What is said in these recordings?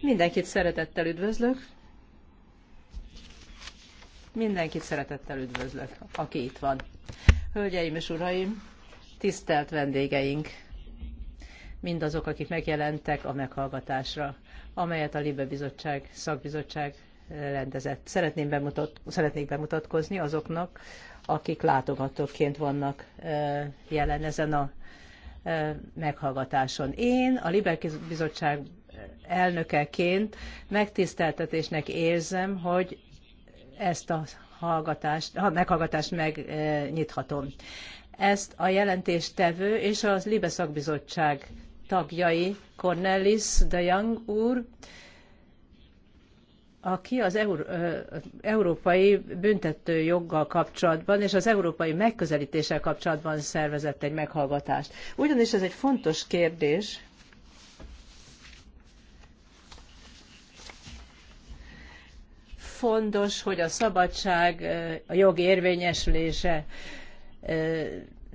Mindenkit szeretettel üdvözlök. Mindenkit szeretettel üdvözlök, aki itt van. Hölgyeim és uraim, tisztelt vendégeink, mindazok, akik megjelentek a meghallgatásra, amelyet a Libe Bizottság, Szakbizottság rendezett. Szeretném bemutat, szeretnék bemutatkozni azoknak, akik látogatóként vannak jelen ezen a meghallgatáson. Én a Liber Bizottság elnökeként megtiszteltetésnek érzem, hogy ezt a hallgatást, a meghallgatást megnyithatom. Ezt a jelentéstevő és az Libe szakbizottság tagjai Cornelis de Young úr, aki az európai büntető joggal kapcsolatban és az európai megközelítéssel kapcsolatban szervezett egy meghallgatást. Ugyanis ez egy fontos kérdés, fontos, hogy a szabadság, a jog érvényesülése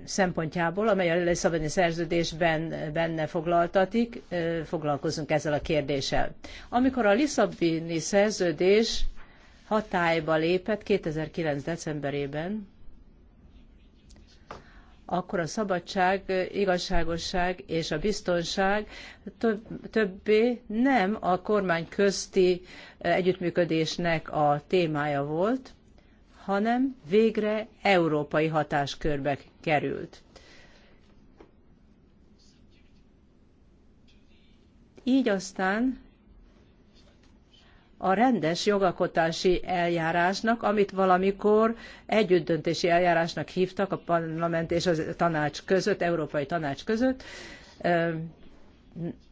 szempontjából, amely a Lisszaboni szerződésben benne foglaltatik, foglalkozunk ezzel a kérdéssel. Amikor a Lisszaboni szerződés hatályba lépett 2009. decemberében, akkor a szabadság, igazságosság és a biztonság többé nem a kormány közti együttműködésnek a témája volt, hanem végre európai hatáskörbe került. Így aztán a rendes jogalkotási eljárásnak, amit valamikor együttdöntési eljárásnak hívtak a parlament és a tanács között, európai tanács között,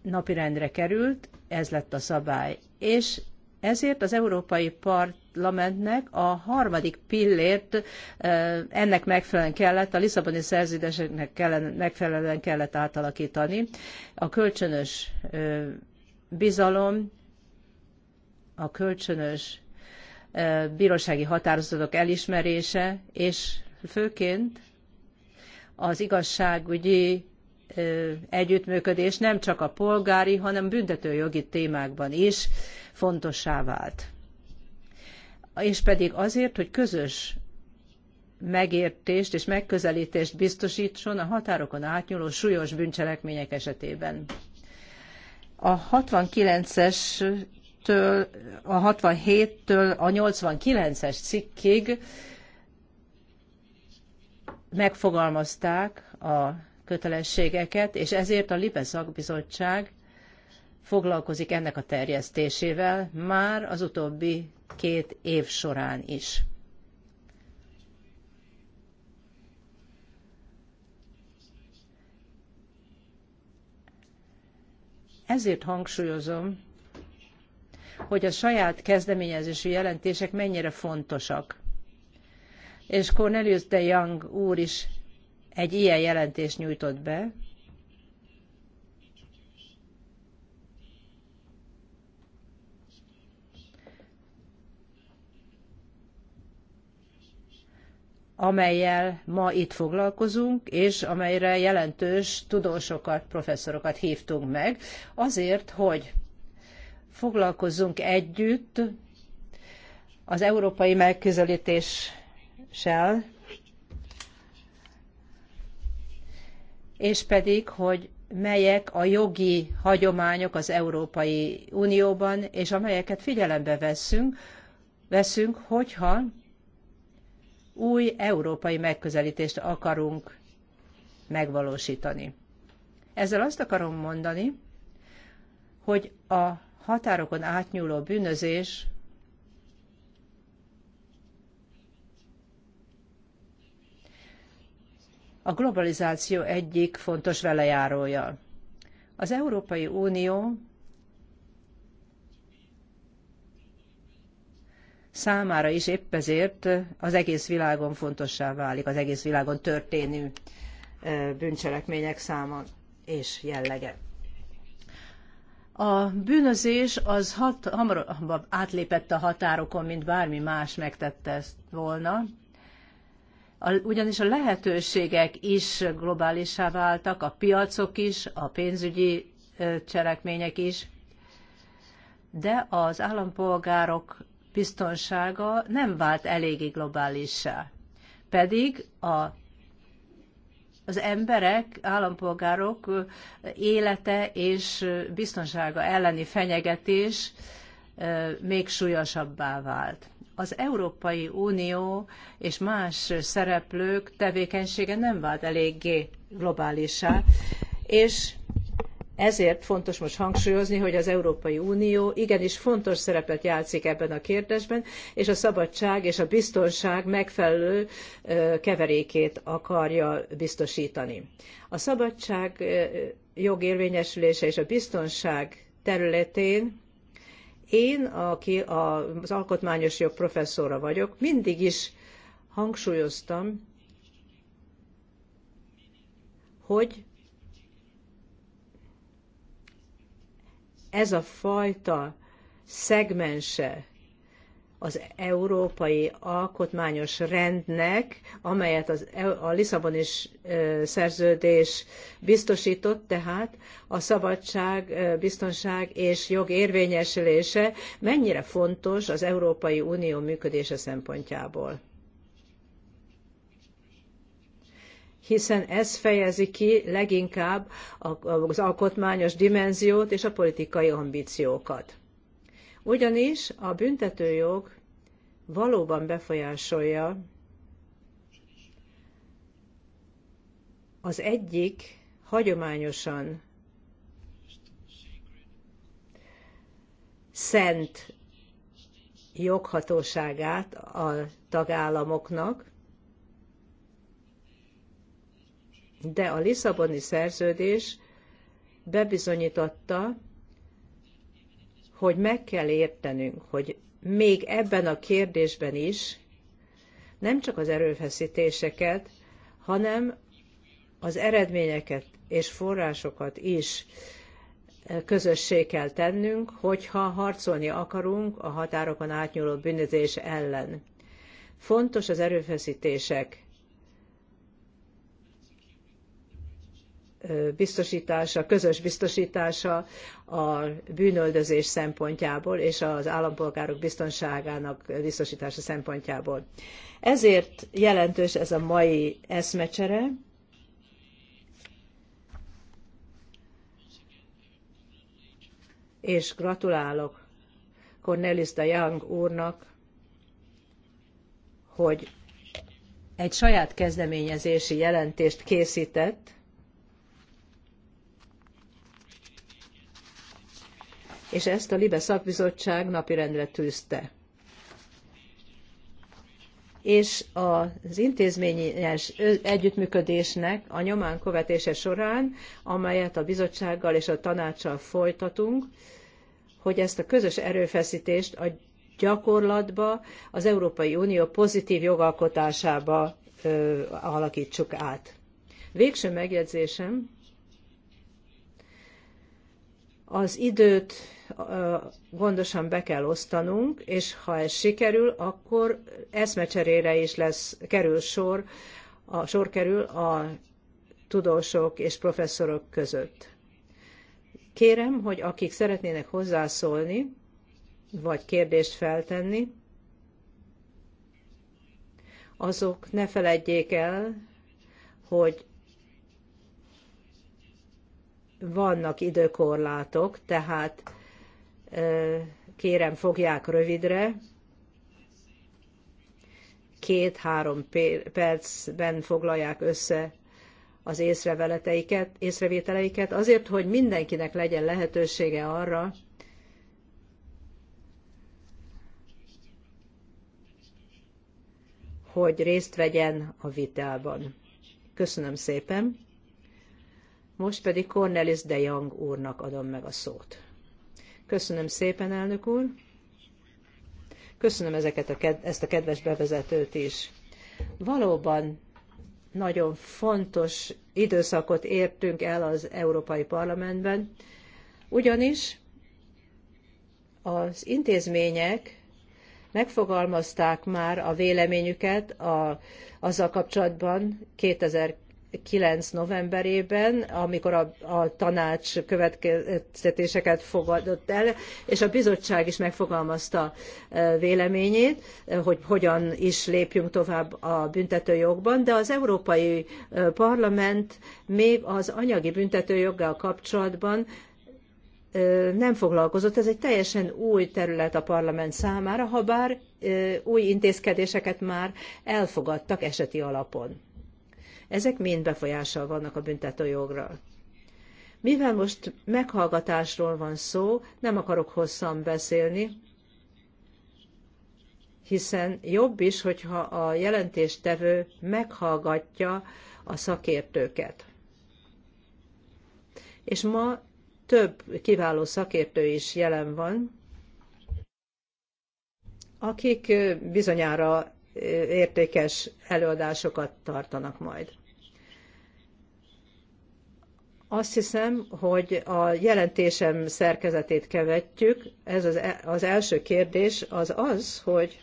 napirendre került, ez lett a szabály. És ezért az Európai Parlamentnek a harmadik pillért ennek megfelelően kellett, a Lisszaboni szerződéseknek kellene, megfelelően kellett átalakítani. A kölcsönös bizalom, a kölcsönös bírósági határozatok elismerése, és főként az igazságügyi együttműködés nem csak a polgári, hanem büntetőjogi témákban is fontossá vált. És pedig azért, hogy közös megértést és megközelítést biztosítson a határokon átnyúló súlyos bűncselekmények esetében. A 69-es től a 67-től a 89-es cikkig megfogalmazták a kötelességeket, és ezért a Libe szakbizottság foglalkozik ennek a terjesztésével már az utóbbi két év során is. Ezért hangsúlyozom, hogy a saját kezdeményezésű jelentések mennyire fontosak. És Cornelius de Young úr is egy ilyen jelentést nyújtott be, amelyel ma itt foglalkozunk, és amelyre jelentős tudósokat, professzorokat hívtunk meg, azért, hogy foglalkozzunk együtt az európai megközelítéssel, és pedig, hogy melyek a jogi hagyományok az Európai Unióban, és amelyeket figyelembe veszünk, veszünk, hogyha új európai megközelítést akarunk megvalósítani. Ezzel azt akarom mondani, hogy a határokon átnyúló bűnözés a globalizáció egyik fontos velejárója. Az Európai Unió számára is épp ezért az egész világon fontossá válik, az egész világon történő bűncselekmények száma és jellege. A bűnözés az hat, hamarabb átlépett a határokon, mint bármi más megtette ezt volna, a, ugyanis a lehetőségek is globálisá váltak, a piacok is, a pénzügyi cselekmények is, de az állampolgárok biztonsága nem vált eléggé globálissá. Pedig a, az emberek, állampolgárok élete és biztonsága elleni fenyegetés még súlyosabbá vált az Európai Unió és más szereplők tevékenysége nem vált eléggé globálisá, és ezért fontos most hangsúlyozni, hogy az Európai Unió igenis fontos szerepet játszik ebben a kérdésben, és a szabadság és a biztonság megfelelő keverékét akarja biztosítani. A szabadság jogérvényesülése és a biztonság területén én, aki az alkotmányos jog professzora vagyok, mindig is hangsúlyoztam, hogy ez a fajta szegmense az európai alkotmányos rendnek, amelyet az, e- a Lisszaboni is szerződés biztosított, tehát a szabadság, biztonság és jog érvényesülése mennyire fontos az Európai Unió működése szempontjából. hiszen ez fejezi ki leginkább az alkotmányos dimenziót és a politikai ambíciókat. Ugyanis a büntetőjog valóban befolyásolja az egyik hagyományosan szent joghatóságát a tagállamoknak, de a Lisszaboni szerződés bebizonyította, hogy meg kell értenünk, hogy még ebben a kérdésben is nem csak az erőfeszítéseket, hanem az eredményeket és forrásokat is eh, közössé kell tennünk, hogyha harcolni akarunk a határokon átnyúló bűnözés ellen. Fontos az erőfeszítések biztosítása, közös biztosítása a bűnöldözés szempontjából és az állampolgárok biztonságának biztosítása szempontjából. Ezért jelentős ez a mai eszmecsere, és gratulálok Cornelis de Young úrnak, hogy egy saját kezdeményezési jelentést készített, és ezt a Libe szakbizottság napirendre tűzte. És az intézményes együttműködésnek a nyomán követése során, amelyet a bizottsággal és a tanácssal folytatunk, hogy ezt a közös erőfeszítést a gyakorlatba, az Európai Unió pozitív jogalkotásába ö, alakítsuk át. Végső megjegyzésem, az időt gondosan be kell osztanunk, és ha ez sikerül, akkor eszmecserére is lesz, kerül sor, a, sor kerül a tudósok és professzorok között. Kérem, hogy akik szeretnének hozzászólni, vagy kérdést feltenni, azok ne feledjék el, hogy vannak időkorlátok, tehát kérem, fogják rövidre, két-három percben foglalják össze az észreveleteiket, észrevételeiket, azért, hogy mindenkinek legyen lehetősége arra, hogy részt vegyen a vitában. Köszönöm szépen! Most pedig Cornelis de Jong úrnak adom meg a szót. Köszönöm szépen, elnök úr. Köszönöm ezeket a, ezt a kedves bevezetőt is. Valóban nagyon fontos időszakot értünk el az Európai Parlamentben, ugyanis az intézmények megfogalmazták már a véleményüket a, azzal kapcsolatban 2000 9 novemberében, amikor a, a tanács következtetéseket fogadott el, és a bizottság is megfogalmazta véleményét, hogy hogyan is lépjünk tovább a büntetőjogban, de az Európai Parlament még az anyagi büntetőjoggal kapcsolatban nem foglalkozott. Ez egy teljesen új terület a parlament számára, ha bár új intézkedéseket már elfogadtak eseti alapon. Ezek mind befolyással vannak a büntetőjogra. Mivel most meghallgatásról van szó, nem akarok hosszan beszélni, hiszen jobb is, hogyha a jelentéstevő meghallgatja a szakértőket. És ma több kiváló szakértő is jelen van, akik bizonyára értékes előadásokat tartanak majd. Azt hiszem, hogy a jelentésem szerkezetét kevetjük. Ez az, e, az első kérdés az az, hogy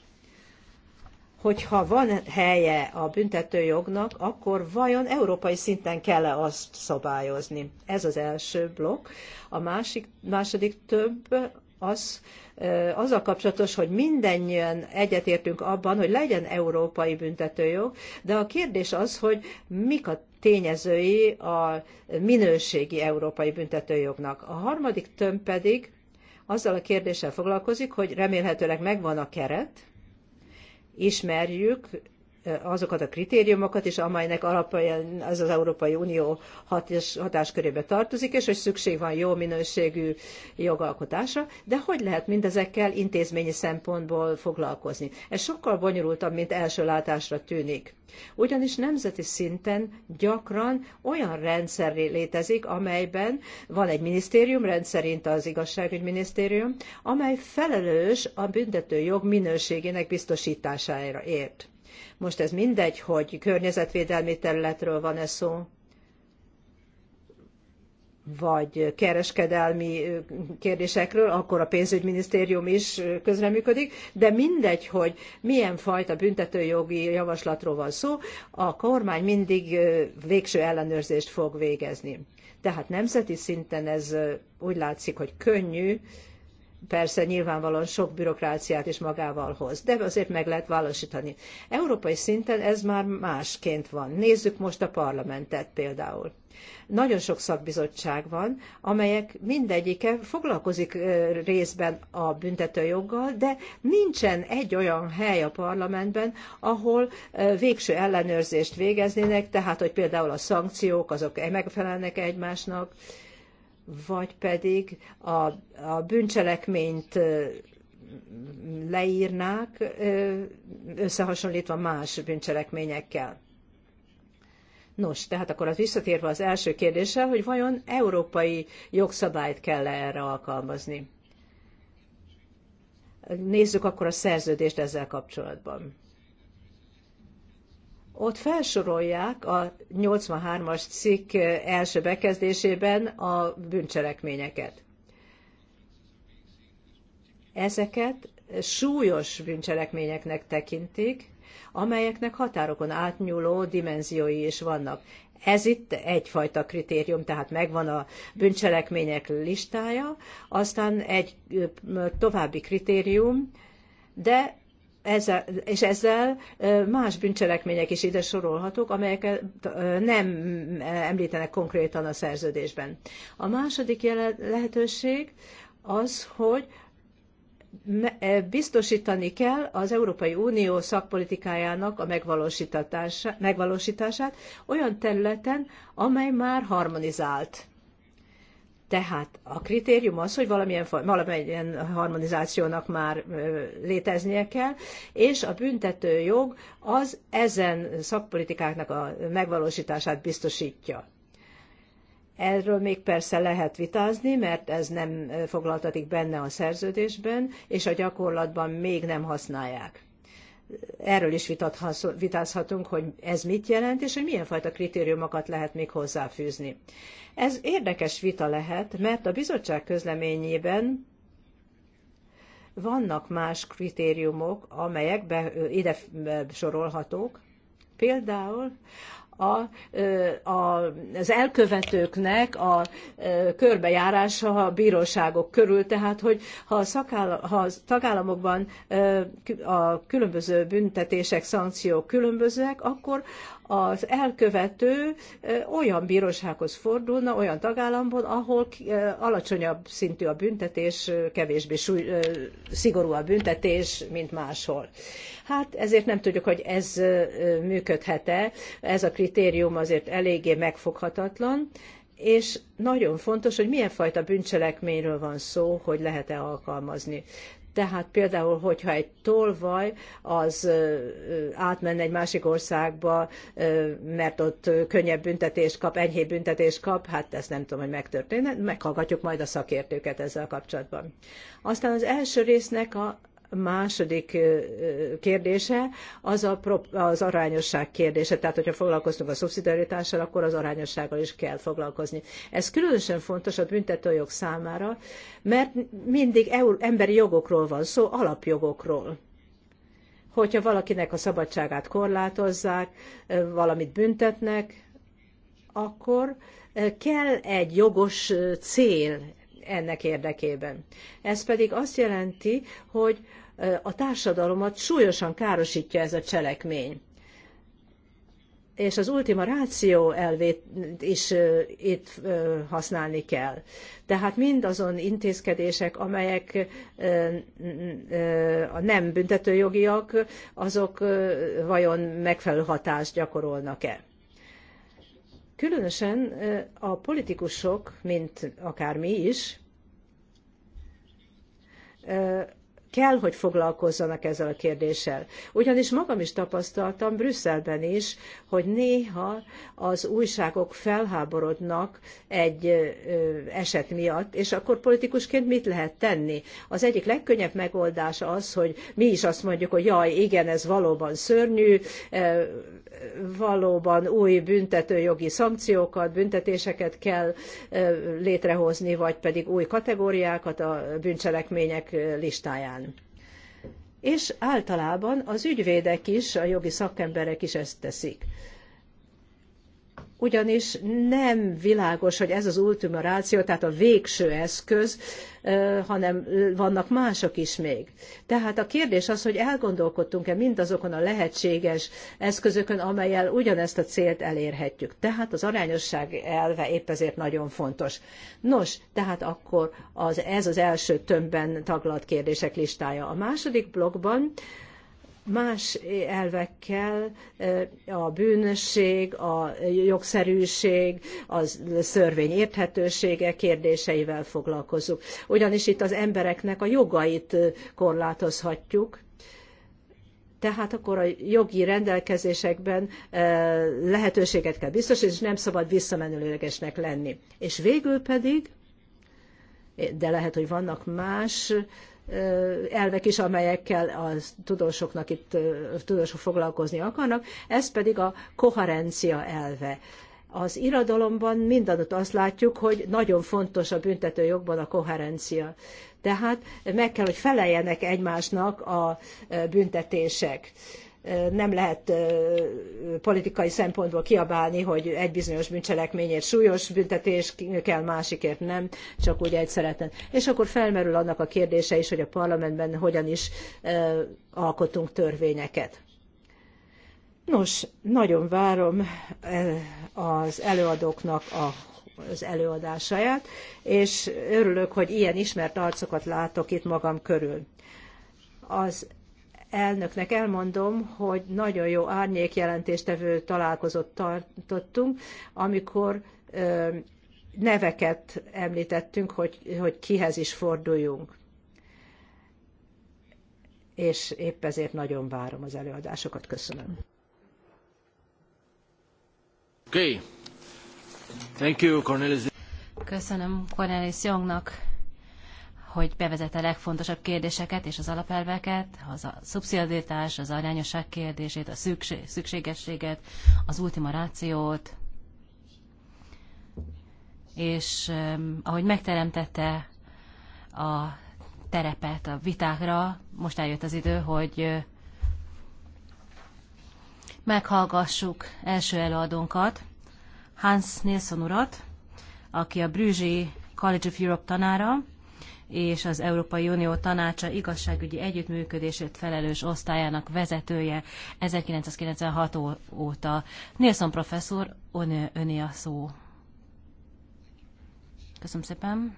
hogyha van helye a büntetőjognak, akkor vajon európai szinten kell-e azt szabályozni? Ez az első blokk. A másik, második több az, azzal kapcsolatos, hogy mindannyian egyetértünk abban, hogy legyen európai büntetőjog, de a kérdés az, hogy mik a tényezői a minőségi európai büntetőjognak. A harmadik tömb pedig azzal a kérdéssel foglalkozik, hogy remélhetőleg megvan a keret, ismerjük azokat a kritériumokat is, amelynek alapján ez az Európai Unió hatáskörébe tartozik, és hogy szükség van jó minőségű jogalkotásra, de hogy lehet mindezekkel intézményi szempontból foglalkozni? Ez sokkal bonyolultabb, mint első látásra tűnik. Ugyanis nemzeti szinten gyakran olyan rendszer létezik, amelyben van egy minisztérium, rendszerint az igazságügyminisztérium, amely felelős a büntetőjog minőségének biztosításáért most ez mindegy, hogy környezetvédelmi területről van-e szó, vagy kereskedelmi kérdésekről, akkor a pénzügyminisztérium is közreműködik, de mindegy, hogy milyen fajta büntetőjogi javaslatról van szó, a kormány mindig végső ellenőrzést fog végezni. Tehát nemzeti szinten ez úgy látszik, hogy könnyű, persze nyilvánvalóan sok bürokráciát is magával hoz, de azért meg lehet valósítani. Európai szinten ez már másként van. Nézzük most a parlamentet például. Nagyon sok szakbizottság van, amelyek mindegyike foglalkozik részben a büntetőjoggal, de nincsen egy olyan hely a parlamentben, ahol végső ellenőrzést végeznének, tehát hogy például a szankciók azok megfelelnek egymásnak, vagy pedig a, a bűncselekményt leírnák, összehasonlítva más bűncselekményekkel. Nos, tehát akkor az visszatérve az első kérdése, hogy vajon európai jogszabályt kell -e erre alkalmazni. Nézzük akkor a szerződést ezzel kapcsolatban ott felsorolják a 83-as cikk első bekezdésében a bűncselekményeket. Ezeket súlyos bűncselekményeknek tekintik, amelyeknek határokon átnyúló dimenziói is vannak. Ez itt egyfajta kritérium, tehát megvan a bűncselekmények listája, aztán egy további kritérium, de ezzel, és ezzel más bűncselekmények is ide sorolhatók, amelyeket nem említenek konkrétan a szerződésben. A második lehetőség az, hogy biztosítani kell az Európai Unió szakpolitikájának a megvalósítását olyan területen, amely már harmonizált tehát a kritérium az, hogy valamilyen, valamilyen harmonizációnak már léteznie kell, és a büntető jog az ezen szakpolitikáknak a megvalósítását biztosítja. Erről még persze lehet vitázni, mert ez nem foglaltatik benne a szerződésben, és a gyakorlatban még nem használják erről is vitázhatunk, hogy ez mit jelent, és hogy milyen fajta kritériumokat lehet még hozzáfűzni. Ez érdekes vita lehet, mert a bizottság közleményében vannak más kritériumok, amelyek be, ide sorolhatók, például a, a, az elkövetőknek a, a körbejárása a bíróságok körül, tehát hogy ha a, szakáll, ha a tagállamokban a különböző büntetések, szankciók különbözőek, akkor az elkövető olyan bírósághoz fordulna, olyan tagállamban, ahol alacsonyabb szintű a büntetés, kevésbé súly, szigorú a büntetés, mint máshol. Hát ezért nem tudjuk, hogy ez működhet-e. Ez a kritérium azért eléggé megfoghatatlan, és nagyon fontos, hogy milyen fajta bűncselekményről van szó, hogy lehet-e alkalmazni. Tehát például, hogyha egy tolvaj az átmenne egy másik országba, mert ott könnyebb büntetést kap, enyhébb büntetést kap, hát ezt nem tudom, hogy megtörténne, meghallgatjuk majd a szakértőket ezzel kapcsolatban. Aztán az első résznek a második kérdése az a, az arányosság kérdése. Tehát, hogyha foglalkoztunk a szubszidiaritással, akkor az arányossággal is kell foglalkozni. Ez különösen fontos a büntetőjog számára, mert mindig emberi jogokról van szó, alapjogokról. Hogyha valakinek a szabadságát korlátozzák, valamit büntetnek, akkor kell egy jogos cél, ennek érdekében. Ez pedig azt jelenti, hogy a társadalomat súlyosan károsítja ez a cselekmény. És az ultima ráció elvét is itt használni kell. Tehát mindazon intézkedések, amelyek a nem büntetőjogiak, azok vajon megfelelő hatást gyakorolnak-e? Különösen a politikusok, mint akár mi is, kell, hogy foglalkozzanak ezzel a kérdéssel. Ugyanis magam is tapasztaltam Brüsszelben is, hogy néha az újságok felháborodnak egy eset miatt, és akkor politikusként mit lehet tenni? Az egyik legkönnyebb megoldás az, hogy mi is azt mondjuk, hogy jaj, igen, ez valóban szörnyű, valóban új büntetőjogi szankciókat, büntetéseket kell létrehozni, vagy pedig új kategóriákat a bűncselekmények listáján és általában az ügyvédek is, a jogi szakemberek is ezt teszik ugyanis nem világos, hogy ez az ultima ráció, tehát a végső eszköz, hanem vannak mások is még. Tehát a kérdés az, hogy elgondolkodtunk-e mindazokon a lehetséges eszközökön, amelyel ugyanezt a célt elérhetjük. Tehát az arányosság elve épp ezért nagyon fontos. Nos, tehát akkor az, ez az első tömbben taglalt kérdések listája. A második blokkban más elvekkel eh, a bűnösség, a jogszerűség, a szörvény érthetősége kérdéseivel foglalkozunk. Ugyanis itt az embereknek a jogait eh, korlátozhatjuk, tehát akkor a jogi rendelkezésekben eh, lehetőséget kell biztosítani, és nem szabad visszamenőlegesnek lenni. És végül pedig, de lehet, hogy vannak más elvek is, amelyekkel a tudósoknak itt tudósok foglalkozni akarnak, ez pedig a koherencia elve. Az irodalomban mindadott azt látjuk, hogy nagyon fontos a jogban a koherencia. Tehát meg kell, hogy feleljenek egymásnak a büntetések nem lehet politikai szempontból kiabálni, hogy egy bizonyos bűncselekményért súlyos büntetés kell, másikért nem, csak úgy egy És akkor felmerül annak a kérdése is, hogy a parlamentben hogyan is alkotunk törvényeket. Nos, nagyon várom az előadóknak a az előadásaját, és örülök, hogy ilyen ismert arcokat látok itt magam körül. Az elnöknek elmondom, hogy nagyon jó árnyékjelentéstevő találkozót tartottunk, amikor neveket említettünk, hogy, hogy kihez is forduljunk. És épp ezért nagyon várom az előadásokat. Köszönöm. Okay. Thank you, Cornelis. Köszönöm Cornelis Jongnak hogy bevezette a legfontosabb kérdéseket és az alapelveket, az a szubszidiaritás, az arányosság kérdését, a szükség, szükségességet, az ultima rációt, és ahogy megteremtette a terepet a vitákra, most eljött az idő, hogy meghallgassuk első előadónkat, Hans Nilsson urat, aki a Brüzsi College of Europe tanára, és az Európai Unió Tanácsa igazságügyi együttműködését felelős osztályának vezetője 1996 óta. Nilsson professzor, ön, öné a szó. Köszönöm szépen,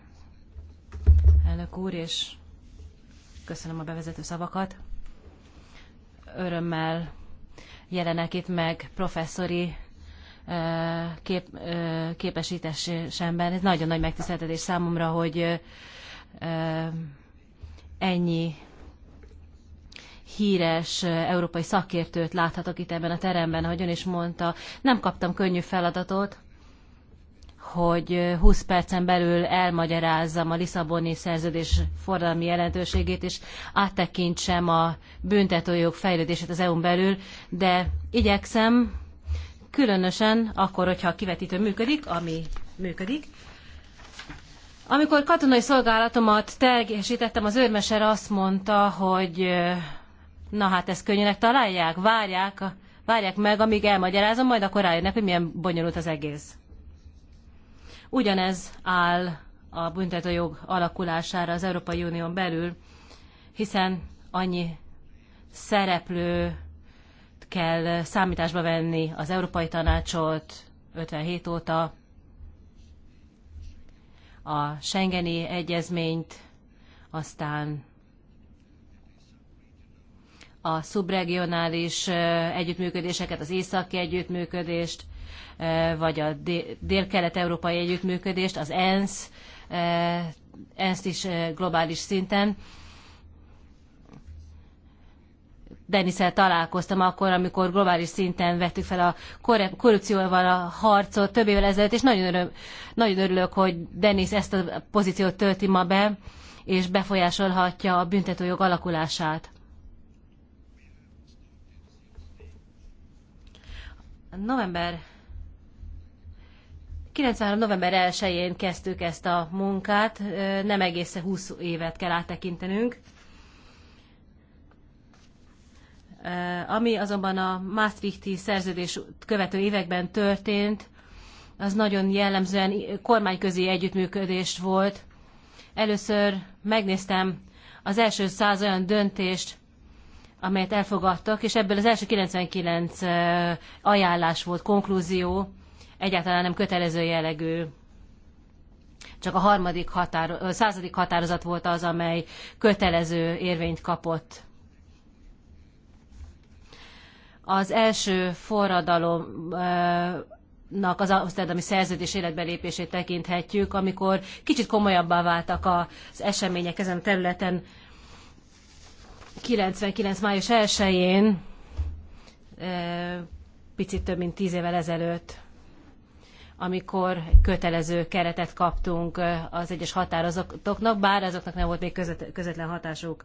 elnök úr, és köszönöm a bevezető szavakat. Örömmel jelenek itt meg professzori kép, képesítésemben. Ez nagyon nagy megtiszteltetés számomra, hogy ennyi híres európai szakértőt láthatok itt ebben a teremben, ahogy ön is mondta. Nem kaptam könnyű feladatot, hogy 20 percen belül elmagyarázzam a Lisszaboni szerződés forradalmi jelentőségét, és áttekintsem a büntetőjog fejlődését az EU-n belül, de igyekszem, különösen akkor, hogyha a kivetítő működik, ami működik, amikor katonai szolgálatomat teljesítettem, az őrmester azt mondta, hogy na hát ezt könnyűnek találják, várják, várják meg, amíg elmagyarázom, majd akkor rájönnek, hogy milyen bonyolult az egész. Ugyanez áll a büntetőjog alakulására az Európai Unión belül, hiszen annyi szereplő kell számításba venni az Európai Tanácsot 57 óta, a Schengeni egyezményt, aztán a szubregionális együttműködéseket, az északi együttműködést, vagy a dél-kelet-európai együttműködést, az ENSZ, ENSZ is globális szinten. Deniszel találkoztam akkor, amikor globális szinten vettük fel a korrupcióval a harcot több évvel ezelőtt, és nagyon, öröm, nagyon örülök, hogy Denis ezt a pozíciót tölti ma be, és befolyásolhatja a büntetőjog alakulását. November 93. november 1-én kezdtük ezt a munkát, nem egészen 20 évet kell áttekintenünk Eh, ami azonban a Maastrichti szerződés követő években történt, az nagyon jellemzően kormányközi együttműködés volt. Először megnéztem az első száz olyan döntést, amelyet elfogadtak, és ebből az első 99 eh, ajánlás volt, konklúzió, egyáltalán nem kötelező jellegű. Csak a harmadik határo- századik határozat volt az, amely kötelező érvényt kapott. Az első forradalomnak az amsterdami szerződés életbelépését tekinthetjük, amikor kicsit komolyabbá váltak az események ezen a területen. 99. május 1-én, picit több mint tíz évvel ezelőtt, amikor kötelező keretet kaptunk az egyes határozatoknak, bár azoknak nem volt még közvetlen hatásuk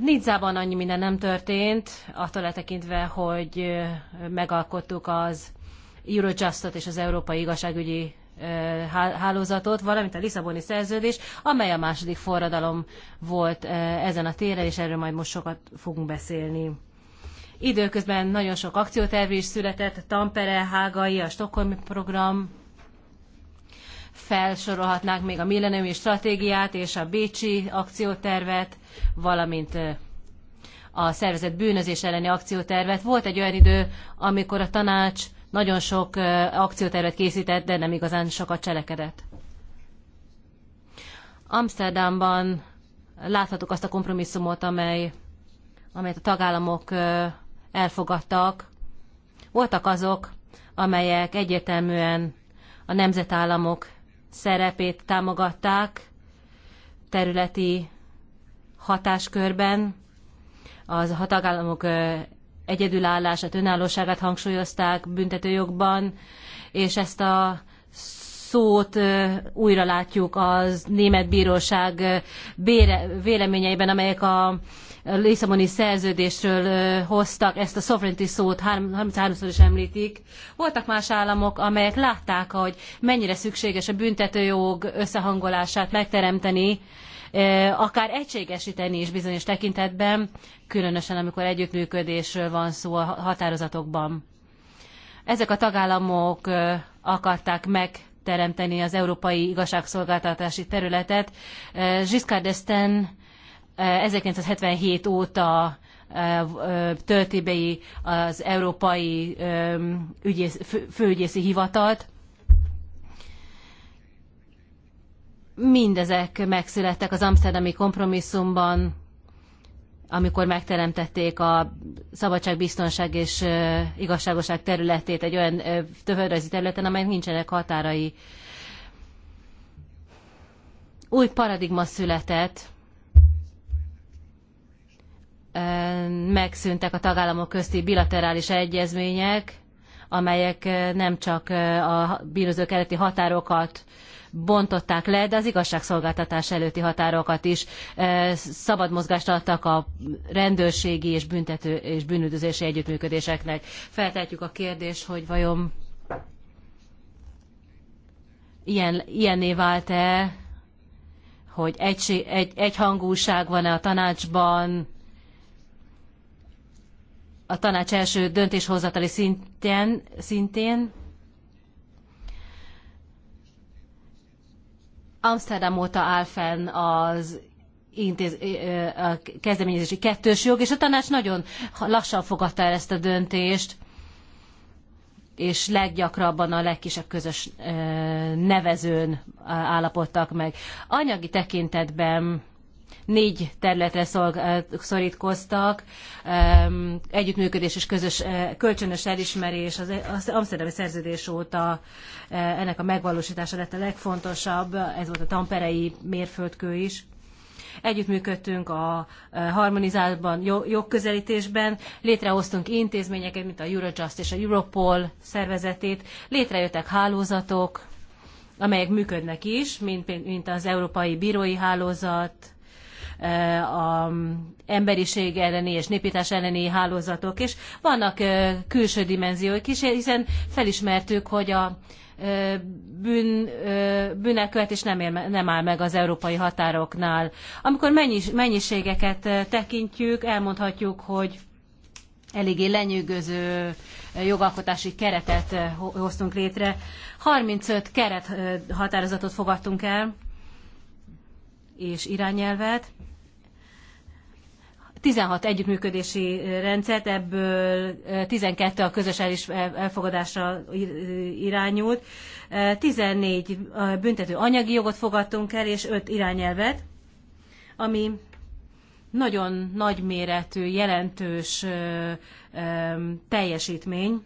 Nidzában annyi minden nem történt, attól tekintve, hogy megalkottuk az Eurojustot és az Európai Igazságügyi hálózatot, valamint a Lisszaboni szerződés, amely a második forradalom volt ezen a téren, és erről majd most sokat fogunk beszélni. Időközben nagyon sok akcióterv is született, Tampere, Hágai, a Stockholmi program, felsorolhatnánk még a milleniumi stratégiát és a Bécsi akciótervet, valamint a szervezet bűnözés elleni akciótervet. Volt egy olyan idő, amikor a tanács nagyon sok akciótervet készített, de nem igazán sokat cselekedett. Amsterdamban láthatok azt a kompromisszumot, amely, amelyet a tagállamok elfogadtak. Voltak azok, amelyek egyértelműen a nemzetállamok szerepét támogatták területi hatáskörben, az hatagállamok egyedülállását, önállóságát hangsúlyozták büntetőjogban, és ezt a szót újra látjuk az német bíróság bére, véleményeiben, amelyek a Lisszaboni szerződésről hoztak, ezt a sovereignty szót 33-szor is említik. Voltak más államok, amelyek látták, hogy mennyire szükséges a büntetőjog összehangolását megteremteni, akár egységesíteni is bizonyos tekintetben, különösen amikor együttműködésről van szó a határozatokban. Ezek a tagállamok akarták meg teremteni az európai igazságszolgáltatási területet. Eh, Giscard d'Estaing 1977 eh, óta eh, tölti be az Európai ügyész, Főügyészi Hivatalt. Mindezek megszülettek az Amsterdami kompromisszumban, amikor megteremtették a szabadság, biztonság és igazságoság területét egy olyan földrajzi területen, amelynek nincsenek határai. Új paradigma született, megszűntek a tagállamok közti bilaterális egyezmények, amelyek nem csak a bírozók előtti határokat bontották le, de az igazságszolgáltatás előtti határokat is eh, szabad mozgást adtak a rendőrségi és büntető és bűnüldözési együttműködéseknek. Feltetjük a kérdést, hogy vajon ilyen, ilyenné vált-e, hogy egy, egy, egyhangúság van-e a tanácsban, a tanács első döntéshozatali szintén szintén, Amsterdam óta áll fenn az intéz, a kezdeményezési kettős jog, és a tanács nagyon lassan fogadta el ezt a döntést, és leggyakrabban a legkisebb közös nevezőn állapodtak meg. Anyagi tekintetben négy területre eh, szorítkoztak, együttműködés és közös eh, kölcsönös elismerés, az, az Amsterdami szerződés óta eh, ennek a megvalósítása lett a legfontosabb, ez volt a tamperei mérföldkő is együttműködtünk a harmonizáltban jogközelítésben, létrehoztunk intézményeket, mint a Eurojust és a Europol szervezetét, létrejöttek hálózatok, amelyek működnek is, mint, mint az Európai Bírói Hálózat, Eh, a emberiség elleni és népítás elleni hálózatok, és vannak eh, külső dimenzióik is, hiszen felismertük, hogy a eh, bűn, bűnelkövetés nem, ér, nem áll meg az európai határoknál. Amikor mennyis, mennyiségeket tekintjük, elmondhatjuk, hogy eléggé lenyűgöző jogalkotási keretet hoztunk létre. 35 keret határozatot fogadtunk el, és irányelvet. 16 együttműködési rendszert, ebből 12 a közös elfogadásra irányult, 14 büntető anyagi jogot fogadtunk el, és 5 irányelvet, ami nagyon nagyméretű, jelentős teljesítmény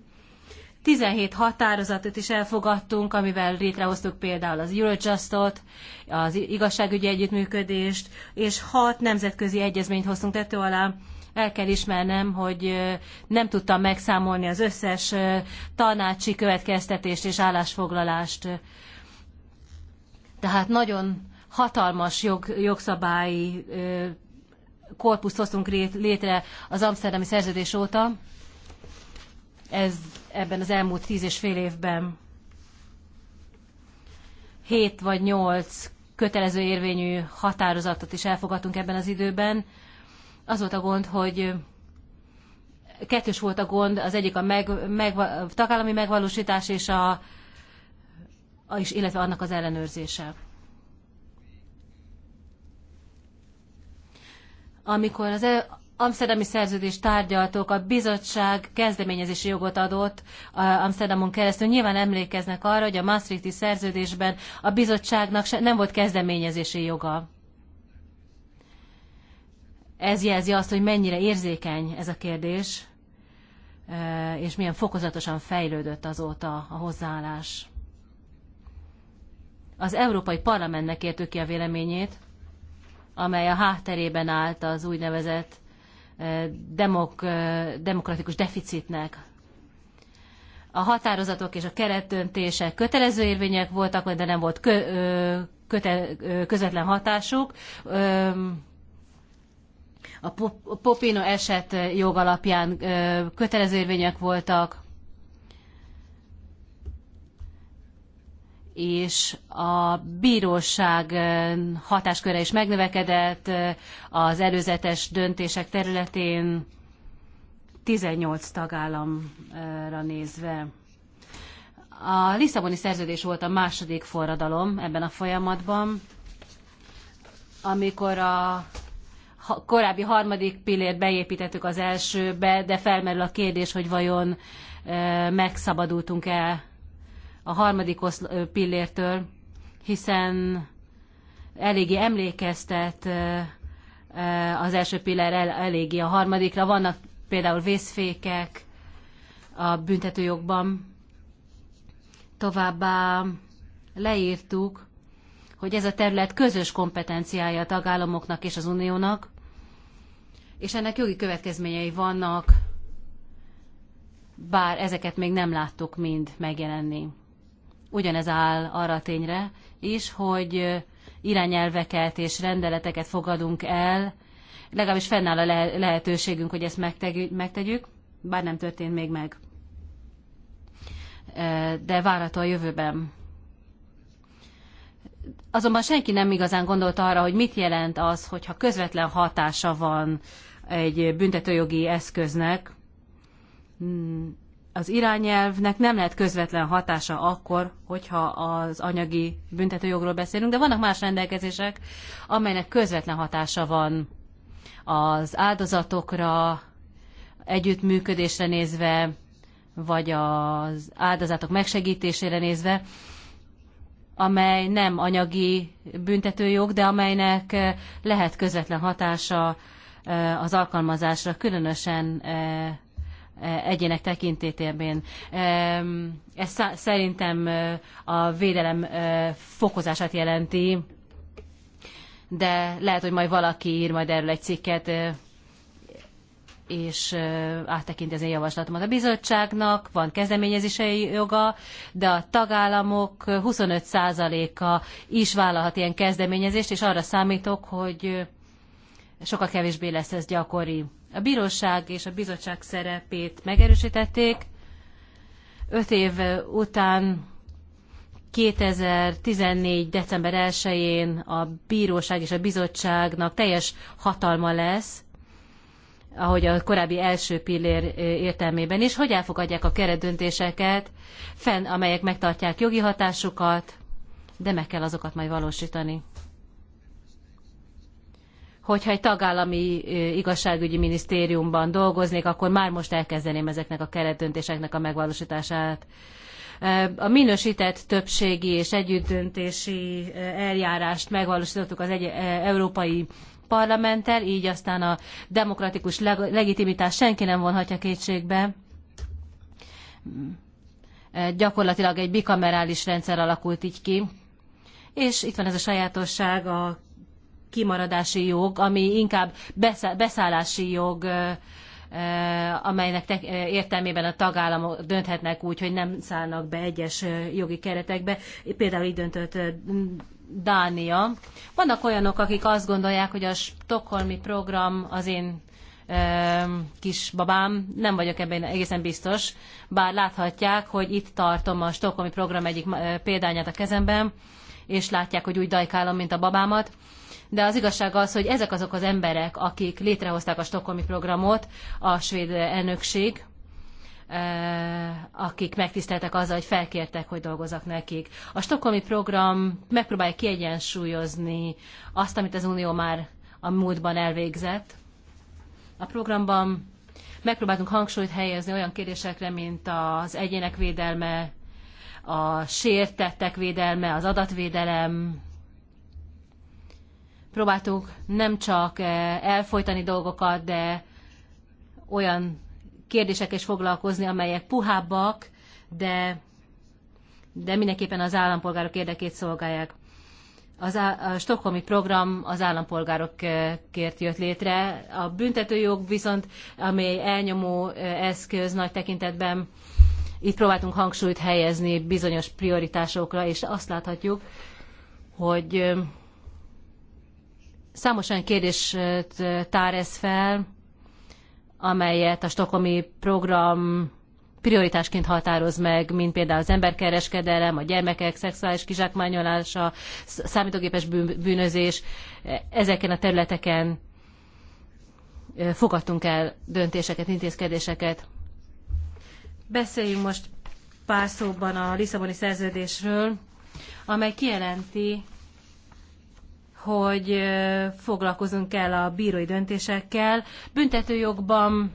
17 határozatot is elfogadtunk, amivel létrehoztuk például az Eurojustot, az igazságügyi együttműködést, és hat nemzetközi egyezményt hoztunk tető alá. El kell ismernem, hogy nem tudtam megszámolni az összes tanácsi következtetést és állásfoglalást. Tehát nagyon hatalmas jog, jogszabályi korpuszt hoztunk létre az Amsterdami szerződés óta. Ez ebben az elmúlt tíz és fél évben. Hét vagy nyolc kötelező érvényű határozatot is elfogadtunk ebben az időben. Az volt a gond, hogy kettős volt a gond, az egyik a meg, meg, tagállami megvalósítás és a, a is, illetve annak az ellenőrzése. Amikor az e- amszterdami szerződés tárgyaltok, a bizottság kezdeményezési jogot adott Amsterdamon keresztül. Nyilván emlékeznek arra, hogy a Maastrichti szerződésben a bizottságnak se, nem volt kezdeményezési joga. Ez jelzi azt, hogy mennyire érzékeny ez a kérdés, e, és milyen fokozatosan fejlődött azóta a hozzáállás. Az Európai Parlamentnek értük ki a véleményét, amely a hátterében állt az úgynevezett demok, demokratikus deficitnek. A határozatok és a keretöntések kötelező érvények voltak, de nem volt kö, köte, közvetlen hatásuk. A Popino eset jogalapján kötelező érvények voltak, és a bíróság hatásköre is megnövekedett az előzetes döntések területén 18 tagállamra nézve. A Lisszaboni szerződés volt a második forradalom ebben a folyamatban, amikor a korábbi harmadik pillért beépítettük az elsőbe, de felmerül a kérdés, hogy vajon megszabadultunk-e a harmadik pillértől, hiszen eléggé emlékeztet az első pillér el, eléggé a harmadikra. Vannak például vészfékek a büntetőjogban. Továbbá leírtuk, hogy ez a terület közös kompetenciája a tagállamoknak és az uniónak, és ennek jogi következményei vannak, bár ezeket még nem láttuk mind megjelenni ugyanez áll arra a tényre is, hogy irányelveket és rendeleteket fogadunk el, legalábbis fennáll a lehetőségünk, hogy ezt megtegyük, bár nem történt még meg. De várható a jövőben. Azonban senki nem igazán gondolta arra, hogy mit jelent az, hogyha közvetlen hatása van egy büntetőjogi eszköznek, hmm az irányelvnek nem lehet közvetlen hatása akkor, hogyha az anyagi büntetőjogról beszélünk, de vannak más rendelkezések, amelynek közvetlen hatása van az áldozatokra, együttműködésre nézve, vagy az áldozatok megsegítésére nézve, amely nem anyagi büntetőjog, de amelynek lehet közvetlen hatása eh, az alkalmazásra, különösen eh, egyének tekintetében. Ez szerintem a védelem fokozását jelenti, de lehet, hogy majd valaki ír majd erről egy cikket, és áttekinti az én javaslatomat. A bizottságnak van kezdeményezései joga, de a tagállamok 25%-a is vállalhat ilyen kezdeményezést, és arra számítok, hogy sokkal kevésbé lesz ez gyakori a bíróság és a bizottság szerepét megerősítették. Öt év után 2014. december 1-én a bíróság és a bizottságnak teljes hatalma lesz, ahogy a korábbi első pillér értelmében is, hogy elfogadják a keretdöntéseket, fenn, amelyek megtartják jogi hatásukat, de meg kell azokat majd valósítani hogyha egy tagállami igazságügyi minisztériumban dolgoznék, akkor már most elkezdeném ezeknek a keretdöntéseknek a megvalósítását. A minősített többségi és együttdöntési eljárást megvalósítottuk az egy, európai parlamenttel, így aztán a demokratikus leg, legitimitást senki nem vonhatja kétségbe. Gyakorlatilag egy bikamerális rendszer alakult így ki, és itt van ez a sajátosság a kimaradási jog, ami inkább beszállási jog, amelynek értelmében a tagállamok dönthetnek úgy, hogy nem szállnak be egyes jogi keretekbe. Például így döntött Dánia. Vannak olyanok, akik azt gondolják, hogy a Stockholmi program az én kis babám, nem vagyok ebben egészen biztos, bár láthatják, hogy itt tartom a Stockholmi program egyik példányát a kezemben, és látják, hogy úgy dajkálom, mint a babámat de az igazság az, hogy ezek azok az emberek, akik létrehozták a Stockholmi programot, a svéd elnökség, eh, akik megtiszteltek azzal, hogy felkértek, hogy dolgozzak nekik. A stokholmi program megpróbálja kiegyensúlyozni azt, amit az Unió már a múltban elvégzett. A programban megpróbáltunk hangsúlyt helyezni olyan kérdésekre, mint az egyének védelme, a sértettek védelme, az adatvédelem, próbáltuk nem csak eh, elfolytani dolgokat, de olyan kérdések is foglalkozni, amelyek puhábbak, de, de mindenképpen az állampolgárok érdekét szolgálják. Az á, a stokholmi program az állampolgárokért jött létre. A büntetőjog viszont, ami elnyomó eh, eszköz nagy tekintetben, itt próbáltunk hangsúlyt helyezni bizonyos prioritásokra, és azt láthatjuk, hogy eh, Számos olyan kérdést tár ez fel, amelyet a stokholmi program prioritásként határoz meg, mint például az emberkereskedelem, a gyermekek szexuális kizsákmányolása, számítógépes bűnözés. E, ezeken a területeken fogadtunk el döntéseket, intézkedéseket. Beszéljünk most pár szóban a Lisszaboni szerződésről, amely kijelenti, hogy foglalkozunk el a bírói döntésekkel. Büntetőjogban,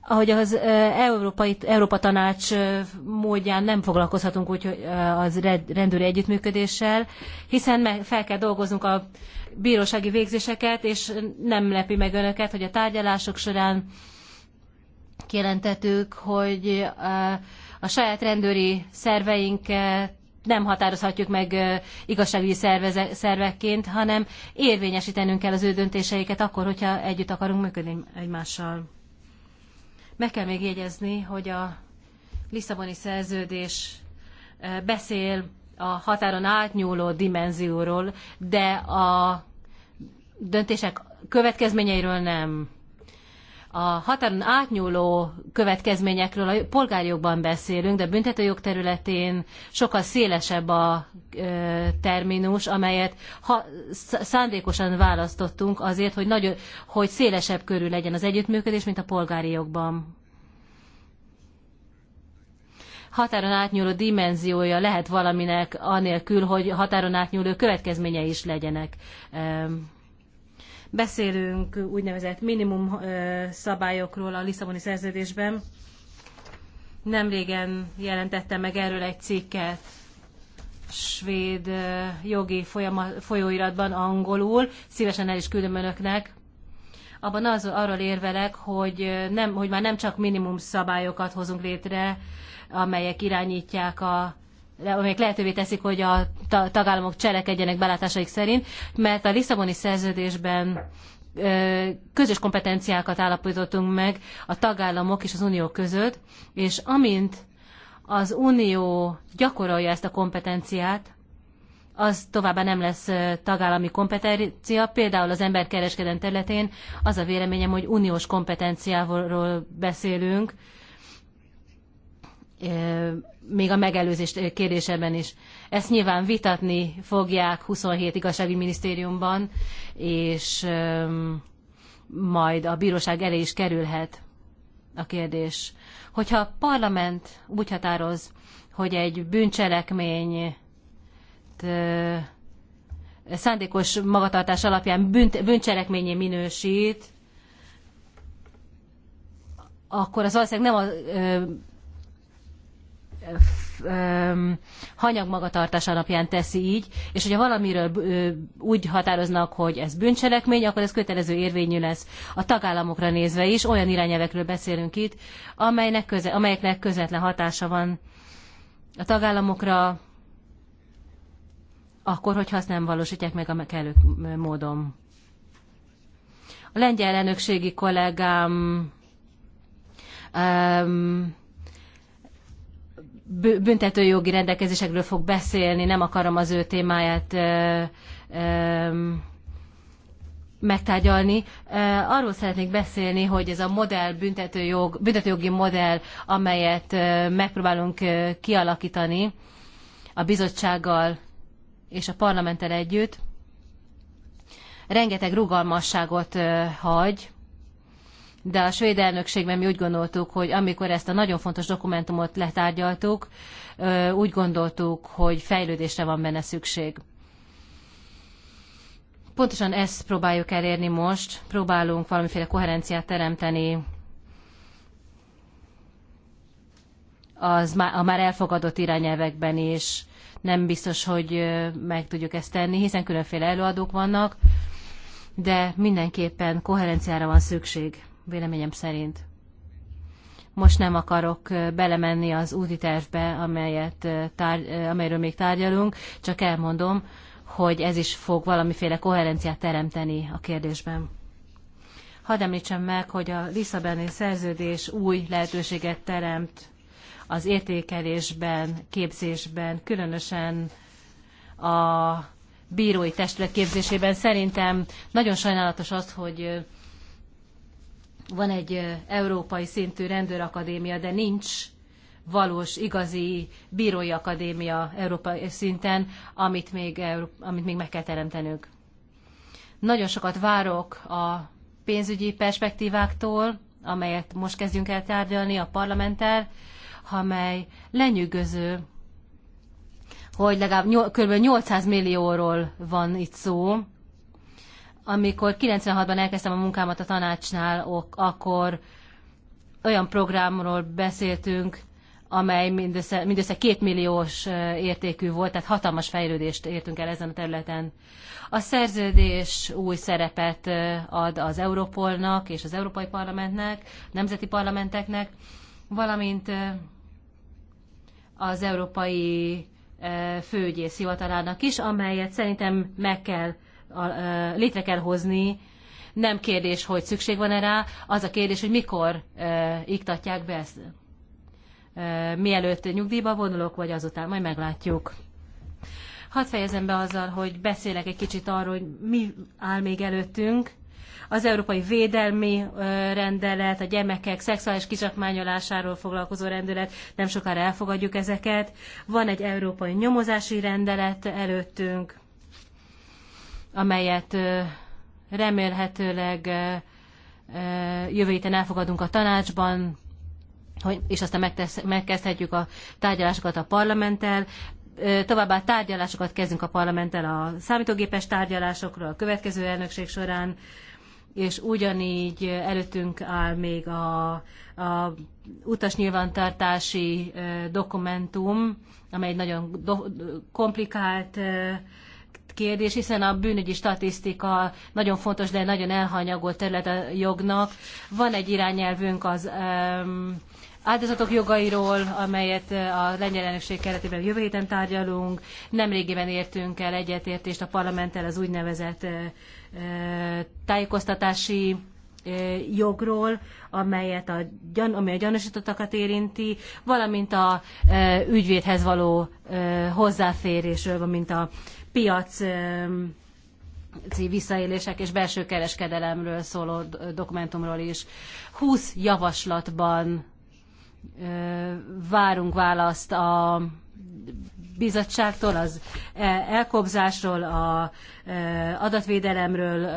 ahogy az Európai, Európa Tanács módján nem foglalkozhatunk úgy az rendőri együttműködéssel, hiszen fel kell dolgoznunk a bírósági végzéseket, és nem lepi meg önöket, hogy a tárgyalások során kijelentettük, hogy a saját rendőri szerveinket nem határozhatjuk meg igazságügyi szerveze, szervekként, hanem érvényesítenünk kell az ő döntéseiket akkor, hogyha együtt akarunk működni egymással. Meg kell még jegyezni, hogy a Lisszaboni szerződés beszél a határon átnyúló dimenzióról, de a döntések következményeiről nem a határon átnyúló következményekről a polgárjogban beszélünk, de büntetőjog területén sokkal szélesebb a ö, terminus, amelyet ha, szándékosan választottunk azért, hogy, nagy, hogy szélesebb körül legyen az együttműködés, mint a polgári jogban határon átnyúló dimenziója lehet valaminek, anélkül, hogy határon átnyúló következményei is legyenek. Beszélünk úgynevezett minimum szabályokról a Lisszaboni szerződésben. Nemrégen jelentettem meg erről egy cikket svéd jogi folyama, folyóiratban angolul, szívesen el is küldöm önöknek. Abban az, arról érvelek, hogy, nem, hogy már nem csak minimum szabályokat hozunk létre, amelyek irányítják a amelyek lehetővé teszik, hogy a tagállamok cselekedjenek belátásaik szerint, mert a Lisszaboni szerződésben közös kompetenciákat állapítottunk meg a tagállamok és az unió között, és amint az unió gyakorolja ezt a kompetenciát, az továbbá nem lesz tagállami kompetencia, például az emberkereskedelem területén az a véleményem, hogy uniós kompetenciáról beszélünk, még a megelőzés kérdésében is. Ezt nyilván vitatni fogják 27 igazságügyi minisztériumban, és majd a bíróság elé is kerülhet a kérdés. Hogyha a parlament úgy határoz, hogy egy bűncselekmény szándékos magatartás alapján bűncselekményé minősít, akkor az ország nem a hanyag magatartás alapján teszi így, és hogyha valamiről úgy határoznak, hogy ez bűncselekmény, akkor ez kötelező érvényű lesz a tagállamokra nézve is. Olyan irányelvekről beszélünk itt, amelynek köze, amelyeknek közvetlen hatása van a tagállamokra, akkor, hogyha azt nem valósítják meg a kellő módon. A lengyel elnökségi kollégám um, büntetőjogi rendelkezésekről fog beszélni, nem akarom az ő témáját ö, ö, megtárgyalni. Arról szeretnék beszélni, hogy ez a modell büntetőjog, büntetőjogi modell, amelyet megpróbálunk kialakítani a bizottsággal és a parlamenttel együtt, rengeteg rugalmasságot hagy de a svéd elnökségben mi úgy gondoltuk, hogy amikor ezt a nagyon fontos dokumentumot letárgyaltuk, úgy gondoltuk, hogy fejlődésre van benne szükség. Pontosan ezt próbáljuk elérni most, próbálunk valamiféle koherenciát teremteni az a már elfogadott irányelvekben is. Nem biztos, hogy meg tudjuk ezt tenni, hiszen különféle előadók vannak, de mindenképpen koherenciára van szükség véleményem szerint. Most nem akarok belemenni az úti tervbe, amelyet tárgy, amelyről még tárgyalunk, csak elmondom, hogy ez is fog valamiféle koherenciát teremteni a kérdésben. Hadd említsem meg, hogy a Lisszaboni szerződés új lehetőséget teremt az értékelésben, képzésben, különösen a bírói testület képzésében. Szerintem nagyon sajnálatos az, hogy van egy európai szintű rendőrakadémia, de nincs valós, igazi bírói akadémia európai szinten, amit még, amit még meg kell teremtenünk. Nagyon sokat várok a pénzügyi perspektíváktól, amelyet most kezdjünk el tárgyalni a parlamenttel, amely lenyűgöző, hogy legalább kb. 800 millióról van itt szó, amikor 96-ban elkezdtem a munkámat a tanácsnál, akkor olyan programról beszéltünk, amely mindössze, mindössze két milliós értékű volt, tehát hatalmas fejlődést értünk el ezen a területen. A szerződés új szerepet ad az Európolnak és az Európai Parlamentnek, nemzeti parlamenteknek, valamint az Európai Főügyész Hivatalának is, amelyet szerintem meg kell létre kell hozni. Nem kérdés, hogy szükség van erre, az a kérdés, hogy mikor iktatják be ezt. Mielőtt nyugdíjba vonulok, vagy azután, majd meglátjuk. Hadd fejezem be azzal, hogy beszélek egy kicsit arról, hogy mi áll még előttünk. Az Európai Védelmi Rendelet, a gyermekek szexuális kizsakmányolásáról foglalkozó rendelet, nem sokára elfogadjuk ezeket. Van egy Európai Nyomozási Rendelet előttünk, amelyet remélhetőleg jövő héten elfogadunk a tanácsban, hogy, és aztán megkezdhetjük a tárgyalásokat a parlamenttel. Továbbá tárgyalásokat kezdünk a parlamenttel a számítógépes tárgyalásokról a következő elnökség során, és ugyanígy előttünk áll még a, a utasnyilvántartási dokumentum, amely egy nagyon do, komplikált kérdés, hiszen a bűnügyi statisztika nagyon fontos, de nagyon elhanyagolt terület a jognak. Van egy irányelvünk az um, áldozatok jogairól, amelyet eh, a lengyel elnökség keretében jövő héten tárgyalunk. Nemrégiben értünk el egyetértést a parlamenttel az úgynevezett uh, tájékoztatási jogról, amelyet a, gyan, amely a gyanúsítottakat érinti, valamint a e, ügyvédhez való e, hozzáférésről, mint a piaci visszaélések és belső kereskedelemről szóló dokumentumról is. 20 javaslatban várunk választ a bizottságtól, az e-, elkobzásról, a adatvédelemről,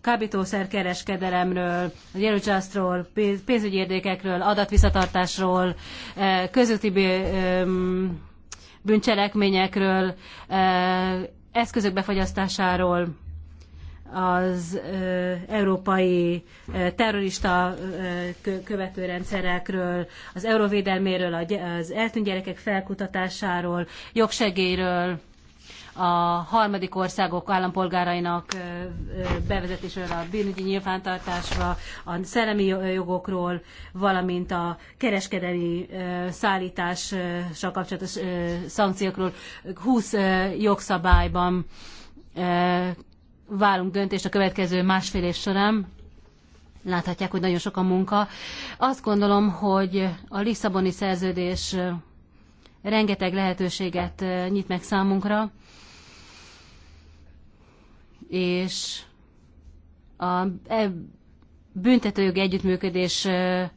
kábítószerkereskedelemről, a gyerőcsasztról, pénzügyi érdekekről, adatvisszatartásról, e, közötti bűncselekményekről, e, eszközök befagyasztásáról, az európai terrorista követő rendszerekről, az euróvédelméről, az eltűnt gyerekek felkutatásáról, jogsegélyről, a harmadik országok állampolgárainak bevezetésről, a bűnügyi nyilvántartásra, a szellemi jogokról, valamint a kereskedelmi szállítással kapcsolatos szankciókról 20 jogszabályban válunk döntést a következő másfél év során. Láthatják, hogy nagyon sok a munka. Azt gondolom, hogy a Lisszaboni szerződés rengeteg lehetőséget nyit meg számunkra, és a e, büntetőjogi együttműködésnek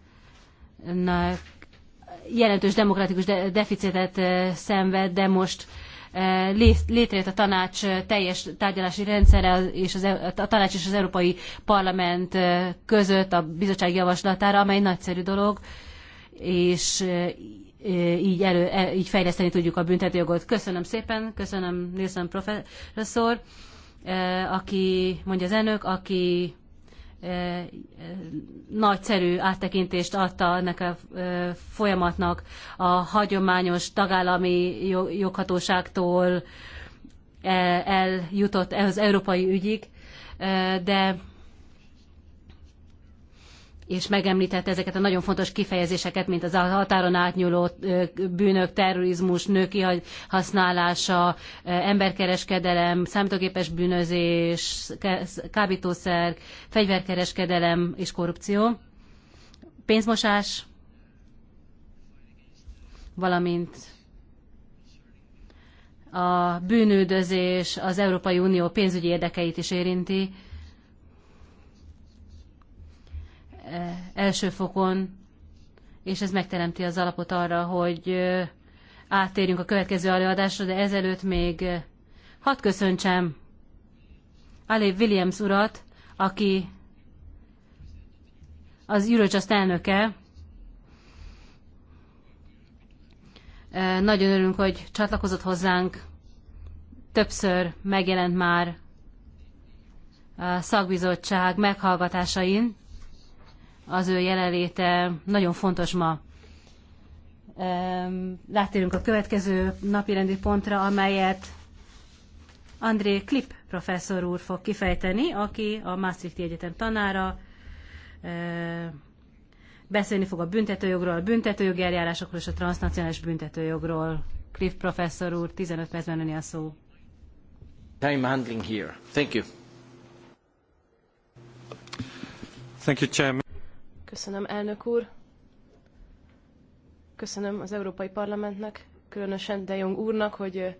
jelentős demokratikus deficitet e, szenved, de most e, létrejött a tanács teljes tárgyalási rendszere és az, a tanács és az Európai Parlament között a bizottság javaslatára, amely nagyszerű dolog, és így, elő, így fejleszteni tudjuk a büntetőjogot. Köszönöm szépen, köszönöm Nilsson professzor aki, mondja az elnök, aki nagyszerű áttekintést adta ennek a folyamatnak a hagyományos tagállami joghatóságtól eljutott az európai ügyig, de és megemlítette ezeket a nagyon fontos kifejezéseket, mint az határon átnyúló bűnök, terrorizmus, nőki használása, emberkereskedelem, számítógépes bűnözés, kábítószer, fegyverkereskedelem és korrupció, pénzmosás, valamint a bűnüldözés az Európai Unió pénzügyi érdekeit is érinti E, első fokon, és ez megteremti az alapot arra, hogy e, áttérjünk a következő előadásra, de ezelőtt még e, hadd köszöntsem Ali Williams urat, aki az Eurojust elnöke. Nagyon örülünk, hogy csatlakozott hozzánk. Többször megjelent már a szakbizottság meghallgatásain, az ő jelenléte nagyon fontos ma. Láttérünk a következő napirendi pontra, amelyet André Klip professzor úr fog kifejteni, aki a Maastrichti Egyetem tanára beszélni fog a büntetőjogról, a büntetőjogi eljárásokról és a transnacionális büntetőjogról. Cliff professzor úr, 15 percben önni a szó. Time handling here. Thank you. Thank you, Chairman. Köszönöm, elnök úr. Köszönöm az Európai Parlamentnek, különösen De Jong úrnak, hogy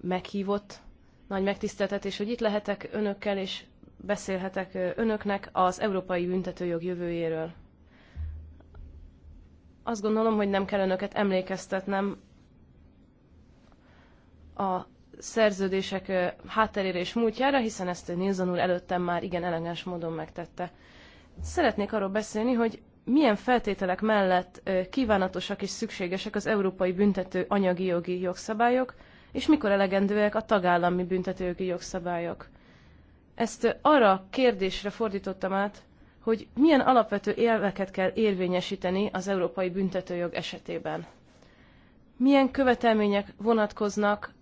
meghívott, nagy megtiszteltetés, hogy itt lehetek önökkel, és beszélhetek önöknek az európai büntetőjog jövőjéről. Azt gondolom, hogy nem kell önöket emlékeztetnem a szerződések hátterére és múltjára, hiszen ezt Nilsson úr előttem már igen elegáns módon megtette. Szeretnék arról beszélni, hogy milyen feltételek mellett kívánatosak és szükségesek az európai büntető anyagi jogi jogszabályok, és mikor elegendőek a tagállami jogi jogszabályok. Ezt arra a kérdésre fordítottam át, hogy milyen alapvető érveket kell érvényesíteni az európai büntetőjog esetében. Milyen követelmények vonatkoznak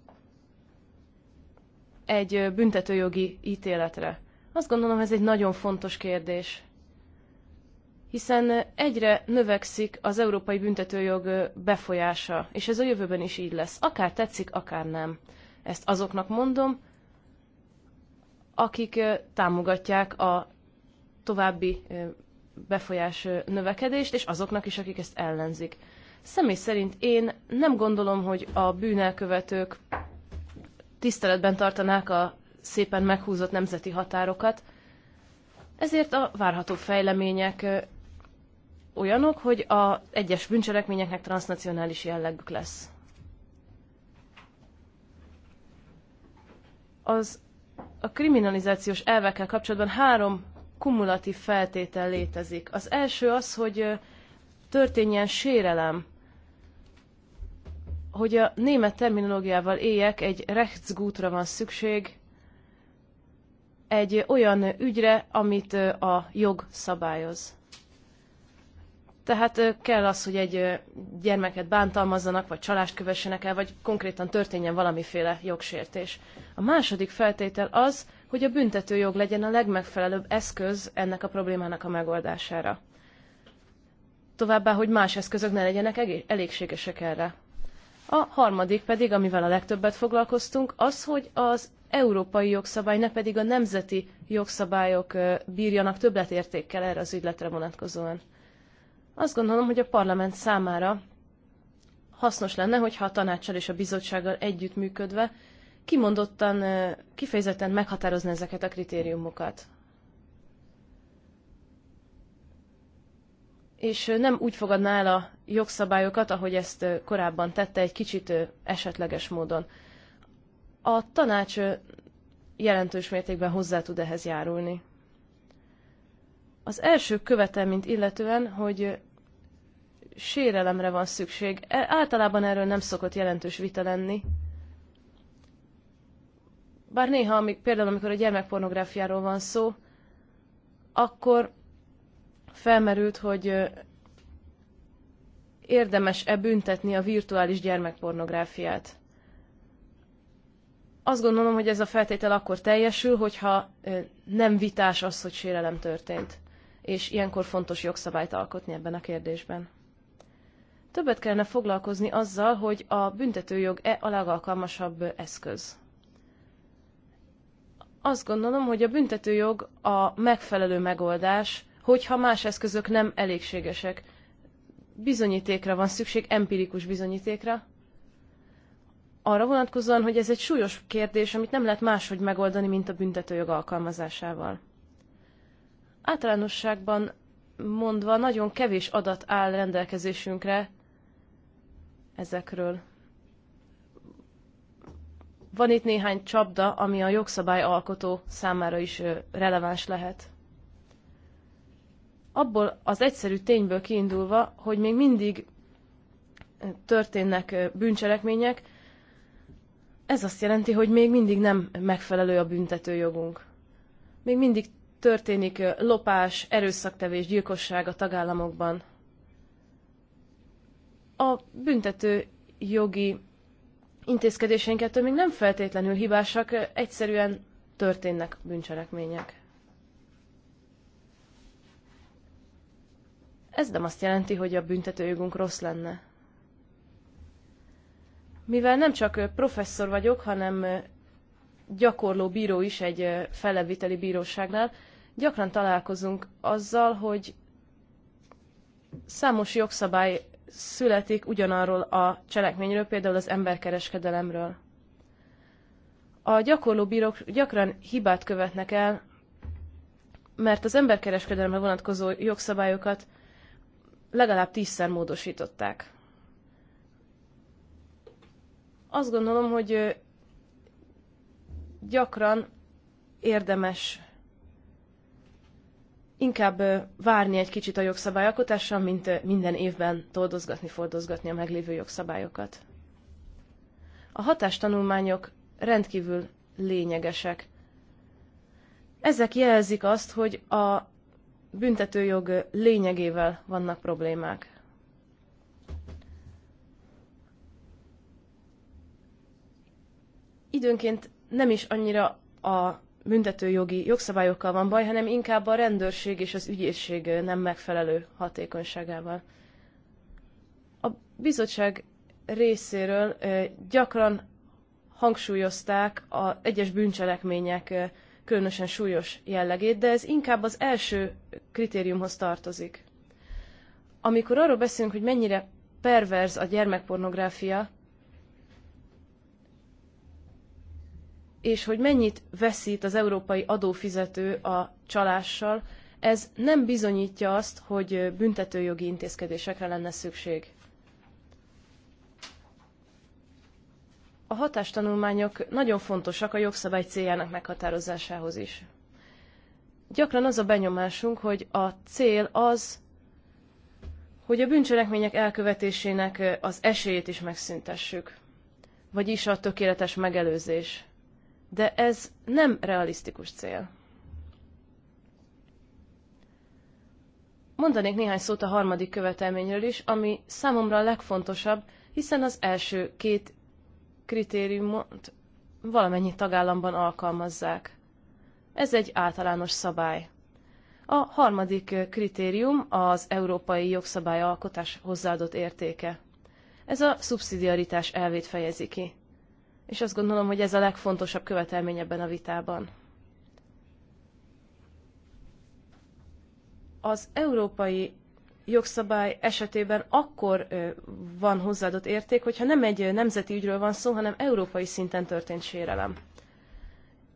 egy büntetőjogi ítéletre? Azt gondolom, ez egy nagyon fontos kérdés hiszen egyre növekszik az európai büntetőjog befolyása, és ez a jövőben is így lesz. Akár tetszik, akár nem. Ezt azoknak mondom, akik támogatják a további befolyás növekedést, és azoknak is, akik ezt ellenzik. Személy szerint én nem gondolom, hogy a bűnelkövetők tiszteletben tartanák a szépen meghúzott nemzeti határokat, ezért a várható fejlemények olyanok, hogy az egyes bűncselekményeknek transnacionális jellegük lesz. Az a kriminalizációs elvekkel kapcsolatban három kumulatív feltétel létezik. Az első az, hogy történjen sérelem. Hogy a német terminológiával éljek, egy rechtsgútra van szükség, egy olyan ügyre, amit a jog szabályoz. Tehát kell az, hogy egy gyermeket bántalmazzanak, vagy csalást kövessenek el, vagy konkrétan történjen valamiféle jogsértés. A második feltétel az, hogy a büntetőjog legyen a legmegfelelőbb eszköz ennek a problémának a megoldására. Továbbá, hogy más eszközök ne legyenek elégségesek erre. A harmadik pedig, amivel a legtöbbet foglalkoztunk, az, hogy az európai jogszabály, ne pedig a nemzeti jogszabályok bírjanak többletértékkel erre az ügyletre vonatkozóan. Azt gondolom, hogy a parlament számára hasznos lenne, hogyha a tanácssal és a bizottsággal együttműködve kimondottan, kifejezetten meghatározni ezeket a kritériumokat. És nem úgy fogadná el a jogszabályokat, ahogy ezt korábban tette, egy kicsit esetleges módon. A tanács jelentős mértékben hozzá tud ehhez járulni. Az első követelményt illetően, hogy sérelemre van szükség. E, általában erről nem szokott jelentős vita lenni. Bár néha, amik, például amikor a gyermekpornográfiáról van szó, akkor felmerült, hogy érdemes-e büntetni a virtuális gyermekpornográfiát. Azt gondolom, hogy ez a feltétel akkor teljesül, hogyha nem vitás az, hogy sérelem történt és ilyenkor fontos jogszabályt alkotni ebben a kérdésben. Többet kellene foglalkozni azzal, hogy a büntetőjog e a legalkalmasabb eszköz. Azt gondolom, hogy a büntetőjog a megfelelő megoldás, hogyha más eszközök nem elégségesek. Bizonyítékra van szükség, empirikus bizonyítékra, arra vonatkozóan, hogy ez egy súlyos kérdés, amit nem lehet máshogy megoldani, mint a büntetőjog alkalmazásával. Általánosságban mondva nagyon kevés adat áll rendelkezésünkre ezekről. Van itt néhány csapda, ami a jogszabályalkotó számára is releváns lehet. Abból az egyszerű tényből kiindulva, hogy még mindig történnek bűncselekmények, ez azt jelenti, hogy még mindig nem megfelelő a büntetőjogunk. Még mindig történik lopás, erőszaktevés, gyilkosság a tagállamokban a büntető jogi intézkedéseinket még nem feltétlenül hibásak, egyszerűen történnek bűncselekmények. Ez nem azt jelenti, hogy a büntetőjogunk rossz lenne. Mivel nem csak professzor vagyok, hanem gyakorló bíró is egy feleviteli bíróságnál, gyakran találkozunk azzal, hogy számos jogszabály születik ugyanarról a cselekményről, például az emberkereskedelemről. A gyakorló bírók gyakran hibát követnek el, mert az emberkereskedelemre vonatkozó jogszabályokat legalább tízszer módosították. Azt gondolom, hogy gyakran érdemes inkább várni egy kicsit a jogszabályalkotásra, mint minden évben toldozgatni, fordozgatni a meglévő jogszabályokat. A hatástanulmányok rendkívül lényegesek. Ezek jelzik azt, hogy a büntetőjog lényegével vannak problémák. Időnként nem is annyira a büntetőjogi jogszabályokkal van baj, hanem inkább a rendőrség és az ügyészség nem megfelelő hatékonyságával. A bizottság részéről gyakran hangsúlyozták az egyes bűncselekmények különösen súlyos jellegét, de ez inkább az első kritériumhoz tartozik. Amikor arról beszélünk, hogy mennyire perverz a gyermekpornográfia, és hogy mennyit veszít az európai adófizető a csalással, ez nem bizonyítja azt, hogy büntetőjogi intézkedésekre lenne szükség. A hatástanulmányok nagyon fontosak a jogszabály céljának meghatározásához is. Gyakran az a benyomásunk, hogy a cél az, hogy a bűncselekmények elkövetésének az esélyét is megszüntessük, vagyis a tökéletes megelőzés de ez nem realisztikus cél. Mondanék néhány szót a harmadik követelményről is, ami számomra a legfontosabb, hiszen az első két kritériumot valamennyi tagállamban alkalmazzák. Ez egy általános szabály. A harmadik kritérium az európai jogszabály alkotás hozzáadott értéke. Ez a szubszidiaritás elvét fejezi ki és azt gondolom, hogy ez a legfontosabb követelmény ebben a vitában. Az európai jogszabály esetében akkor van hozzáadott érték, hogyha nem egy nemzeti ügyről van szó, hanem európai szinten történt sérelem.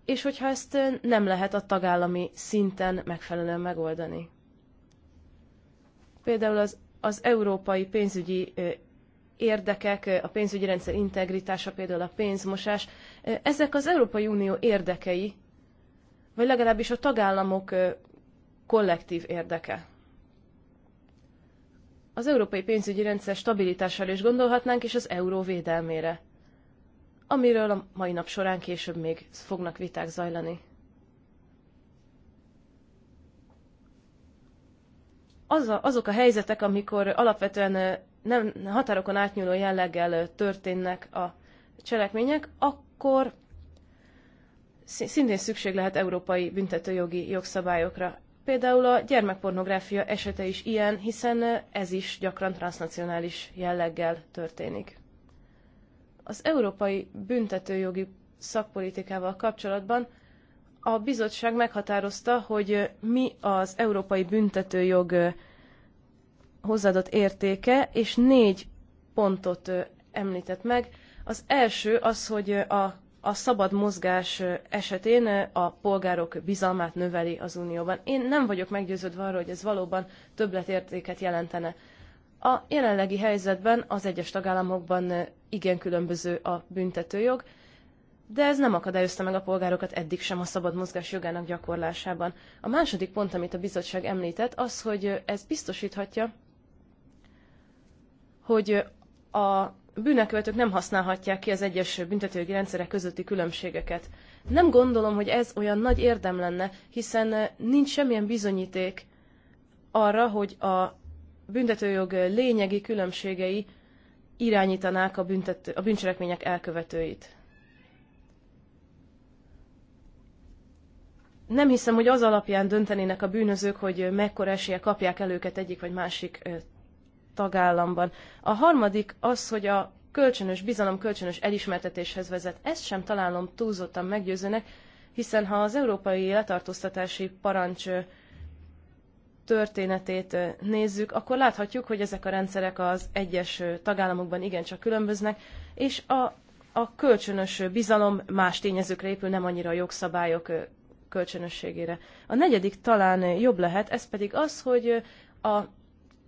És hogyha ezt nem lehet a tagállami szinten megfelelően megoldani. Például az, az európai pénzügyi érdekek, a pénzügyi rendszer integritása, például a pénzmosás, ezek az Európai Unió érdekei, vagy legalábbis a tagállamok kollektív érdeke. Az európai pénzügyi rendszer stabilitására is gondolhatnánk, és az euró védelmére, amiről a mai nap során később még fognak viták zajlani. az a, azok a helyzetek, amikor alapvetően nem határokon átnyúló jelleggel történnek a cselekmények, akkor szintén szükség lehet európai büntetőjogi jogszabályokra. Például a gyermekpornográfia esete is ilyen, hiszen ez is gyakran transnacionális jelleggel történik. Az európai büntetőjogi szakpolitikával kapcsolatban a bizottság meghatározta, hogy mi az európai büntetőjog hozzáadott értéke, és négy pontot említett meg. Az első az, hogy a, a szabad mozgás esetén a polgárok bizalmát növeli az Unióban. Én nem vagyok meggyőződve arról, hogy ez valóban többletértéket jelentene. A jelenlegi helyzetben az egyes tagállamokban igen különböző a büntetőjog, de ez nem akadályozta meg a polgárokat eddig sem a szabad mozgás jogának gyakorlásában. A második pont, amit a bizottság említett, az, hogy ez biztosíthatja, hogy a bűnökövetők nem használhatják ki az egyes büntetőjogi rendszerek közötti különbségeket. Nem gondolom, hogy ez olyan nagy érdem lenne, hiszen eh, nincs semmilyen bizonyíték arra, hogy a büntetőjog lényegi különbségei irányítanák a, büntető, a bűncselekmények elkövetőit. Nem hiszem, hogy az alapján döntenének a bűnözők, hogy mekkora esélye kapják el őket egyik vagy másik eh, tagállamban. A harmadik az, hogy a kölcsönös bizalom kölcsönös elismertetéshez vezet. Ezt sem találom túlzottan meggyőzőnek, hiszen ha az európai letartóztatási parancs történetét nézzük, akkor láthatjuk, hogy ezek a rendszerek az egyes tagállamokban igencsak különböznek, és a, a kölcsönös bizalom más tényezőkre épül, nem annyira a jogszabályok kölcsönösségére. A negyedik talán jobb lehet, ez pedig az, hogy a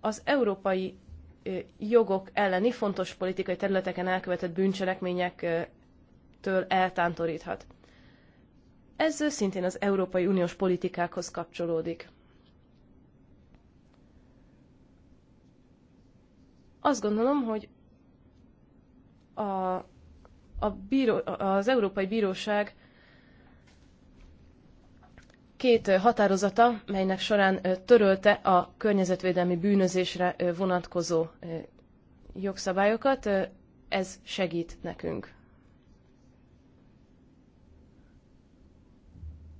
az európai jogok elleni fontos politikai területeken elkövetett bűncselekményektől eltántoríthat. Ez szintén az Európai Uniós politikákhoz kapcsolódik. Azt gondolom, hogy a, a bíró, az Európai Bíróság két határozata, melynek során törölte a környezetvédelmi bűnözésre vonatkozó jogszabályokat, ez segít nekünk.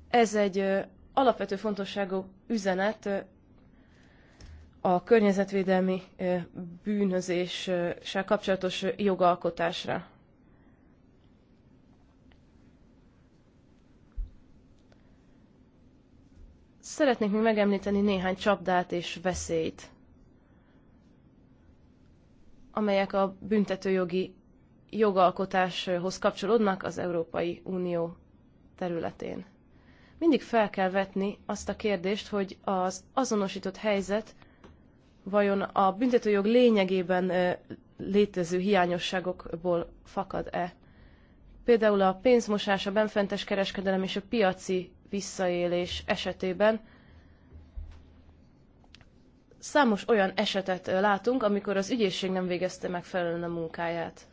Ez egy alapvető fontosságú üzenet a környezetvédelmi bűnözéssel kapcsolatos jogalkotásra. Szeretnék még megemlíteni néhány csapdát és veszélyt, amelyek a büntetőjogi jogalkotáshoz kapcsolódnak az Európai Unió területén. Mindig fel kell vetni azt a kérdést, hogy az azonosított helyzet vajon a büntetőjog lényegében létező hiányosságokból fakad-e. Például a pénzmosás, a benfentes kereskedelem és a piaci visszaélés esetében számos olyan esetet látunk, amikor az ügyészség nem végezte megfelelően a munkáját.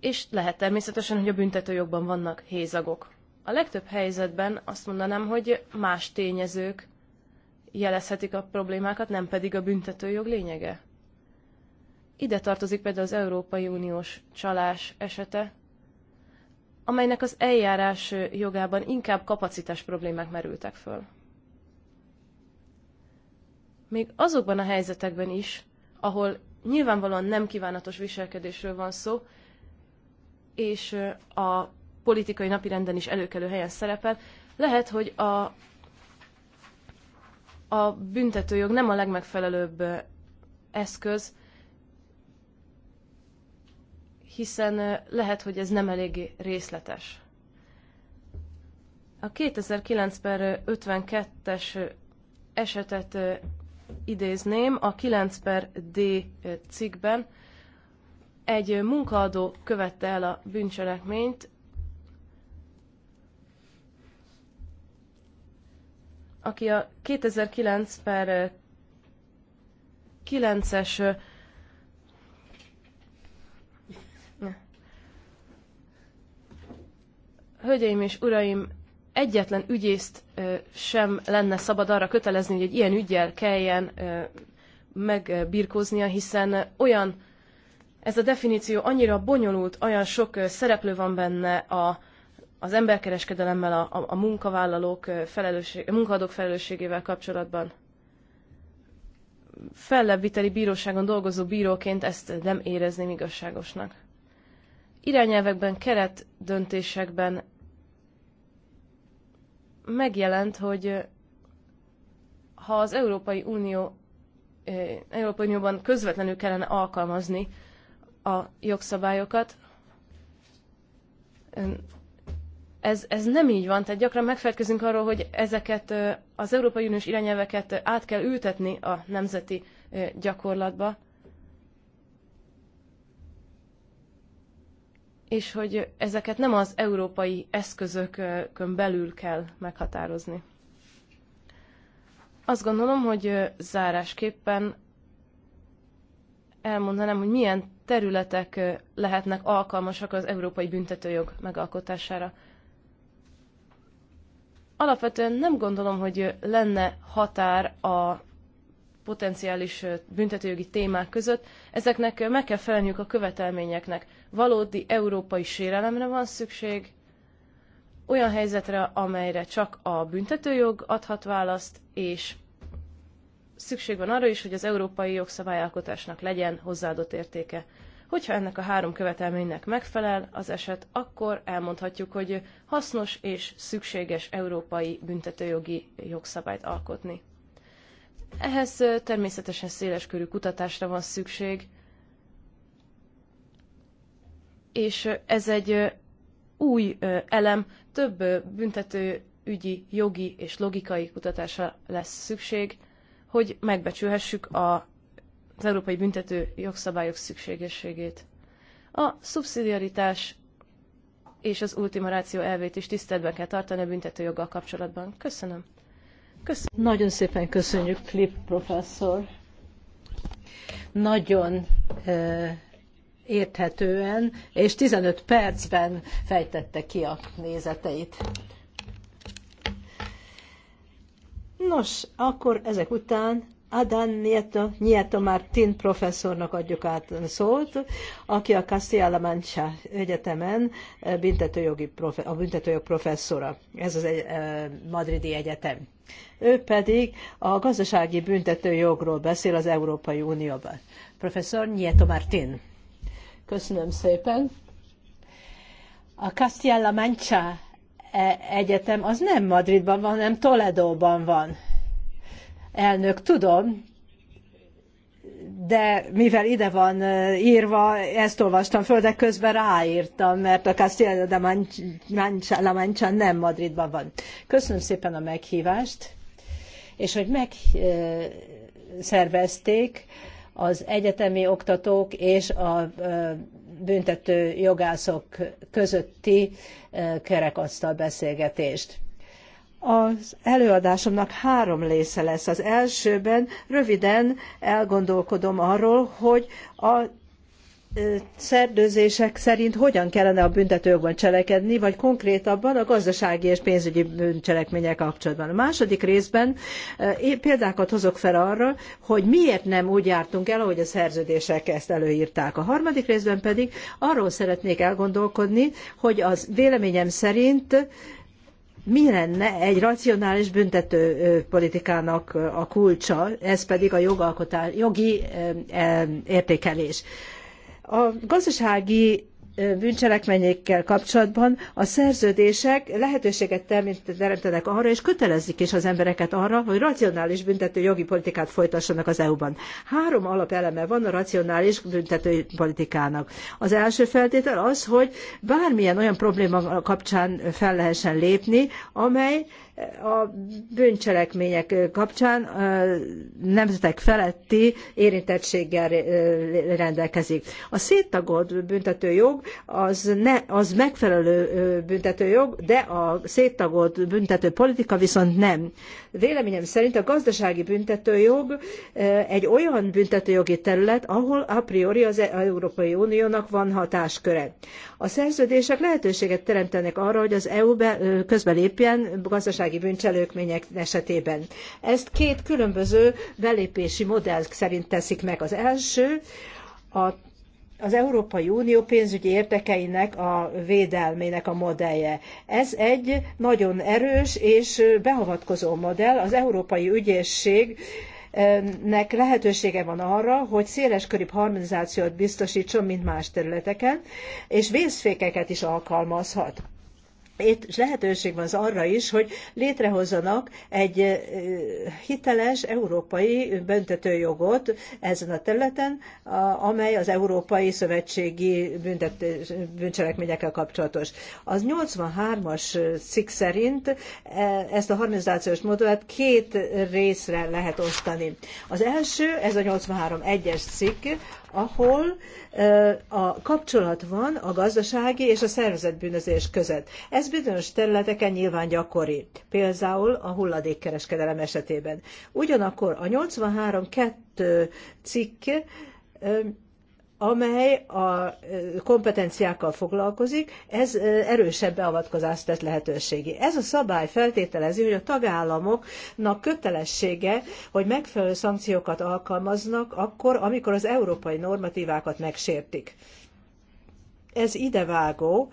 És lehet természetesen, hogy a büntetőjogban vannak hézagok. A legtöbb helyzetben azt mondanám, hogy más tényezők jelezhetik a problémákat, nem pedig a büntetőjog lényege. Ide tartozik például az Európai Uniós csalás esete, amelynek az eljárás jogában inkább kapacitás problémák merültek föl. Még azokban a helyzetekben is, ahol nyilvánvalóan nem kívánatos viselkedésről van szó, és a politikai napirenden is előkelő helyen szerepel, lehet, hogy a, a büntetőjog nem a legmegfelelőbb eszköz hiszen lehet, hogy ez nem eléggé részletes. A 2009 per 52-es esetet idézném, a 9 per D cikkben egy munkaadó követte el a bűncselekményt, aki a 2009 per 9-es Hölgyeim és uraim, egyetlen ügyészt sem lenne szabad arra kötelezni, hogy egy ilyen ügyjel kelljen megbirkóznia, hiszen olyan, ez a definíció annyira bonyolult, olyan sok szereplő van benne a, az emberkereskedelemmel, a, a, a munkavállalók felelősség, a munkaadók felelősségével kapcsolatban. Fellebbviteli bíróságon dolgozó bíróként ezt nem érezném igazságosnak. Irányelvekben, keret döntésekben megjelent, hogy ha az Európai Unió Európai Unióban közvetlenül kellene alkalmazni a jogszabályokat, ez, ez nem így van, tehát gyakran megfelelkezünk arról, hogy ezeket az Európai Uniós irányelveket át kell ültetni a nemzeti gyakorlatba, és hogy ezeket nem az európai eszközökön belül kell meghatározni. Azt gondolom, hogy zárásképpen elmondanám, hogy milyen területek lehetnek alkalmasak az európai büntetőjog megalkotására. Alapvetően nem gondolom, hogy lenne határ a potenciális büntetőjogi témák között, ezeknek meg kell felelniük a követelményeknek. Valódi európai sérelemre van szükség, olyan helyzetre, amelyre csak a büntetőjog adhat választ, és szükség van arra is, hogy az európai jogszabályalkotásnak legyen hozzáadott értéke. Hogyha ennek a három követelménynek megfelel az eset, akkor elmondhatjuk, hogy hasznos és szükséges európai büntetőjogi jogszabályt alkotni. Ehhez természetesen széleskörű kutatásra van szükség, és ez egy új elem, több büntető ügyi, jogi és logikai kutatásra lesz szükség, hogy megbecsülhessük a, az európai büntető jogszabályok szükségességét. A szubszidiaritás és az ultima ráció elvét is tiszteletben kell tartani a büntetőjoggal kapcsolatban. Köszönöm. Köszönöm. Nagyon szépen köszönjük, Flip professzor. Nagyon érthetően, és 15 percben fejtette ki a nézeteit. Nos, akkor ezek után Adán Nieto, Nieto Martin professzornak adjuk át szót, aki a Castilla-La Mancha Egyetemen eh, büntetőjogi profe, a büntetőjog professzora. Ez az egy, eh, madridi egyetem. Ő pedig a gazdasági büntetőjogról beszél az Európai Unióban. Professzor Nieto Martin. Köszönöm szépen. A Castilla-La Mancha eh, Egyetem az nem Madridban van, hanem Toledóban van elnök, tudom, de mivel ide van írva, ezt olvastam föl, de közben ráírtam, mert a Castilla de Mancha, La Mancha nem Madridban van. Köszönöm szépen a meghívást, és hogy megszervezték az egyetemi oktatók és a büntető jogászok közötti kerekasztal beszélgetést. Az előadásomnak három része lesz. Az elsőben röviden elgondolkodom arról, hogy a szerdőzések szerint hogyan kellene a büntetőjogban cselekedni, vagy konkrétabban a gazdasági és pénzügyi bűncselekmények kapcsolatban. A második részben én példákat hozok fel arra, hogy miért nem úgy jártunk el, ahogy a szerződések ezt előírták. A harmadik részben pedig arról szeretnék elgondolkodni, hogy az véleményem szerint mi lenne egy racionális büntető politikának a kulcsa, ez pedig a jogalkotás, jogi értékelés. A gazdasági bűncselekményekkel kapcsolatban a szerződések lehetőséget teremtenek arra, és kötelezik is az embereket arra, hogy racionális büntető jogi politikát folytassanak az EU-ban. Három alapeleme van a racionális büntető politikának. Az első feltétel az, hogy bármilyen olyan probléma kapcsán fel lehessen lépni, amely a bűncselekmények kapcsán nemzetek feletti érintettséggel rendelkezik. A széttagolt büntetőjog az, ne, az megfelelő büntetőjog, de a széttagolt büntető politika viszont nem. Véleményem szerint a gazdasági büntetőjog egy olyan büntetőjogi terület, ahol a priori az e- Európai Uniónak van hatásköre. A szerződések lehetőséget teremtenek arra, hogy az EU be, közbelépjen gazdasági bűncselekmények esetében. Ezt két különböző belépési modell szerint teszik meg. Az első a az Európai Unió pénzügyi érdekeinek a védelmének a modellje. Ez egy nagyon erős és beavatkozó modell. Az Európai Ügyészség nek lehetősége van arra, hogy széleskörűbb harmonizációt biztosítson, mint más területeken, és vészfékeket is alkalmazhat itt lehetőség van az arra is, hogy létrehozzanak egy hiteles európai büntetőjogot ezen a területen, amely az Európai Szövetségi büntető, bűncselekményekkel kapcsolatos. Az 83-as cikk szerint e, ezt a harmonizációs modellt két részre lehet osztani. Az első, ez a 1 es cikk, ahol a kapcsolat van a gazdasági és a szervezetbűnözés között. Ez bizonyos területeken nyilván gyakori, például a hulladékkereskedelem esetében. Ugyanakkor a 83.2 cikk amely a kompetenciákkal foglalkozik, ez erősebb beavatkozást tett lehetőségi. Ez a szabály feltételezi, hogy a tagállamoknak kötelessége, hogy megfelelő szankciókat alkalmaznak akkor, amikor az európai normatívákat megsértik. Ez idevágó,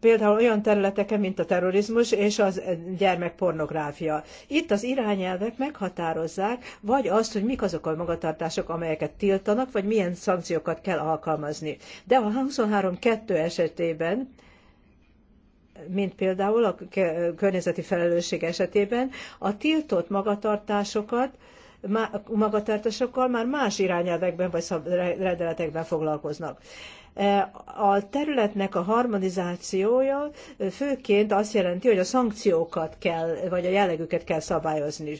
például olyan területeken, mint a terrorizmus és az gyermekpornográfia. Itt az irányelvek meghatározzák, vagy azt, hogy mik azok a magatartások, amelyeket tiltanak, vagy milyen szankciókat kell alkalmazni. De a 23.2 esetében mint például a környezeti felelősség esetében, a tiltott magatartásokat magatartásokkal már más irányelvekben vagy rendeletekben foglalkoznak. E, a területnek a harmonizációja e, főként azt jelenti, hogy a szankciókat kell, vagy a jellegüket kell szabályozni.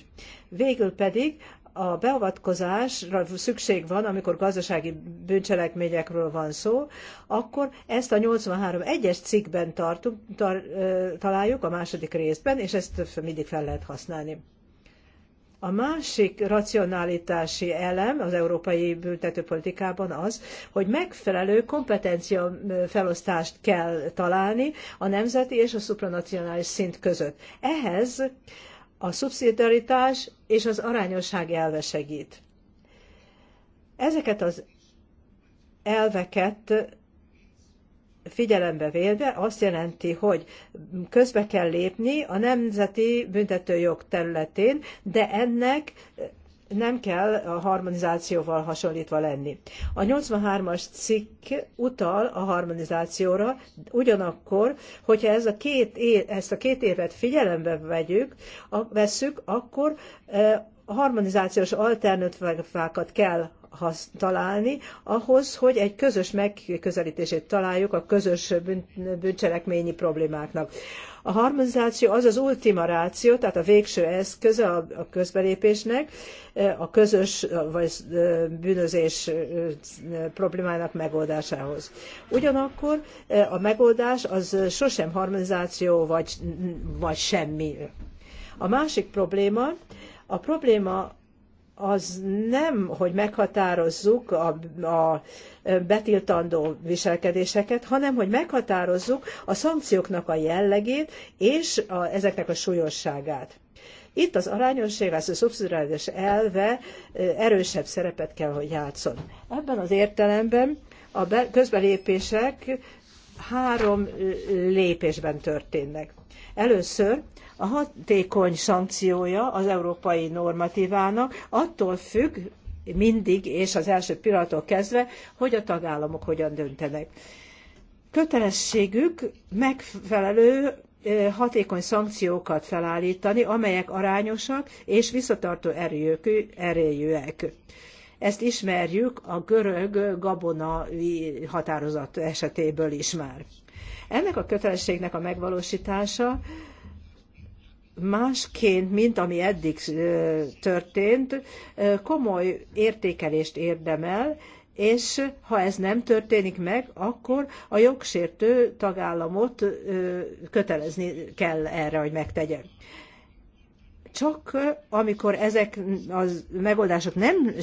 Végül pedig a beavatkozásra szükség van, amikor gazdasági bűncselekményekről van szó, akkor ezt a 83.1-es cikkben tartunk, tar, e, találjuk a második részben, és ezt mindig fel lehet használni. A másik racionalitási elem az európai büntetőpolitikában az, hogy megfelelő kompetencia felosztást kell találni a nemzeti és a szupranacionális szint között. Ehhez a szubszidiaritás és az arányosság elve segít. Ezeket az elveket figyelembe véve azt jelenti, hogy közbe kell lépni a nemzeti büntetőjog területén, de ennek nem kell a harmonizációval hasonlítva lenni. A 83-as cikk utal a harmonizációra, ugyanakkor, hogyha ez a két év, ezt a két évet figyelembe vegyük, a, vesszük, akkor e, harmonizációs alternatívákat kell találni, ahhoz, hogy egy közös megközelítését találjuk a közös bűncselekményi problémáknak. A harmonizáció az az ultima ráció, tehát a végső eszköze a közbelépésnek, e, a közös vagy e, bűnözés e, problémának megoldásához. Ugyanakkor a megoldás az sosem harmonizáció vagy, vagy semmi. A másik probléma, a probléma az nem, hogy meghatározzuk a, a betiltandó viselkedéseket, hanem hogy meghatározzuk a szankcióknak a jellegét és a, ezeknek a súlyosságát. Itt az arányosság, az a szubszidiális elve erősebb szerepet kell, hogy játszon. Ebben az értelemben a közbelépések három lépésben történnek. Először a hatékony szankciója az európai normatívának attól függ, mindig és az első pillanattól kezdve, hogy a tagállamok hogyan döntenek. Kötelességük megfelelő hatékony szankciókat felállítani, amelyek arányosak és visszatartó erőjük, erőjűek. Ezt ismerjük a görög gabona határozat esetéből is már. Ennek a kötelességnek a megvalósítása másként, mint ami eddig történt, komoly értékelést érdemel, és ha ez nem történik meg, akkor a jogsértő tagállamot kötelezni kell erre, hogy megtegye csak amikor ezek a megoldások nem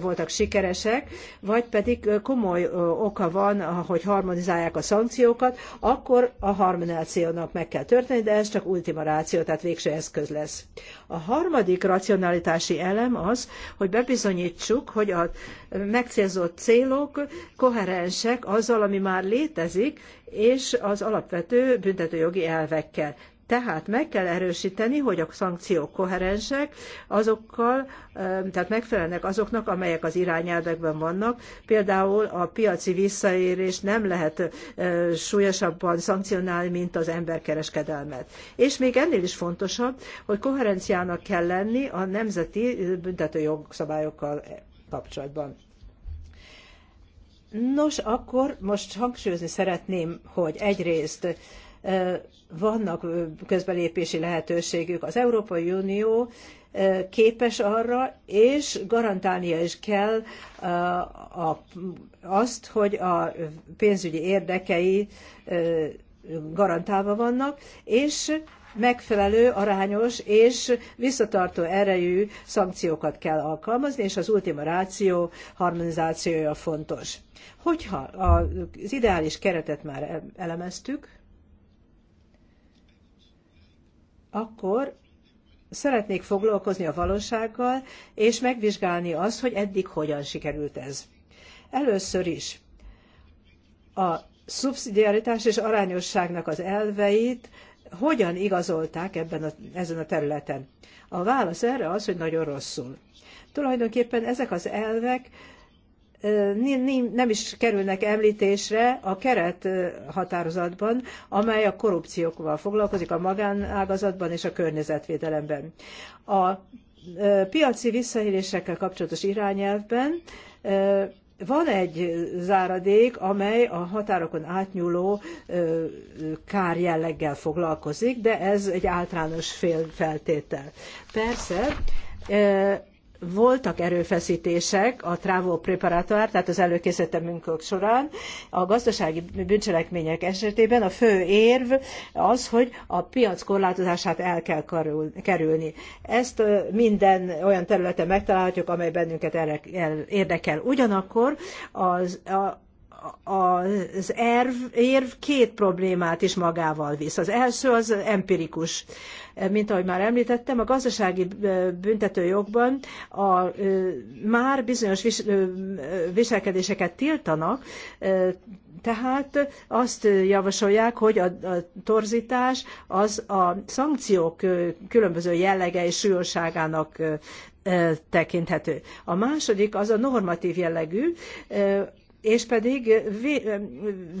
voltak sikeresek, vagy pedig komoly oka van, hogy harmonizálják a szankciókat, akkor a harmonizációnak meg kell történni, de ez csak ultima ráció, tehát végső eszköz lesz. A harmadik racionalitási elem az, hogy bebizonyítsuk, hogy a megcélzott célok koherensek azzal, ami már létezik, és az alapvető büntetőjogi elvekkel. Tehát meg kell erősíteni, hogy a szankciók koherensek azokkal, tehát megfelelnek azoknak, amelyek az irányelvekben vannak. Például a piaci visszaérés nem lehet súlyosabban szankcionálni, mint az emberkereskedelmet. És még ennél is fontosabb, hogy koherenciának kell lenni a nemzeti büntetőjogszabályokkal kapcsolatban. Nos, akkor most hangsúlyozni szeretném, hogy egyrészt vannak közbelépési lehetőségük. Az Európai Unió képes arra, és garantálnia is kell azt, hogy a pénzügyi érdekei garantálva vannak, és megfelelő, arányos és visszatartó erejű szankciókat kell alkalmazni, és az ultima ráció harmonizációja fontos. Hogyha az ideális keretet már elemeztük, akkor szeretnék foglalkozni a valósággal, és megvizsgálni azt, hogy eddig hogyan sikerült ez. Először is a szubszidiaritás és arányosságnak az elveit hogyan igazolták ebben a, ezen a területen. A válasz erre az, hogy nagyon rosszul. Tulajdonképpen ezek az elvek nem is kerülnek említésre a keret határozatban, amely a korrupciókval foglalkozik a magánágazatban és a környezetvédelemben. A piaci visszaélésekkel kapcsolatos irányelvben van egy záradék, amely a határokon átnyúló kárjelleggel foglalkozik, de ez egy általános feltétel. Persze, voltak erőfeszítések a travel preparator, tehát az előkészített munkák során. A gazdasági bűncselekmények esetében a fő érv az, hogy a piac korlátozását el kell kerülni. Ezt minden olyan területen megtalálhatjuk, amely bennünket erre, érdekel. Ugyanakkor az, a, az erv, érv két problémát is magával visz. Az első az empirikus. Mint ahogy már említettem, a gazdasági büntetőjogban a, már bizonyos vis, viselkedéseket tiltanak, tehát azt javasolják, hogy a, a torzítás az a szankciók különböző jellege és súlyosságának tekinthető. A második az a normatív jellegű, és pedig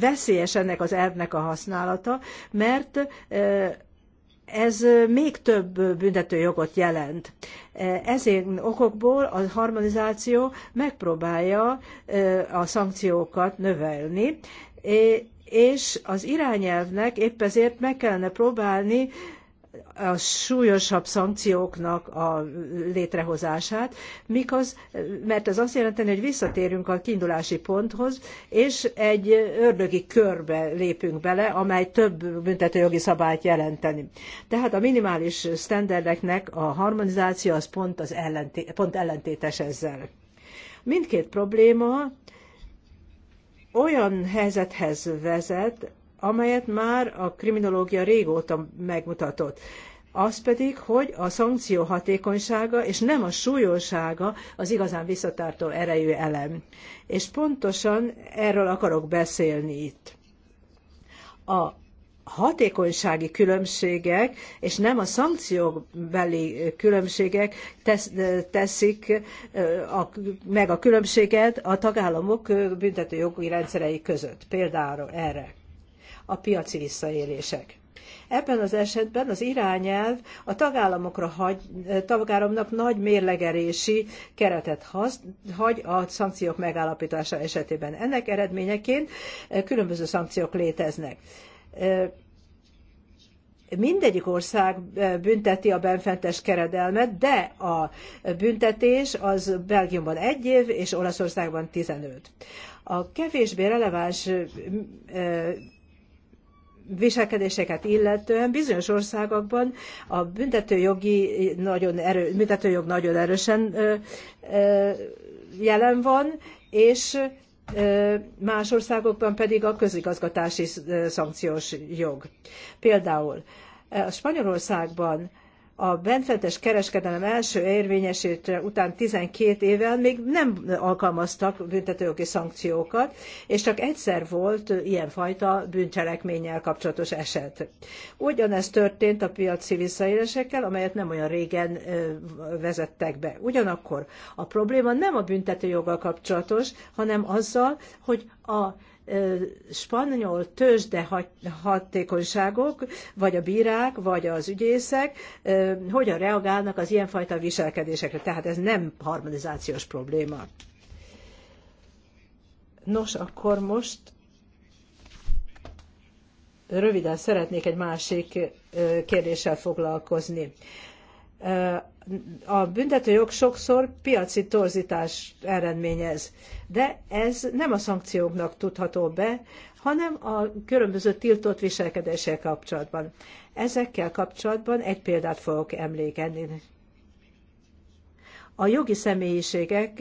veszélyes ennek az elvnek a használata, mert ez még több büntetőjogot jelent. Ezért okokból a harmonizáció megpróbálja a szankciókat növelni, és az irányelvnek épp ezért meg kellene próbálni a súlyosabb szankcióknak a létrehozását, mikhoz, mert ez azt jelenteni, hogy visszatérünk a kiindulási ponthoz, és egy ördögi körbe lépünk bele, amely több büntetőjogi szabályt jelenteni. Tehát a minimális sztenderdeknek a harmonizáció az pont, az ellenté, pont ellentétes ezzel. Mindkét probléma olyan helyzethez vezet, amelyet már a kriminológia régóta megmutatott. Az pedig, hogy a szankció hatékonysága és nem a súlyossága az igazán visszatartó erejű elem. És pontosan erről akarok beszélni itt. A hatékonysági különbségek, és nem a beli különbségek tesz, teszik a, meg a különbséget a tagállamok büntetőjogi rendszerei között. Például erre a piaci visszaélések. Ebben az esetben az irányelv a tagállamokra hagy, eh, tagállamnak nagy mérlegerési keretet hasz, hagy a szankciók megállapítása esetében. Ennek eredményeként eh, különböző szankciók léteznek. Eh, mindegyik ország bünteti a benfentes keredelmet, de a büntetés az Belgiumban egy év és Olaszországban 15. A kevésbé releváns viselkedéseket illetően bizonyos országokban a büntetőjogi nagyon erő, büntetőjog nagyon erősen jelen van, és más országokban pedig a közigazgatási szankciós jog. Például a Spanyolországban a benfentes kereskedelem első érvényesítése után 12 évvel még nem alkalmaztak büntetőjogi szankciókat, és csak egyszer volt ilyenfajta bűncselekménnyel kapcsolatos eset. Ugyanezt történt a piaci visszaélésekkel, amelyet nem olyan régen vezettek be. Ugyanakkor a probléma nem a büntetőjoggal kapcsolatos, hanem azzal, hogy a spanyol tőzsde hatékonyságok, vagy a bírák, vagy az ügyészek hogyan reagálnak az ilyenfajta viselkedésekre. Tehát ez nem harmonizációs probléma. Nos, akkor most röviden szeretnék egy másik kérdéssel foglalkozni a büntetőjog sokszor piaci torzítás eredményez, de ez nem a szankcióknak tudható be, hanem a különböző tiltott viselkedéssel kapcsolatban. Ezekkel kapcsolatban egy példát fogok emlékezni. A jogi személyiségek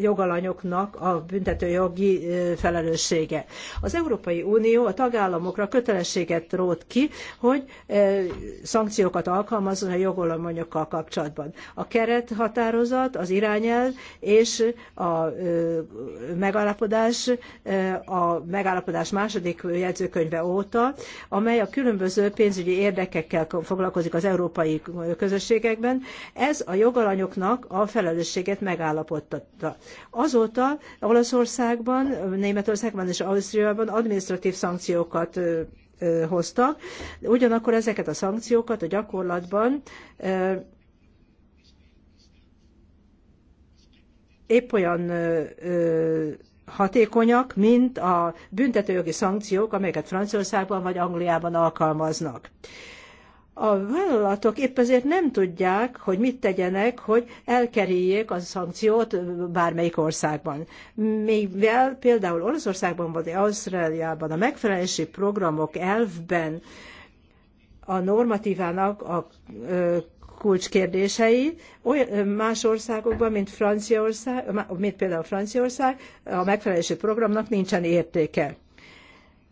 jogalanyoknak a büntetőjogi felelőssége. Az Európai Unió a tagállamokra kötelességet rót ki, hogy szankciókat alkalmazzon a jogalanyokkal kapcsolatban. A kerethatározat, az irányelv és a megállapodás a megállapodás második jegyzőkönyve óta, amely a különböző pénzügyi érdekekkel foglalkozik az európai közösségekben, ez a jogalanyoknak a felelősséget megállapodtatta. Azóta Olaszországban, Németországban és Ausztriában administratív szankciókat hoztak, ugyanakkor ezeket a szankciókat a gyakorlatban épp olyan hatékonyak, mint a büntetőjogi szankciók, amelyeket Franciaországban vagy Angliában alkalmaznak. A vállalatok épp ezért nem tudják, hogy mit tegyenek, hogy elkerüljék a szankciót bármelyik országban. Mivel például Oroszországban vagy Ausztráliában a megfelelési programok elvben a normatívának a kulcskérdései más országokban, mint, Franciaország, mint például Franciaország, a megfelelési programnak nincsen értéke.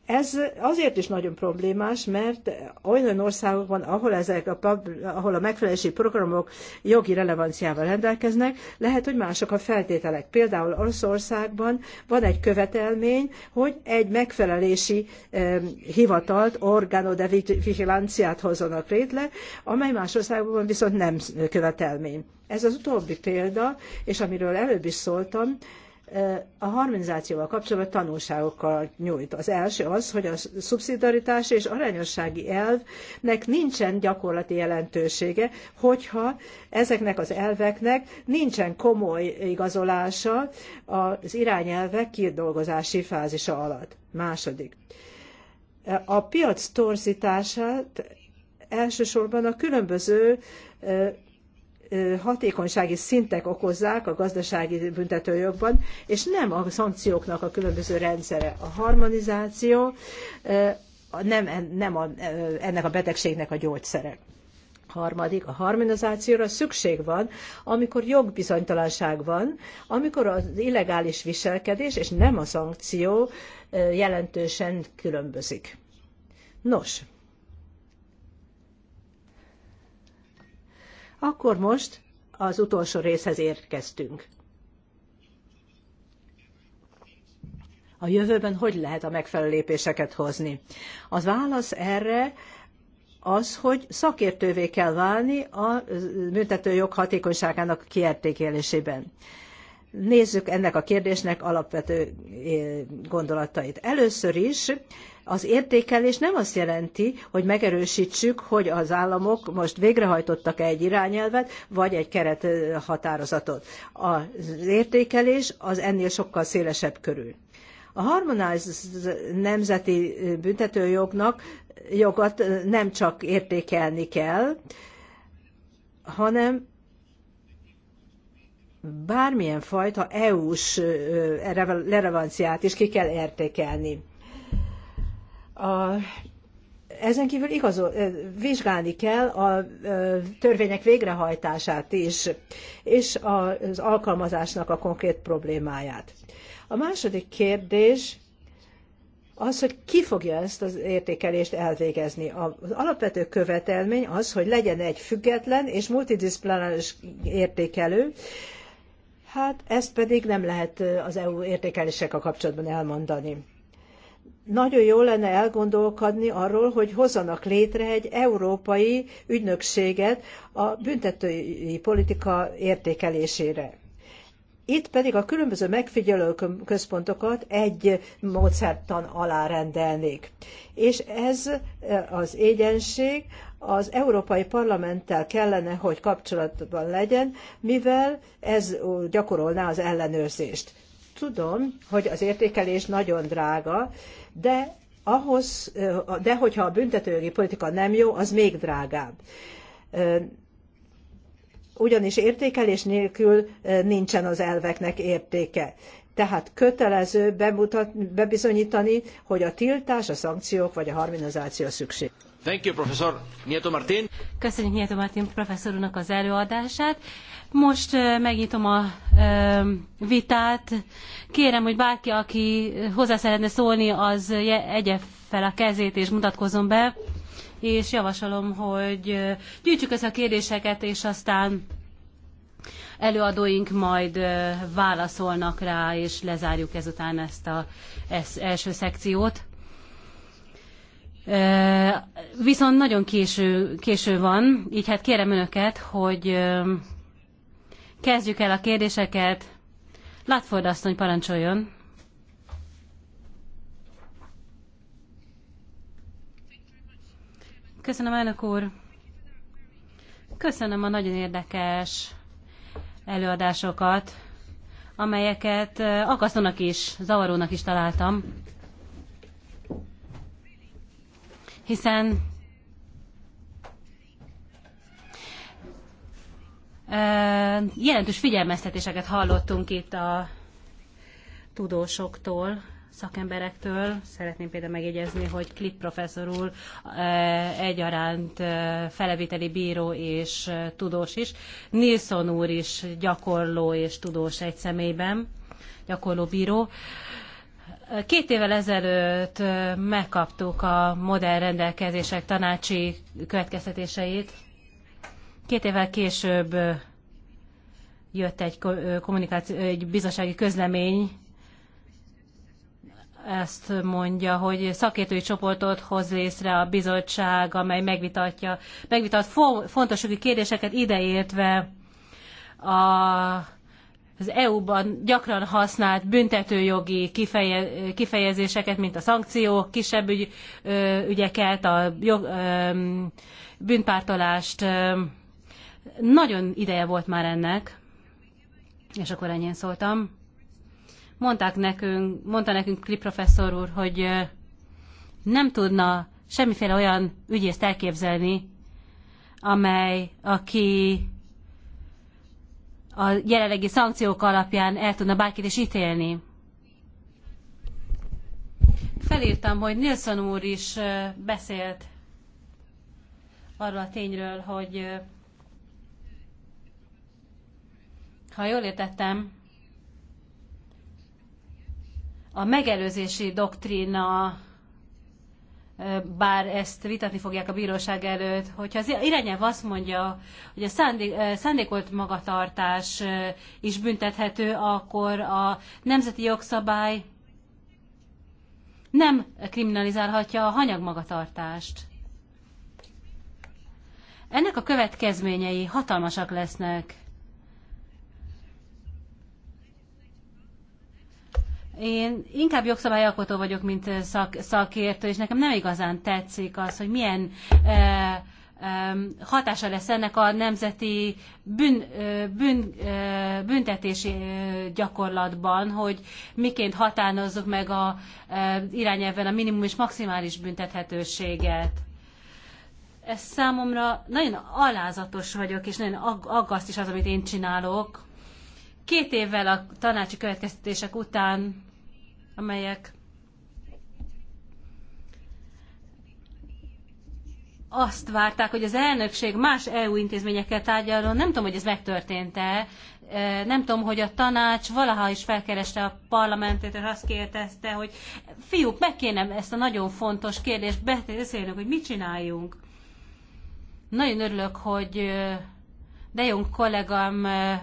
Ez azért is nagyon problémás, mert olyan országokban, ahol, ezek a, ahol a megfelelési programok jogi relevanciával rendelkeznek, lehet, hogy mások a feltételek. Például Oroszországban van egy követelmény, hogy egy megfelelési eh, hivatalt, organo de vigilanciát hozzanak létre, amely más országokban viszont nem követelmény. Ez az utóbbi példa, és amiről előbb is szóltam, a harmonizációval kapcsolatban tanulságokkal nyújt. Az első az, hogy a szubszidaritás és arányossági elvnek nincsen gyakorlati jelentősége, hogyha ezeknek az elveknek nincsen komoly igazolása az irányelvek kidolgozási fázisa alatt. Második. A piac torzítását elsősorban a különböző hatékonysági szintek okozzák a gazdasági büntetőjogban, és nem a szankcióknak a különböző rendszere. A harmonizáció nem, nem a, ennek a betegségnek a gyógyszere. Harmadik, a harmonizációra szükség van, amikor jogbizonytalanság van, amikor az illegális viselkedés és nem a szankció jelentősen különbözik. Nos, Akkor most az utolsó részhez érkeztünk. A jövőben hogy lehet a megfelelő lépéseket hozni? Az válasz erre az, hogy szakértővé kell válni a jog hatékonyságának kiértékelésében. Nézzük ennek a kérdésnek alapvető eh, gondolatait. Először is az értékelés nem azt jelenti, hogy megerősítsük, hogy az államok most végrehajtottak-e egy irányelvet, vagy egy kerethatározatot. Az értékelés az ennél sokkal szélesebb körül. A harmonizált nemzeti büntetőjognak jogat nem csak értékelni kell, hanem bármilyen fajta EU-s relevanciát is ki kell értékelni. A, ezen kívül igazol, vizsgálni kell a törvények végrehajtását is, és az alkalmazásnak a konkrét problémáját. A második kérdés az, hogy ki fogja ezt az értékelést elvégezni. Az alapvető követelmény az, hogy legyen egy független és multidisciplináris értékelő, hát ezt pedig nem lehet az EU értékelésekkel kapcsolatban elmondani nagyon jó lenne elgondolkodni arról, hogy hozzanak létre egy európai ügynökséget a büntetői politika értékelésére. Itt pedig a különböző megfigyelő központokat egy módszertan alá rendelnék. És ez eh, az égyenség az Európai Parlamenttel kellene, hogy kapcsolatban legyen, mivel ez gyakorolná az ellenőrzést. Tudom, hogy az értékelés nagyon drága, de ahhoz, de hogyha a büntetőjogi politika nem jó, az még drágább. Ugyanis értékelés nélkül nincsen az elveknek értéke. Tehát kötelező bemutat, bebizonyítani, hogy a tiltás, a szankciók vagy a harmonizáció szükség. Thank you, professor Nieto Martin. Köszönjük Nieto Martin professzor úrnak az előadását. Most megnyitom a vitát. Kérem, hogy bárki, aki hozzá szeretne szólni, az egye fel a kezét és mutatkozzon be. És javasolom, hogy gyűjtsük össze a kérdéseket, és aztán előadóink majd válaszolnak rá, és lezárjuk ezután ezt az első szekciót. Viszont nagyon késő, késő van, így hát kérem önöket, hogy kezdjük el a kérdéseket. Latford asszony parancsoljon. Köszönöm, elnök úr. Köszönöm a nagyon érdekes előadásokat, amelyeket akasztónak is, zavarónak is találtam. hiszen jelentős figyelmeztetéseket hallottunk itt a tudósoktól, szakemberektől. Szeretném például megjegyezni, hogy Klip professzor úr egyaránt feleviteli bíró és tudós is. Nilsson úr is gyakorló és tudós egy személyben, gyakorló bíró. Két évvel ezelőtt megkaptuk a modern rendelkezések tanácsi következtetéseit. Két évvel később jött egy, kommunikáció, egy bizottsági közlemény, ezt mondja, hogy szakértői csoportot hoz létre a bizottság, amely megvitatja, megvitat fontos kérdéseket ideértve a az EU-ban gyakran használt büntetőjogi kifejezéseket, mint a szankciók, kisebb ügy, ö, ügyeket, a jog, ö, bűnpártolást. Ö, nagyon ideje volt már ennek, és akkor ennyien szóltam. Mondták nekünk, mondta nekünk Kli professzor úr, hogy nem tudna semmiféle olyan ügyészt elképzelni, amely, aki a jelenlegi szankciók alapján el tudna bárkit is ítélni. Felírtam, hogy Nilsson úr is beszélt arról a tényről, hogy ha jól értettem, a megelőzési doktrína bár ezt vitatni fogják a bíróság előtt, hogyha az irányelv azt mondja, hogy a szándék, eh, szándékolt magatartás eh, is büntethető, akkor a nemzeti jogszabály nem kriminalizálhatja a hanyag magatartást. Ennek a következményei hatalmasak lesznek. Én inkább jogszabályalkotó vagyok, mint szak, szakértő, és nekem nem igazán tetszik az, hogy milyen e, e, hatása lesz ennek a nemzeti bűn, bűn, e, büntetési gyakorlatban, hogy miként határozzuk meg a e, irányelven a minimum és maximális büntethetőséget ez számomra nagyon alázatos vagyok, és nagyon aggaszt is az, amit én csinálok. Két évvel a tanácsi következtetések után amelyek azt várták, hogy az elnökség más EU intézményekkel tárgyaljon. Nem tudom, hogy ez megtörtént-e. E, nem tudom, hogy a tanács valaha is felkereste a parlamentet, és azt kérdezte, hogy fiúk, meg kéne ezt a nagyon fontos kérdést beszélnünk, hogy mit csináljunk. Nagyon örülök, hogy de Jung kollégám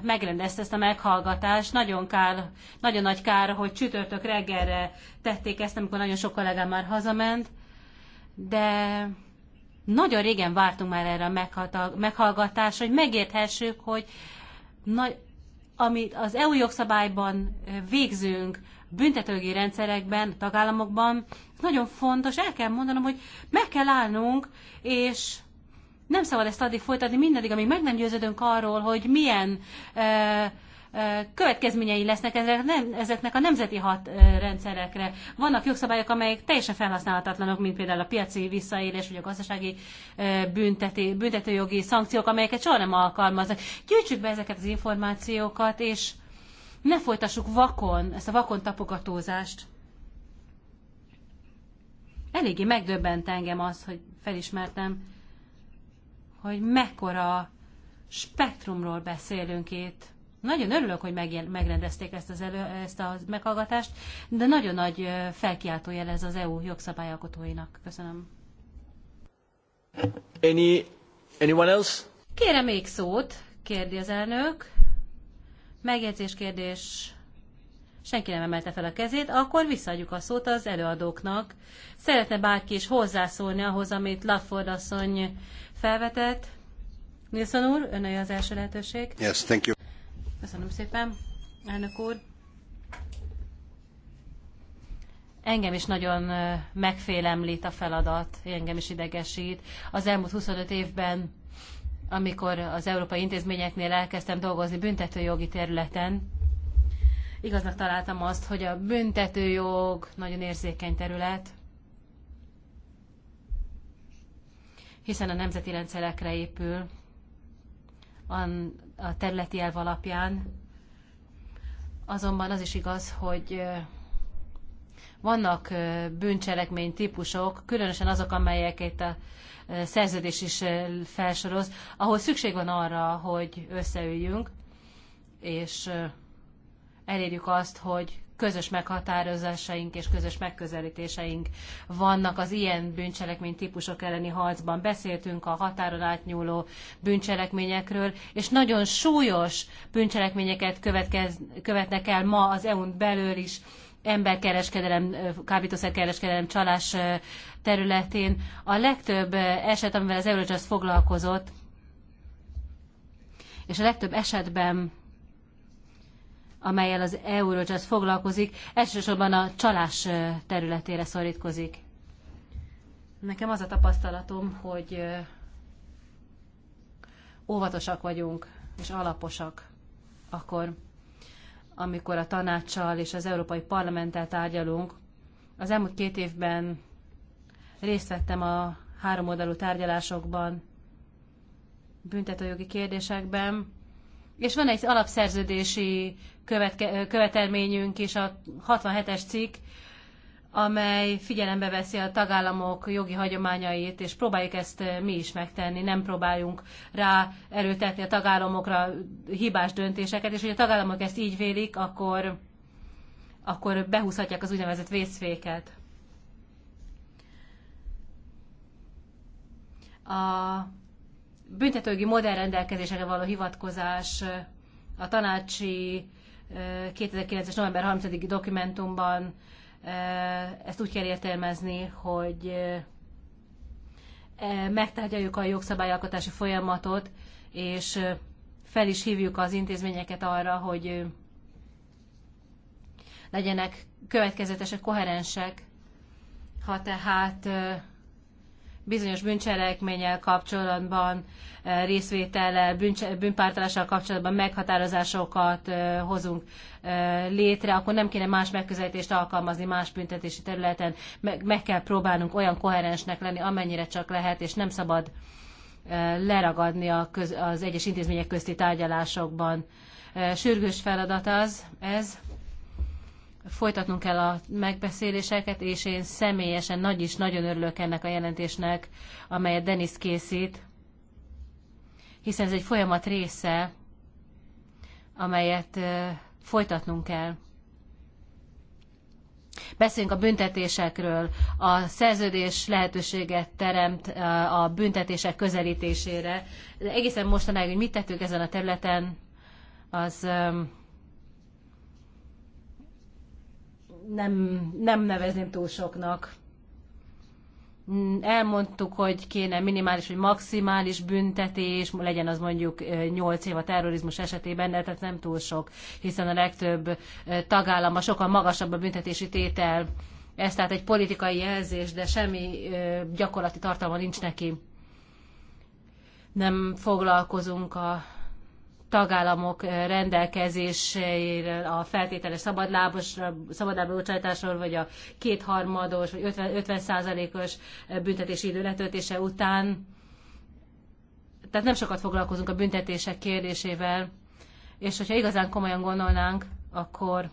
megrendezte ezt a meghallgatást. Nagyon, kár, nagyon nagy kár, hogy csütörtök reggelre tették ezt, amikor nagyon sok kollégám már hazament. De nagyon régen vártunk már erre a meghallgatásra, hogy megérthessük, hogy nagy, amit az EU jogszabályban végzünk, büntetőgi rendszerekben, tagállamokban, nagyon fontos, el kell mondanom, hogy meg kell állnunk, és nem szabad ezt addig folytatni, mindaddig, amíg meg nem győződünk arról, hogy milyen ö, ö, következményei lesznek ezeknek a nemzeti hat rendszerekre. Vannak jogszabályok, amelyek teljesen felhasználhatatlanok, mint például a piaci visszaélés, vagy a gazdasági bünteti, büntetőjogi szankciók, amelyeket soha nem alkalmaznak. Gyűjtsük be ezeket az információkat, és ne folytassuk vakon ezt a vakon tapogatózást. Eléggé megdöbbent engem az, hogy felismertem, hogy mekkora spektrumról beszélünk itt. Nagyon örülök, hogy megrendezték ezt, az elő, ezt a meghallgatást, de nagyon nagy jel ez az EU jogszabályalkotóinak. Köszönöm. Any, anyone else? Kérem még szót, kérdi az elnök. Megjegyzés, kérdés. Senki nem emelte fel a kezét, akkor visszaadjuk a szót az előadóknak. Szeretne bárki is hozzászólni ahhoz, amit Lafford asszony felvetett. Nilsson úr, önnél az első lehetőség. Yes, thank you. Köszönöm szépen, elnök úr. Engem is nagyon megfélemlít a feladat, engem is idegesít. Az elmúlt 25 évben, amikor az európai intézményeknél elkezdtem dolgozni büntetőjogi területen, igaznak találtam azt, hogy a büntetőjog nagyon érzékeny terület, hiszen a nemzeti rendszerekre épül a területi elv alapján. Azonban az is igaz, hogy vannak bűncselekmény típusok, különösen azok, amelyek itt a szerződés is felsoroz, ahol szükség van arra, hogy összeüljünk, és elérjük azt, hogy közös meghatározásaink és közös megközelítéseink vannak az ilyen bűncselekmény típusok elleni harcban. Beszéltünk a határon átnyúló bűncselekményekről, és nagyon súlyos bűncselekményeket következ, követnek el ma az EU-n belül is emberkereskedelem, kábítószerkereskedelem csalás területén. A legtöbb eset, amivel az Eurojust foglalkozott, és a legtöbb esetben amelyel az Eurojust foglalkozik, elsősorban a csalás területére szorítkozik. Nekem az a tapasztalatom, hogy óvatosak vagyunk, és alaposak akkor, amikor a tanácssal és az Európai Parlamenttel tárgyalunk. Az elmúlt két évben részt vettem a háromoldalú tárgyalásokban, büntetőjogi kérdésekben, és van egy alapszerződési követke, követelményünk is, a 67-es cikk, amely figyelembe veszi a tagállamok jogi hagyományait, és próbáljuk ezt eh, mi is megtenni, nem próbáljunk rá erőtetni a tagállamokra hibás döntéseket, és hogy a tagállamok ezt így vélik, akkor, akkor behúzhatják az úgynevezett vészféket. A büntetőgi modern rendelkezésekre való hivatkozás a tanácsi 2009-es november 30 dokumentumban ezt úgy kell értelmezni, hogy e, megtárgyaljuk a jogszabályalkotási folyamatot, és fel is hívjuk az intézményeket arra, hogy legyenek következetesek, koherensek, ha tehát bizonyos bűncselekménnyel kapcsolatban, eh, részvétellel, bűnpártalással kapcsolatban meghatározásokat eh, hozunk eh, létre, akkor nem kéne más megközelítést alkalmazni más büntetési területen. Meg, kell próbálnunk olyan koherensnek lenni, amennyire csak lehet, és nem szabad leragadni a köz, az egyes intézmények közti tárgyalásokban. Sürgős feladat az, ez, folytatnunk kell a megbeszéléseket, és én személyesen nagy is nagyon örülök ennek a jelentésnek, amelyet Denis készít, hiszen ez egy folyamat része, amelyet folytatnunk kell. Beszéljünk a büntetésekről. A szerződés lehetőséget teremt a büntetések közelítésére. De egészen mostanáig, hogy mit tettünk ezen a területen, az nem, nem nevezném túl soknak. Elmondtuk, hogy kéne minimális vagy maximális büntetés, legyen az mondjuk 8 év a terrorizmus esetében, de tehát nem túl sok, hiszen a legtöbb tagállama sokkal magasabb a büntetési tétel. Ez tehát egy politikai jelzés, de semmi gyakorlati tartalma nincs neki. Nem foglalkozunk a tagállamok eh, rendelkezésére a feltételes bocsátásról, vagy a kétharmados, vagy 50, 50 százalékos eh, büntetési idő letöltése után. Tehát nem sokat foglalkozunk a büntetések kérdésével, és hogyha igazán komolyan gondolnánk, akkor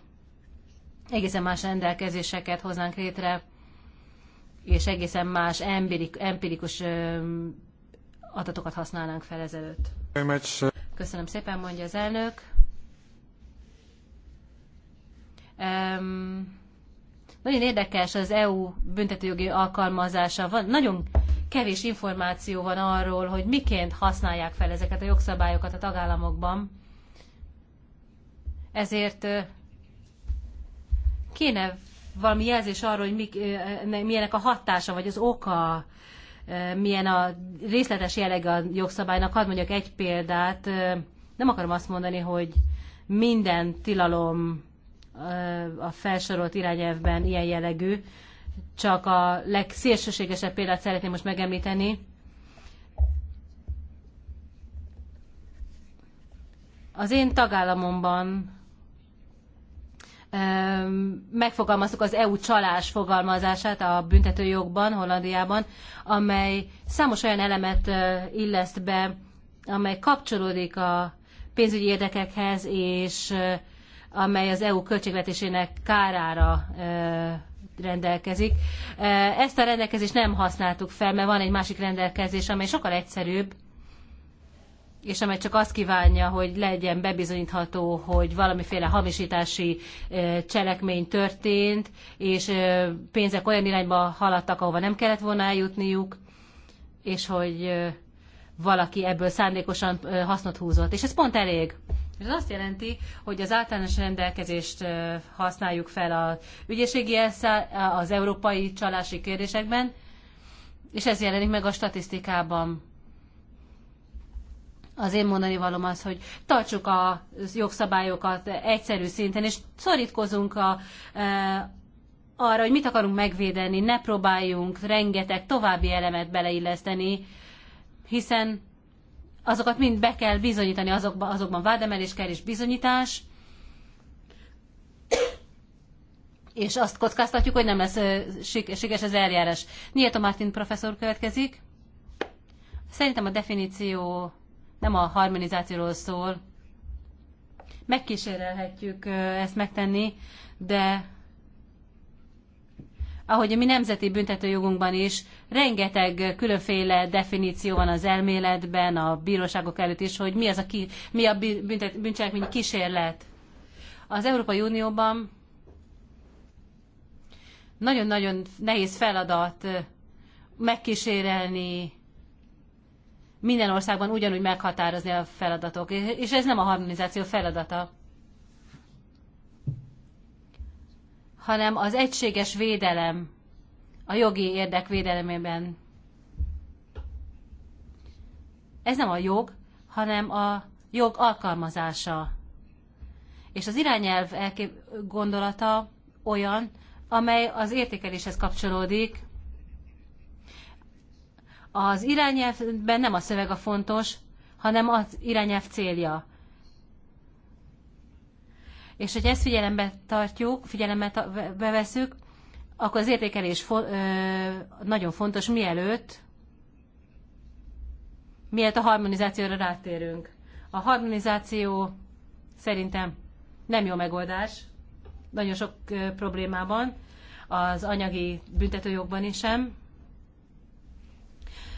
egészen más rendelkezéseket hoznánk létre, és egészen más empirikus eh, adatokat használnánk fel ezelőtt. Köszönöm szépen, mondja az elnök. Um, nagyon érdekes az EU büntetőjogi alkalmazása. Van, nagyon kevés információ van arról, hogy miként használják fel ezeket a jogszabályokat a tagállamokban. Ezért kéne valami jelzés arról, hogy mik, milyenek a hatása, vagy az oka milyen a részletes jellege a jogszabálynak. Hadd mondjak egy példát. Nem akarom azt mondani, hogy minden tilalom a felsorolt irányelvben ilyen jellegű, csak a legszélsőségesebb példát szeretném most megemlíteni. Az én tagállamomban megfogalmaztuk az EU csalás fogalmazását a büntetőjogban, Hollandiában, amely számos olyan elemet illeszt be, amely kapcsolódik a pénzügyi érdekekhez, és amely az EU költségvetésének kárára rendelkezik. Ezt a rendelkezést nem használtuk fel, mert van egy másik rendelkezés, amely sokkal egyszerűbb, és amely csak azt kívánja, hogy legyen bebizonyítható, hogy valamiféle hamisítási cselekmény történt, és pénzek olyan irányba haladtak, ahova nem kellett volna eljutniuk, és hogy valaki ebből szándékosan hasznot húzott. És ez pont elég. ez azt jelenti, hogy az általános rendelkezést használjuk fel a ügyészségi az európai csalási kérdésekben, és ez jelenik meg a statisztikában az én mondani valom az, hogy tartsuk a jogszabályokat egyszerű szinten, és szorítkozunk a, e, arra, hogy mit akarunk megvédeni, ne próbáljunk rengeteg további elemet beleilleszteni, hiszen azokat mind be kell bizonyítani, azokban, azokban vádemelés kell és bizonyítás, és azt kockáztatjuk, hogy nem lesz sikeres az eljárás. Nieto Martin professzor következik. Szerintem a definíció nem a harmonizációról szól. Megkísérelhetjük ezt megtenni, de ahogy a mi nemzeti büntetőjogunkban is, rengeteg különféle definíció van az elméletben, a bíróságok előtt is, hogy mi, az a ki, mi a büntet, bűncselekmény kísérlet. Az Európai Unióban nagyon-nagyon nehéz feladat megkísérelni minden országban ugyanúgy meghatározni a feladatok, és ez nem a harmonizáció feladata, hanem az egységes védelem a jogi érdek védelemében. Ez nem a jog, hanem a jog alkalmazása. És az irányelv elkép- gondolata olyan, amely az értékeléshez kapcsolódik, az irányelvben nem a szöveg a fontos, hanem az irányelv célja. És hogy ezt figyelembe tartjuk, figyelembe beveszük, akkor az értékelés fo- ö, nagyon fontos, mielőtt, mielőtt a harmonizációra rátérünk. A harmonizáció szerintem nem jó megoldás, nagyon sok ö, problémában, az anyagi büntetőjogban is sem,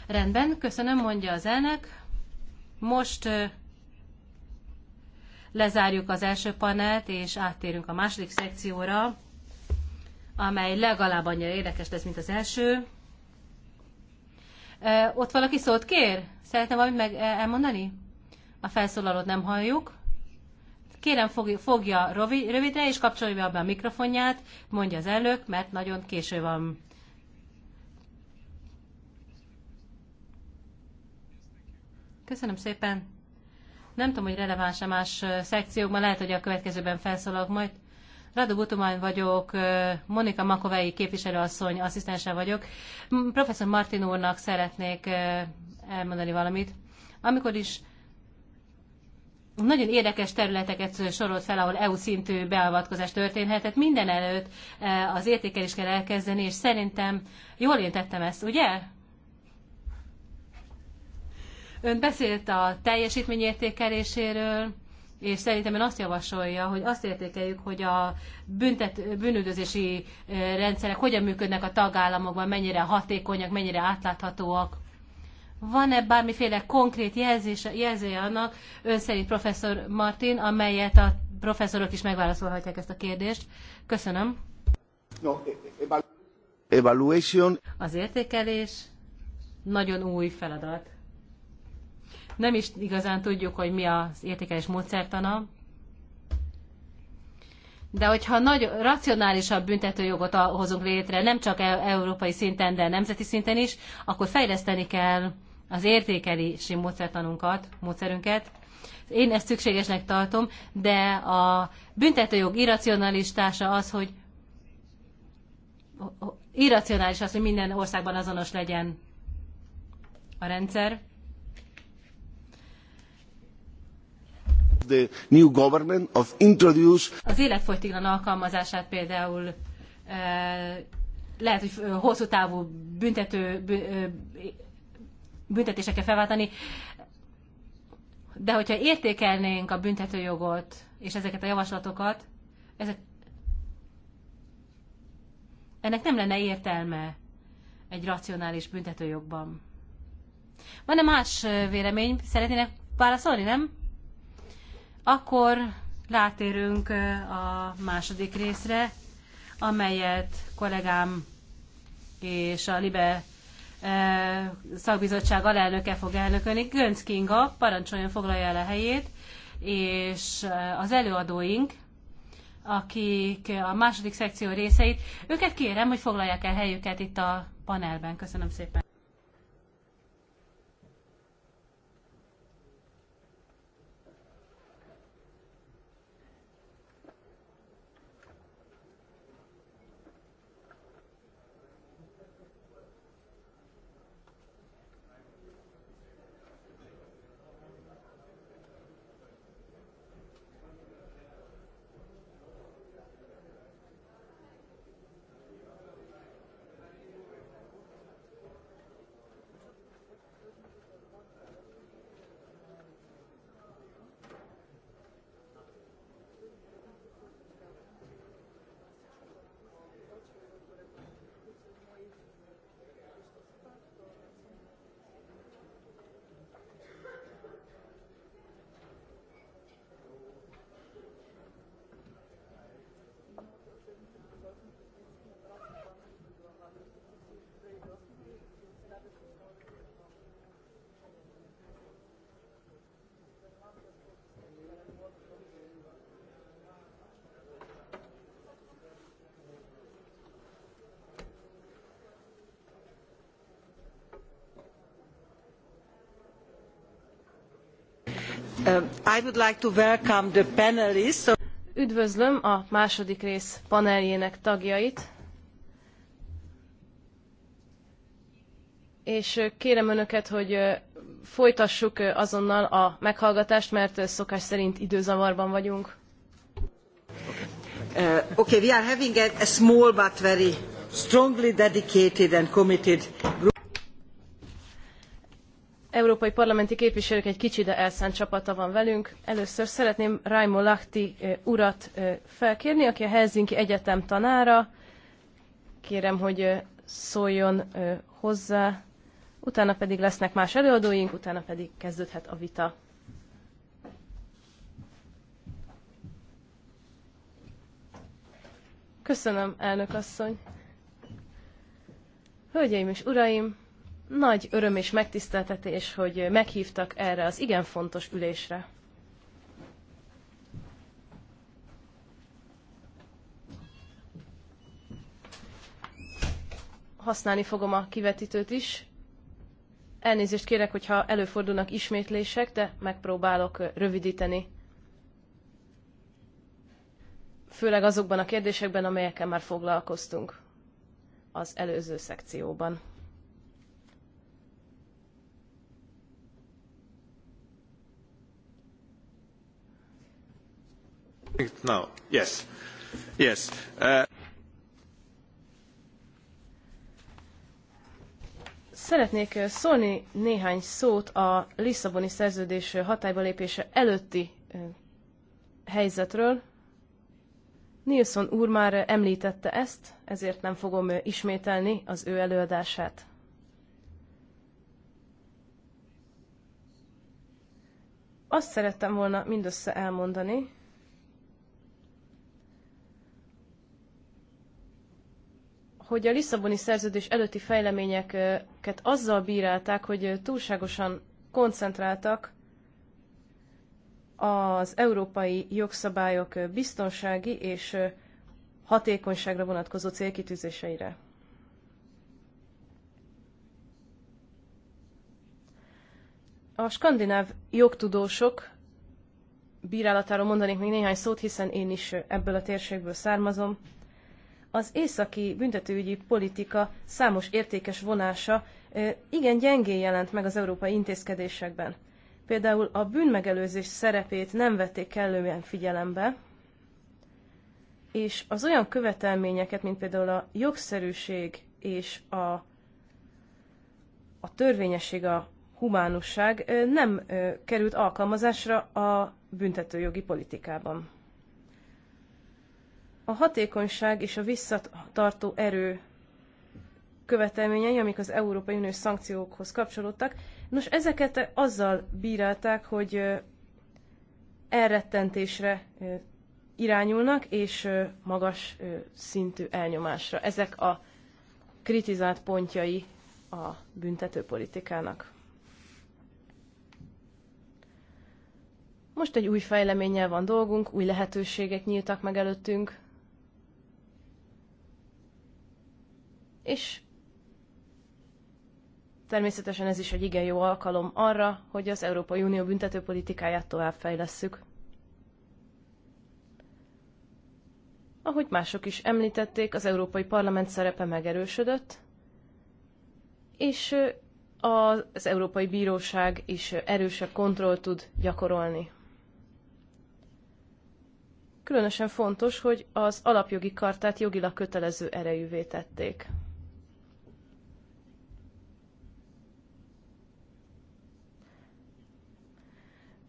Rendben, köszönöm, mondja az elnök. Most lezárjuk az első panelt, és áttérünk a második szekcióra, amely legalább annyira érdekes lesz, mint az első. Ott valaki szót kér? Szeretne valamit meg e, elmondani? A felszólalót nem halljuk. Kérem, fogja rövidre, és kapcsolja be a mikrofonját, mondja az elnök, mert nagyon késő van. Köszönöm szépen. Nem tudom, hogy releváns-e más szekciókban, lehet, hogy a következőben felszólalok majd. Radu Butumány vagyok, Monika Makovei képviselőasszony, asszisztense vagyok. Professzor Martin úrnak szeretnék elmondani valamit. Amikor is nagyon érdekes területeket sorolt fel, ahol EU szintű beavatkozás történhetett. Minden előtt az értékelés kell elkezdeni, és szerintem jól értettem ezt, ugye? Ön beszélt a teljesítményértékeléséről, és szerintem ön azt javasolja, hogy azt értékeljük, hogy a büntet, bűnüldözési rendszerek hogyan működnek a tagállamokban, mennyire hatékonyak, mennyire átláthatóak. Van-e bármiféle konkrét jelzés, jelzője annak, ön szerint professzor Martin, amelyet a professzorok is megválaszolhatják ezt a kérdést? Köszönöm. No, e, e, evaluation. Az értékelés nagyon új feladat nem is igazán tudjuk, hogy mi az értékelés módszertana, de hogyha nagy, racionálisabb büntetőjogot hozunk létre, nem csak e- európai szinten, de nemzeti szinten is, akkor fejleszteni kell az értékelési módszertanunkat, módszerünket. Én ezt szükségesnek tartom, de a büntetőjog irracionalistása az, hogy irracionális az, hogy minden országban azonos legyen a rendszer. The new government of introduce... Az életfogytiglan alkalmazását például e, lehet, hogy hosszú távú büntető, büntetésekkel felváltani, de hogyha értékelnénk a büntetőjogot és ezeket a javaslatokat, ezek, ennek nem lenne értelme egy racionális büntetőjogban. Van-e más vélemény? Szeretnének válaszolni, nem? Akkor rátérünk a második részre, amelyet kollégám és a Libe szakbizottság alelnöke fog elnökölni. Gönc Kinga parancsoljon foglalja el a helyét, és az előadóink, akik a második szekció részeit, őket kérem, hogy foglalják el helyüket itt a panelben. Köszönöm szépen. Um, I Üdvözlöm a második rész paneljének tagjait. És kérem önöket, hogy folytassuk azonnal a meghallgatást, mert szokás szerint időzavarban vagyunk. Uh, okay, we are having a small but very strongly dedicated and committed európai parlamenti képviselők egy kicsi, de elszánt csapata van velünk. Először szeretném Raimo Lahti urat felkérni, aki a Helsinki Egyetem tanára. Kérem, hogy szóljon hozzá. Utána pedig lesznek más előadóink, utána pedig kezdődhet a vita. Köszönöm, elnök asszony. Hölgyeim és uraim, nagy öröm és megtiszteltetés, hogy meghívtak erre az igen fontos ülésre. Használni fogom a kivetítőt is. Elnézést kérek, hogyha előfordulnak ismétlések, de megpróbálok rövidíteni. Főleg azokban a kérdésekben, amelyekkel már foglalkoztunk az előző szekcióban. Uh, Szeretnék szólni néhány szót a Lisszaboni szerződés hatályba lépése előtti helyzetről. Nilsson úr már említette ezt, ezért nem fogom ismételni az ő előadását. Azt szerettem volna mindössze elmondani, hogy a Lisszaboni szerződés előtti fejleményeket azzal bírálták, hogy túlságosan koncentráltak az európai jogszabályok biztonsági és hatékonyságra vonatkozó célkitűzéseire. A skandináv jogtudósok bírálatáról mondanék még néhány szót, hiszen én is ebből a térségből származom az északi büntetőügyi politika számos értékes vonása igen gyengén jelent meg az európai intézkedésekben. Például a bűnmegelőzés szerepét nem vették kellően figyelembe, és az olyan követelményeket, mint például a jogszerűség és a, a törvényesség, a humánusság nem került alkalmazásra a büntetőjogi politikában. A hatékonyság és a visszatartó erő követelményei, amik az Európai Uniós szankciókhoz kapcsolódtak, nos, ezeket azzal bírálták, hogy elrettentésre irányulnak, és magas szintű elnyomásra. Ezek a kritizált pontjai a büntetőpolitikának. Most egy új fejleménnyel van dolgunk, új lehetőségek nyíltak meg előttünk. és természetesen ez is egy igen jó alkalom arra, hogy az Európai Unió büntetőpolitikáját továbbfejlesszük. Ahogy mások is említették, az Európai Parlament szerepe megerősödött, és az Európai Bíróság is erősebb kontroll tud gyakorolni. Különösen fontos, hogy az alapjogi kartát jogilag kötelező erejűvé tették.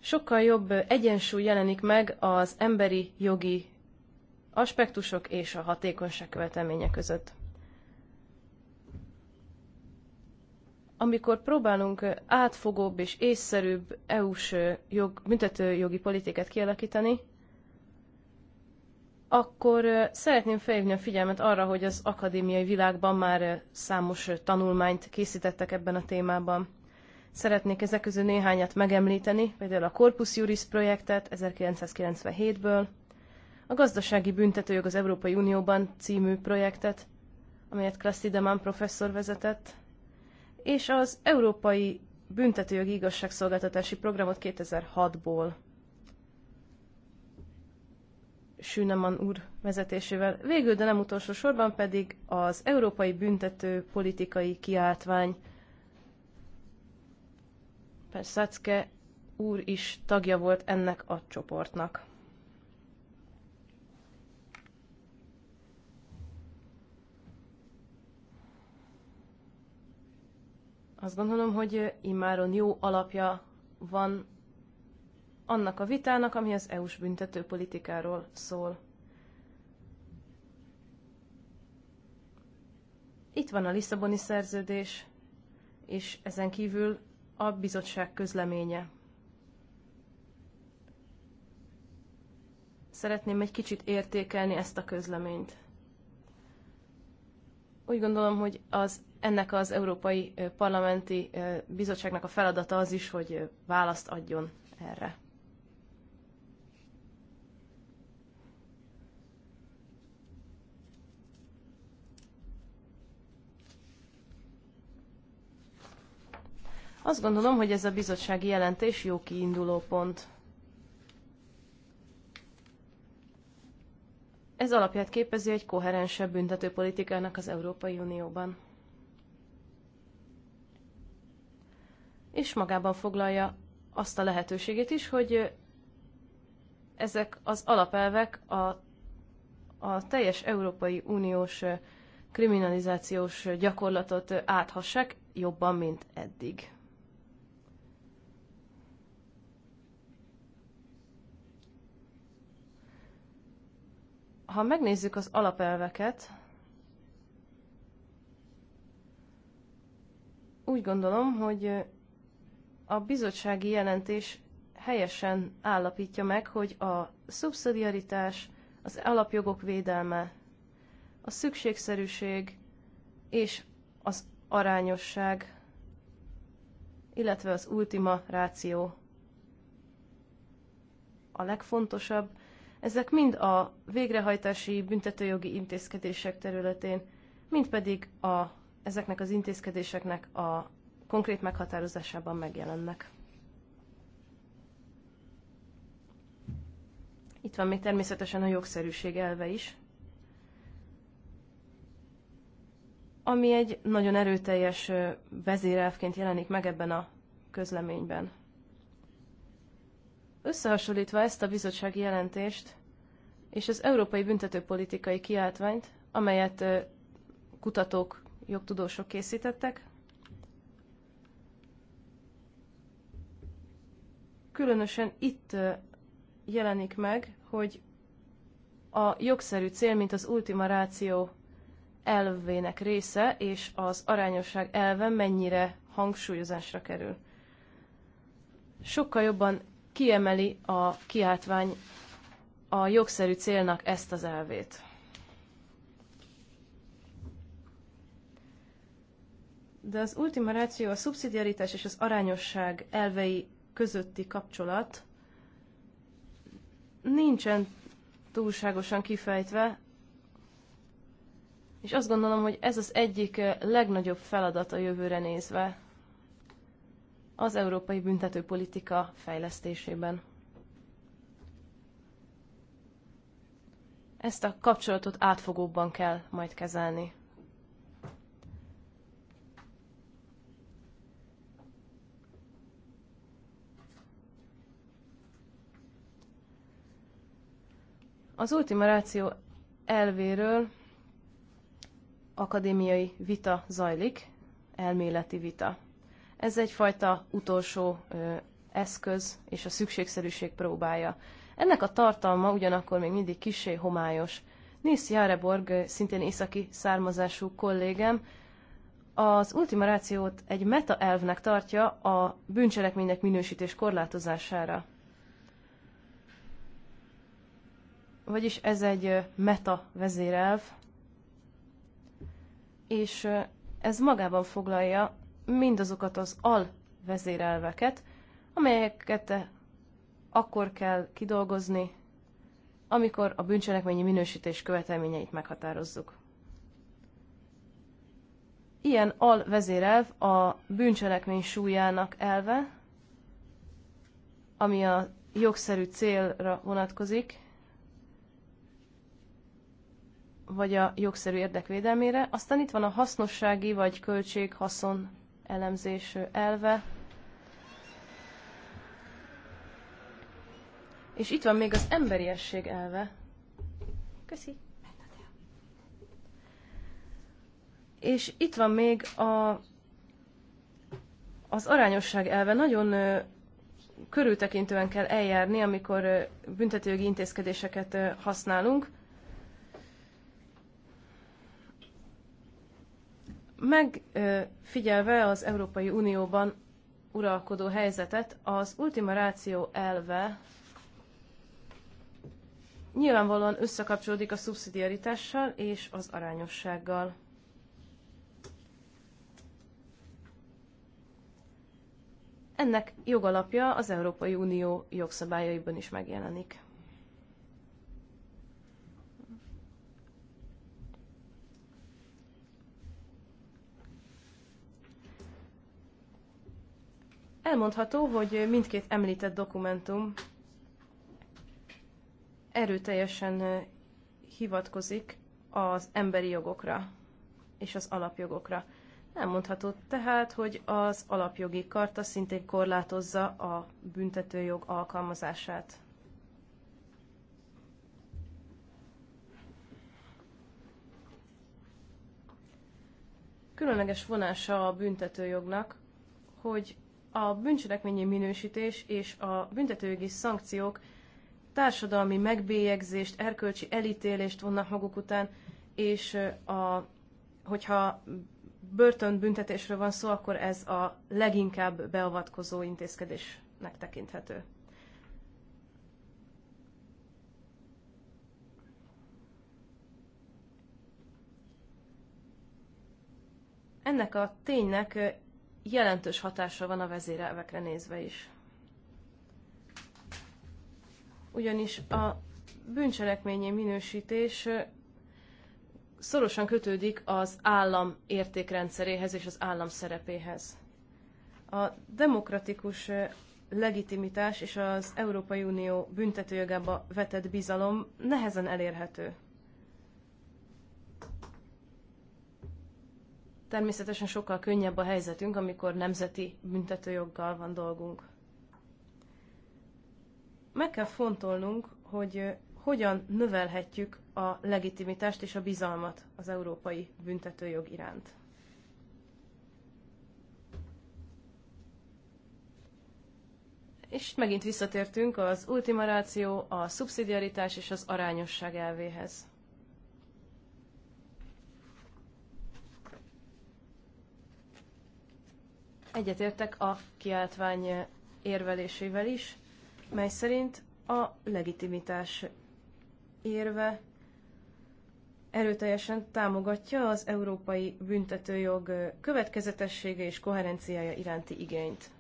sokkal jobb egyensúly jelenik meg az emberi jogi aspektusok és a hatékonyság követelménye között. Amikor próbálunk átfogóbb és észszerűbb EU-s jog, büntetőjogi politikát kialakítani, akkor szeretném felhívni a figyelmet arra, hogy az akadémiai világban már számos tanulmányt készítettek ebben a témában. Szeretnék ezek közül néhányat megemlíteni, például a Corpus Juris projektet 1997-ből, a Gazdasági Büntetőjog az Európai Unióban című projektet, amelyet Klassi Deman professzor vezetett, és az Európai Büntetőjogi Igazságszolgáltatási Programot 2006-ból. Süneman úr vezetésével. Végül, de nem utolsó sorban pedig az Európai Büntető Politikai Kiáltvány Perszácke úr is tagja volt ennek a csoportnak. Azt gondolom, hogy immáron jó alapja van annak a vitának, ami az EU-s büntetőpolitikáról szól. Itt van a Lisszaboni szerződés, és ezen kívül a bizottság közleménye. Szeretném egy kicsit értékelni ezt a közleményt. Úgy gondolom, hogy az ennek az Európai Parlamenti Bizottságnak a feladata az is, hogy választ adjon erre. Azt gondolom, hogy ez a bizottsági jelentés jó kiinduló pont. Ez alapját képezi egy koherensebb büntetőpolitikának az Európai Unióban. És magában foglalja azt a lehetőségét is, hogy ezek az alapelvek a, a teljes Európai Uniós kriminalizációs gyakorlatot áthassák jobban, mint eddig. Ha megnézzük az alapelveket, úgy gondolom, hogy a bizottsági jelentés helyesen állapítja meg, hogy a szubszidiaritás, az alapjogok védelme, a szükségszerűség és az arányosság, illetve az ultima ráció a legfontosabb, ezek mind a végrehajtási büntetőjogi intézkedések területén, mind pedig a, ezeknek az intézkedéseknek a konkrét meghatározásában megjelennek. Itt van még természetesen a jogszerűség elve is, ami egy nagyon erőteljes vezérelvként jelenik meg ebben a közleményben. Összehasonlítva ezt a bizottsági jelentést és az európai büntetőpolitikai kiáltványt, amelyet kutatók, jogtudósok készítettek, különösen itt jelenik meg, hogy a jogszerű cél, mint az ultima ratio elvének része, és az arányosság elve mennyire hangsúlyozásra kerül. Sokkal jobban kiemeli a kiáltvány a jogszerű célnak ezt az elvét. De az ultima ratio, a szubszidiaritás és az arányosság elvei közötti kapcsolat nincsen túlságosan kifejtve, és azt gondolom, hogy ez az egyik eh, legnagyobb feladat a jövőre nézve az európai büntetőpolitika fejlesztésében. Ezt a kapcsolatot átfogóbban kell majd kezelni. Az ultima ráció elvéről akadémiai vita zajlik, elméleti vita. Ez egyfajta utolsó eszköz és a szükségszerűség próbája. Ennek a tartalma ugyanakkor még mindig kisé homályos. Nisz Jareborg, szintén északi származású kollégem, az ultima rációt egy meta elvnek tartja a bűncselekmények minősítés korlátozására. Vagyis ez egy meta vezérelv, és ez magában foglalja mindazokat az alvezérelveket, amelyeket akkor kell kidolgozni, amikor a bűncselekményi minősítés követelményeit meghatározzuk. Ilyen alvezérelv a bűncselekmény súlyának elve, ami a jogszerű célra vonatkozik, vagy a jogszerű érdekvédelmére. Aztán itt van a hasznossági vagy költség-haszon elemzés elve. És itt van még az emberiesség elve. Köszi. És itt van még a, az arányosság elve. Nagyon ö, körültekintően kell eljárni, amikor büntetőjogi intézkedéseket ö, használunk Megfigyelve az Európai Unióban uralkodó helyzetet, az ultima ratio elve nyilvánvalóan összekapcsolódik a szubszidiaritással és az arányossággal. Ennek jogalapja az Európai Unió jogszabályaiban is megjelenik. Elmondható, hogy mindkét említett dokumentum erőteljesen hivatkozik az emberi jogokra és az alapjogokra. Nem mondható tehát, hogy az alapjogi karta szintén korlátozza a büntetőjog alkalmazását. Különleges vonása a büntetőjognak, hogy a bűncselekményi minősítés és a büntetőjogi szankciók társadalmi megbélyegzést, erkölcsi elítélést vonnak maguk után, és a, hogyha börtönbüntetésről van szó, akkor ez a leginkább beavatkozó intézkedésnek tekinthető. Ennek a ténynek jelentős hatása van a vezérelvekre nézve is. Ugyanis a bűncselekményi minősítés szorosan kötődik az állam értékrendszeréhez és az állam szerepéhez. A demokratikus legitimitás és az Európai Unió büntetőjogába vetett bizalom nehezen elérhető. Természetesen sokkal könnyebb a helyzetünk, amikor nemzeti büntetőjoggal van dolgunk. Meg kell fontolnunk, hogy hogyan növelhetjük a legitimitást és a bizalmat az európai büntetőjog iránt. És megint visszatértünk az ultimaráció, a szubszidiaritás és az arányosság elvéhez. Egyetértek a kiáltvány érvelésével is, mely szerint a legitimitás érve erőteljesen támogatja az európai büntetőjog következetessége és koherenciája iránti igényt.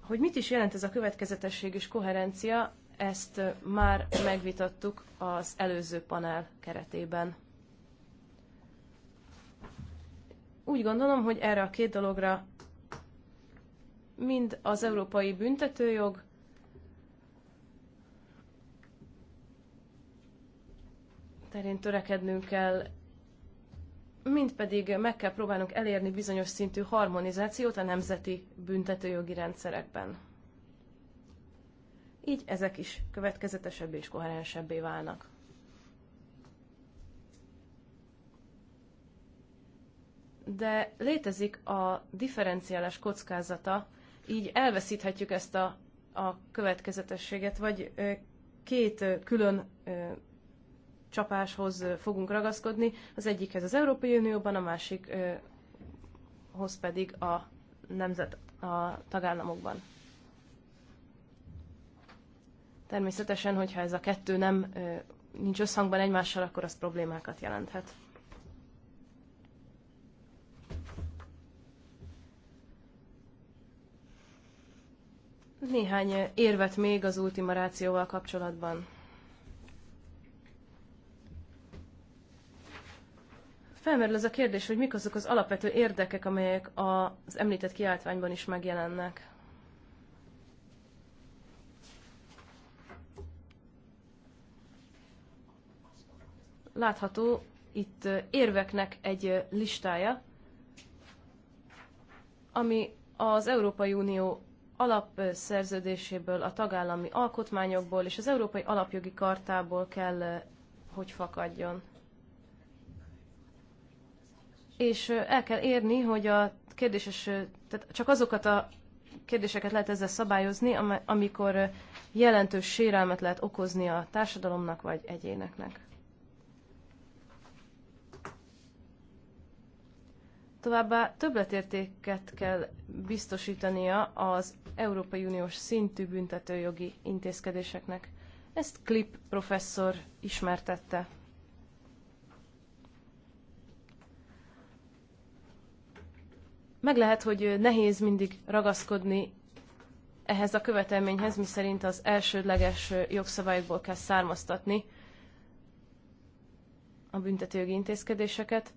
Hogy mit is jelent ez a következetesség és koherencia, ezt már megvitattuk az előző panel keretében. úgy gondolom, hogy erre a két dologra mind az európai büntetőjog, terén törekednünk kell, mind pedig meg kell próbálnunk elérni bizonyos szintű harmonizációt a nemzeti büntetőjogi rendszerekben. Így ezek is következetesebbé és koherensebbé válnak. de létezik a differenciálás kockázata, így elveszíthetjük ezt a, a következetességet, vagy két külön csapáshoz fogunk ragaszkodni, az egyikhez az Európai Unióban, a másikhoz pedig a nemzet a tagállamokban. Természetesen, hogyha ez a kettő nem nincs összhangban egymással, akkor az problémákat jelenthet. Néhány érvet még az ultima rációval kapcsolatban. Felmerül az a kérdés, hogy mik azok az alapvető érdekek, amelyek az említett kiáltványban is megjelennek. Látható itt érveknek egy listája, ami az Európai Unió alapszerződéséből, a tagállami alkotmányokból és az Európai Alapjogi Kartából kell, eh, hogy fakadjon. És eh, el kell érni, hogy a kérdéses, eh, tehát csak azokat a kérdéseket lehet ezzel szabályozni, amikor jelentős sérelmet lehet okozni a társadalomnak vagy egyéneknek. Továbbá többletértéket kell biztosítania az Európai Uniós szintű büntetőjogi intézkedéseknek. Ezt Klip professzor ismertette. Meg lehet, hogy nehéz mindig ragaszkodni ehhez a követelményhez, miszerint az elsődleges jogszabályokból kell származtatni a büntetőjogi intézkedéseket.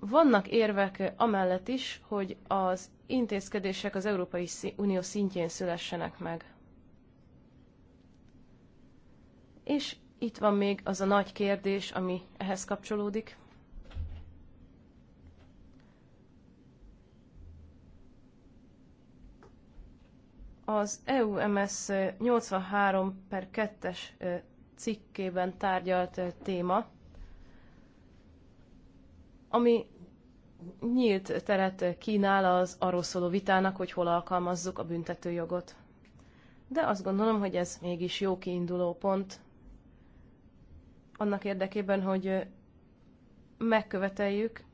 Vannak érvek amellett is, hogy az intézkedések az Európai Unió szintjén szülessenek meg. És itt van még az a nagy kérdés, ami ehhez kapcsolódik. Az EUMS 83 per 2-es cikkében tárgyalt téma, ami nyílt teret kínál az arról szóló vitának, hogy hol alkalmazzuk a büntetőjogot. De azt gondolom, hogy ez mégis jó kiinduló pont annak érdekében, hogy megköveteljük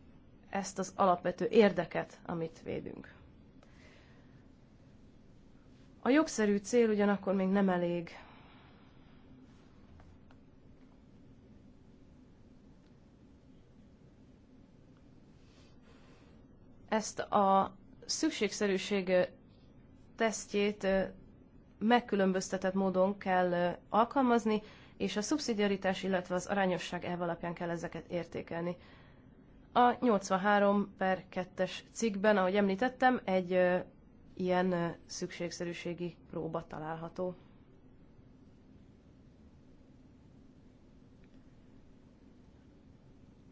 ezt az alapvető érdeket, amit védünk. A jogszerű cél ugyanakkor még nem elég ezt a szükségszerűség tesztjét megkülönböztetett módon kell alkalmazni, és a szubszidiaritás, illetve az arányosság elv alapján kell ezeket értékelni. A 83 per 2-es cikkben, ahogy említettem, egy ilyen szükségszerűségi próba található.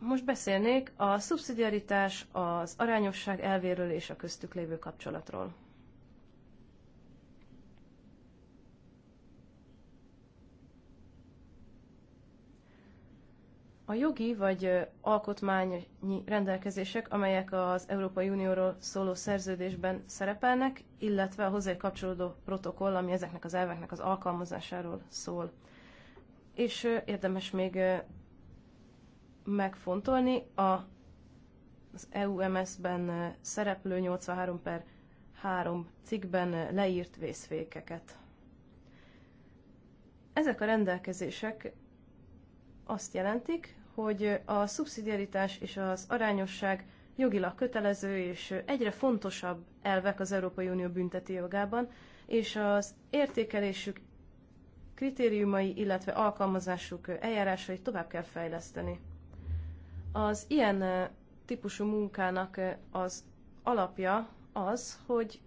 Most beszélnék a szubszidiaritás, az arányosság elvéről és a köztük lévő kapcsolatról. A jogi vagy alkotmányi rendelkezések, amelyek az Európai Unióról szóló szerződésben szerepelnek, illetve a hozzá kapcsolódó protokoll, ami ezeknek az elveknek az alkalmazásáról szól. És érdemes még megfontolni. A, az EUMS-ben eh, szereplő 83 per 3 cikkben eh, leírt vészfékeket. Ezek a rendelkezések azt jelentik, hogy a szubszidiaritás és az arányosság jogilag kötelező és egyre fontosabb elvek az Európai Unió bünteti jogában, és az értékelésük kritériumai, illetve alkalmazásuk eljárásait tovább kell fejleszteni. Az ilyen típusú munkának az alapja az, hogy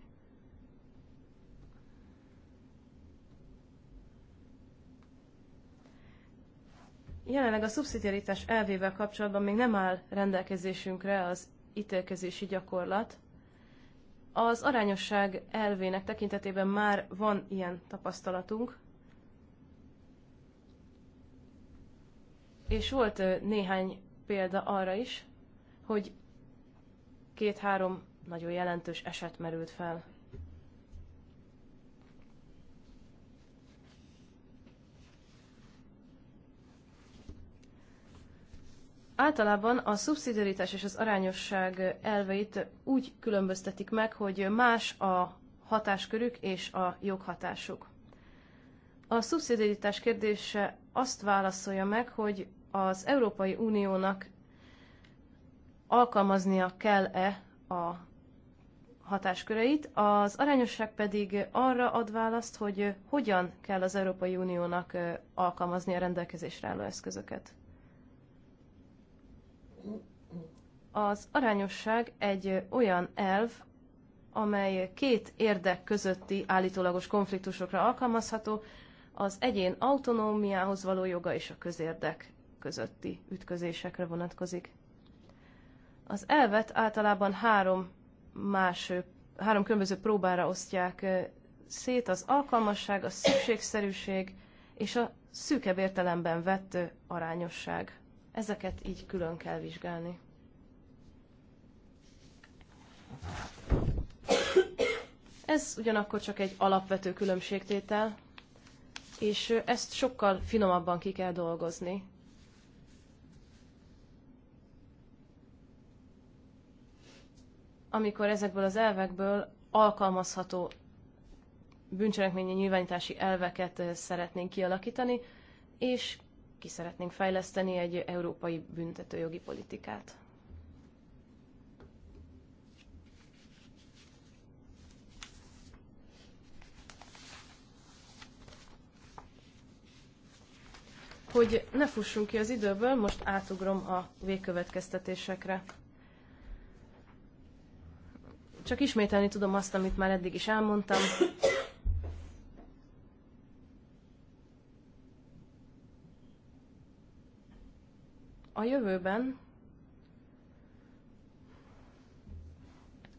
jelenleg a szubszidiaritás elvével kapcsolatban még nem áll rendelkezésünkre az ítélkezési gyakorlat. Az arányosság elvének tekintetében már van ilyen tapasztalatunk, és volt néhány példa arra is, hogy két-három nagyon jelentős eset merült fel. Általában a szubszidiaritás és az arányosság elveit úgy különböztetik meg, hogy más a hatáskörük és a joghatásuk. A szubszidiaritás kérdése azt válaszolja meg, hogy az Európai Uniónak alkalmaznia kell-e a hatásköreit, az arányosság pedig arra ad választ, hogy hogyan kell az Európai Uniónak alkalmazni a rendelkezésre álló eszközöket. Az arányosság egy olyan elv, amely két érdek közötti állítólagos konfliktusokra alkalmazható, az egyén autonómiához való joga és a közérdek közötti ütközésekre vonatkozik. Az elvet általában három, más, három különböző próbára osztják szét az alkalmasság, a szükségszerűség és a szűkebb értelemben vett arányosság. Ezeket így külön kell vizsgálni. Ez ugyanakkor csak egy alapvető különbségtétel, és ezt sokkal finomabban ki kell dolgozni. amikor ezekből az elvekből alkalmazható bűncselekményi nyilvánítási elveket eh, szeretnénk kialakítani, és ki szeretnénk fejleszteni egy európai büntetőjogi politikát. Hogy ne fussunk ki az időből, most átugrom a végkövetkeztetésekre. Csak ismételni tudom azt, amit már eddig is elmondtam. A jövőben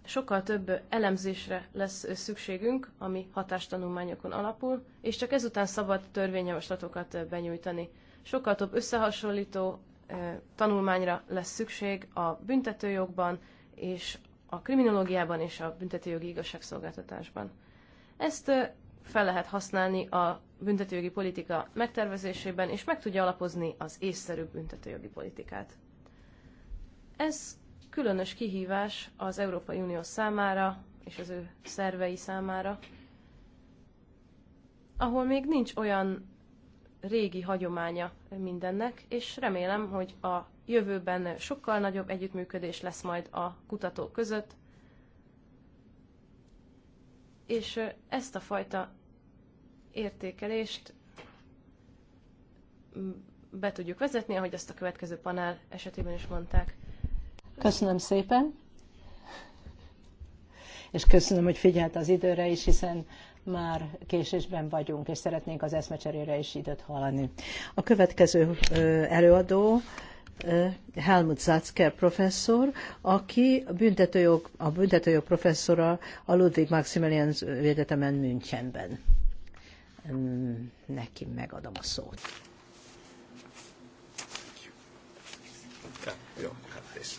sokkal több elemzésre lesz szükségünk, ami hatástanulmányokon alapul, és csak ezután szabad törvényjavaslatokat benyújtani. Sokkal több összehasonlító eh, tanulmányra lesz szükség a büntetőjogban és a kriminológiában és a büntetőjogi igazságszolgáltatásban. Ezt fel lehet használni a büntetőjogi politika megtervezésében, és meg tudja alapozni az észszerű büntetőjogi politikát. Ez különös kihívás az Európai Unió számára és az ő szervei számára, ahol még nincs olyan régi hagyománya mindennek, és remélem, hogy a jövőben sokkal nagyobb együttműködés lesz majd a kutatók között, és ezt a fajta értékelést be tudjuk vezetni, ahogy azt a következő panel esetében is mondták. Köszönöm szépen, és köszönöm, hogy figyelt az időre is, hiszen már késésben vagyunk, és szeretnénk az eszmecserére is időt hallani. A következő előadó Helmut Zacker professzor, aki a büntetőjog, a büntetőjog professzora a Ludwig Maximilian Egyetemen Münchenben. Neki megadom a szót. Hát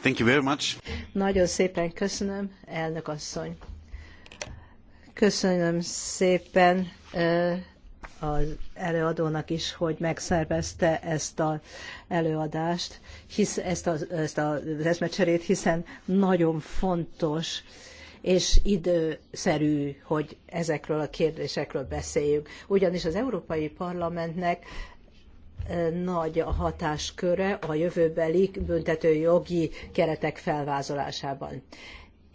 Thank you very much. Nagyon szépen köszönöm, elnök asszony. Köszönöm szépen az előadónak is, hogy megszervezte ezt az előadást, hisz, ezt, a ezt az eszmecserét, hiszen nagyon fontos és időszerű, hogy ezekről a kérdésekről beszéljünk. Ugyanis az Európai Parlamentnek nagy a hatásköre a jövőbeli büntetőjogi keretek felvázolásában.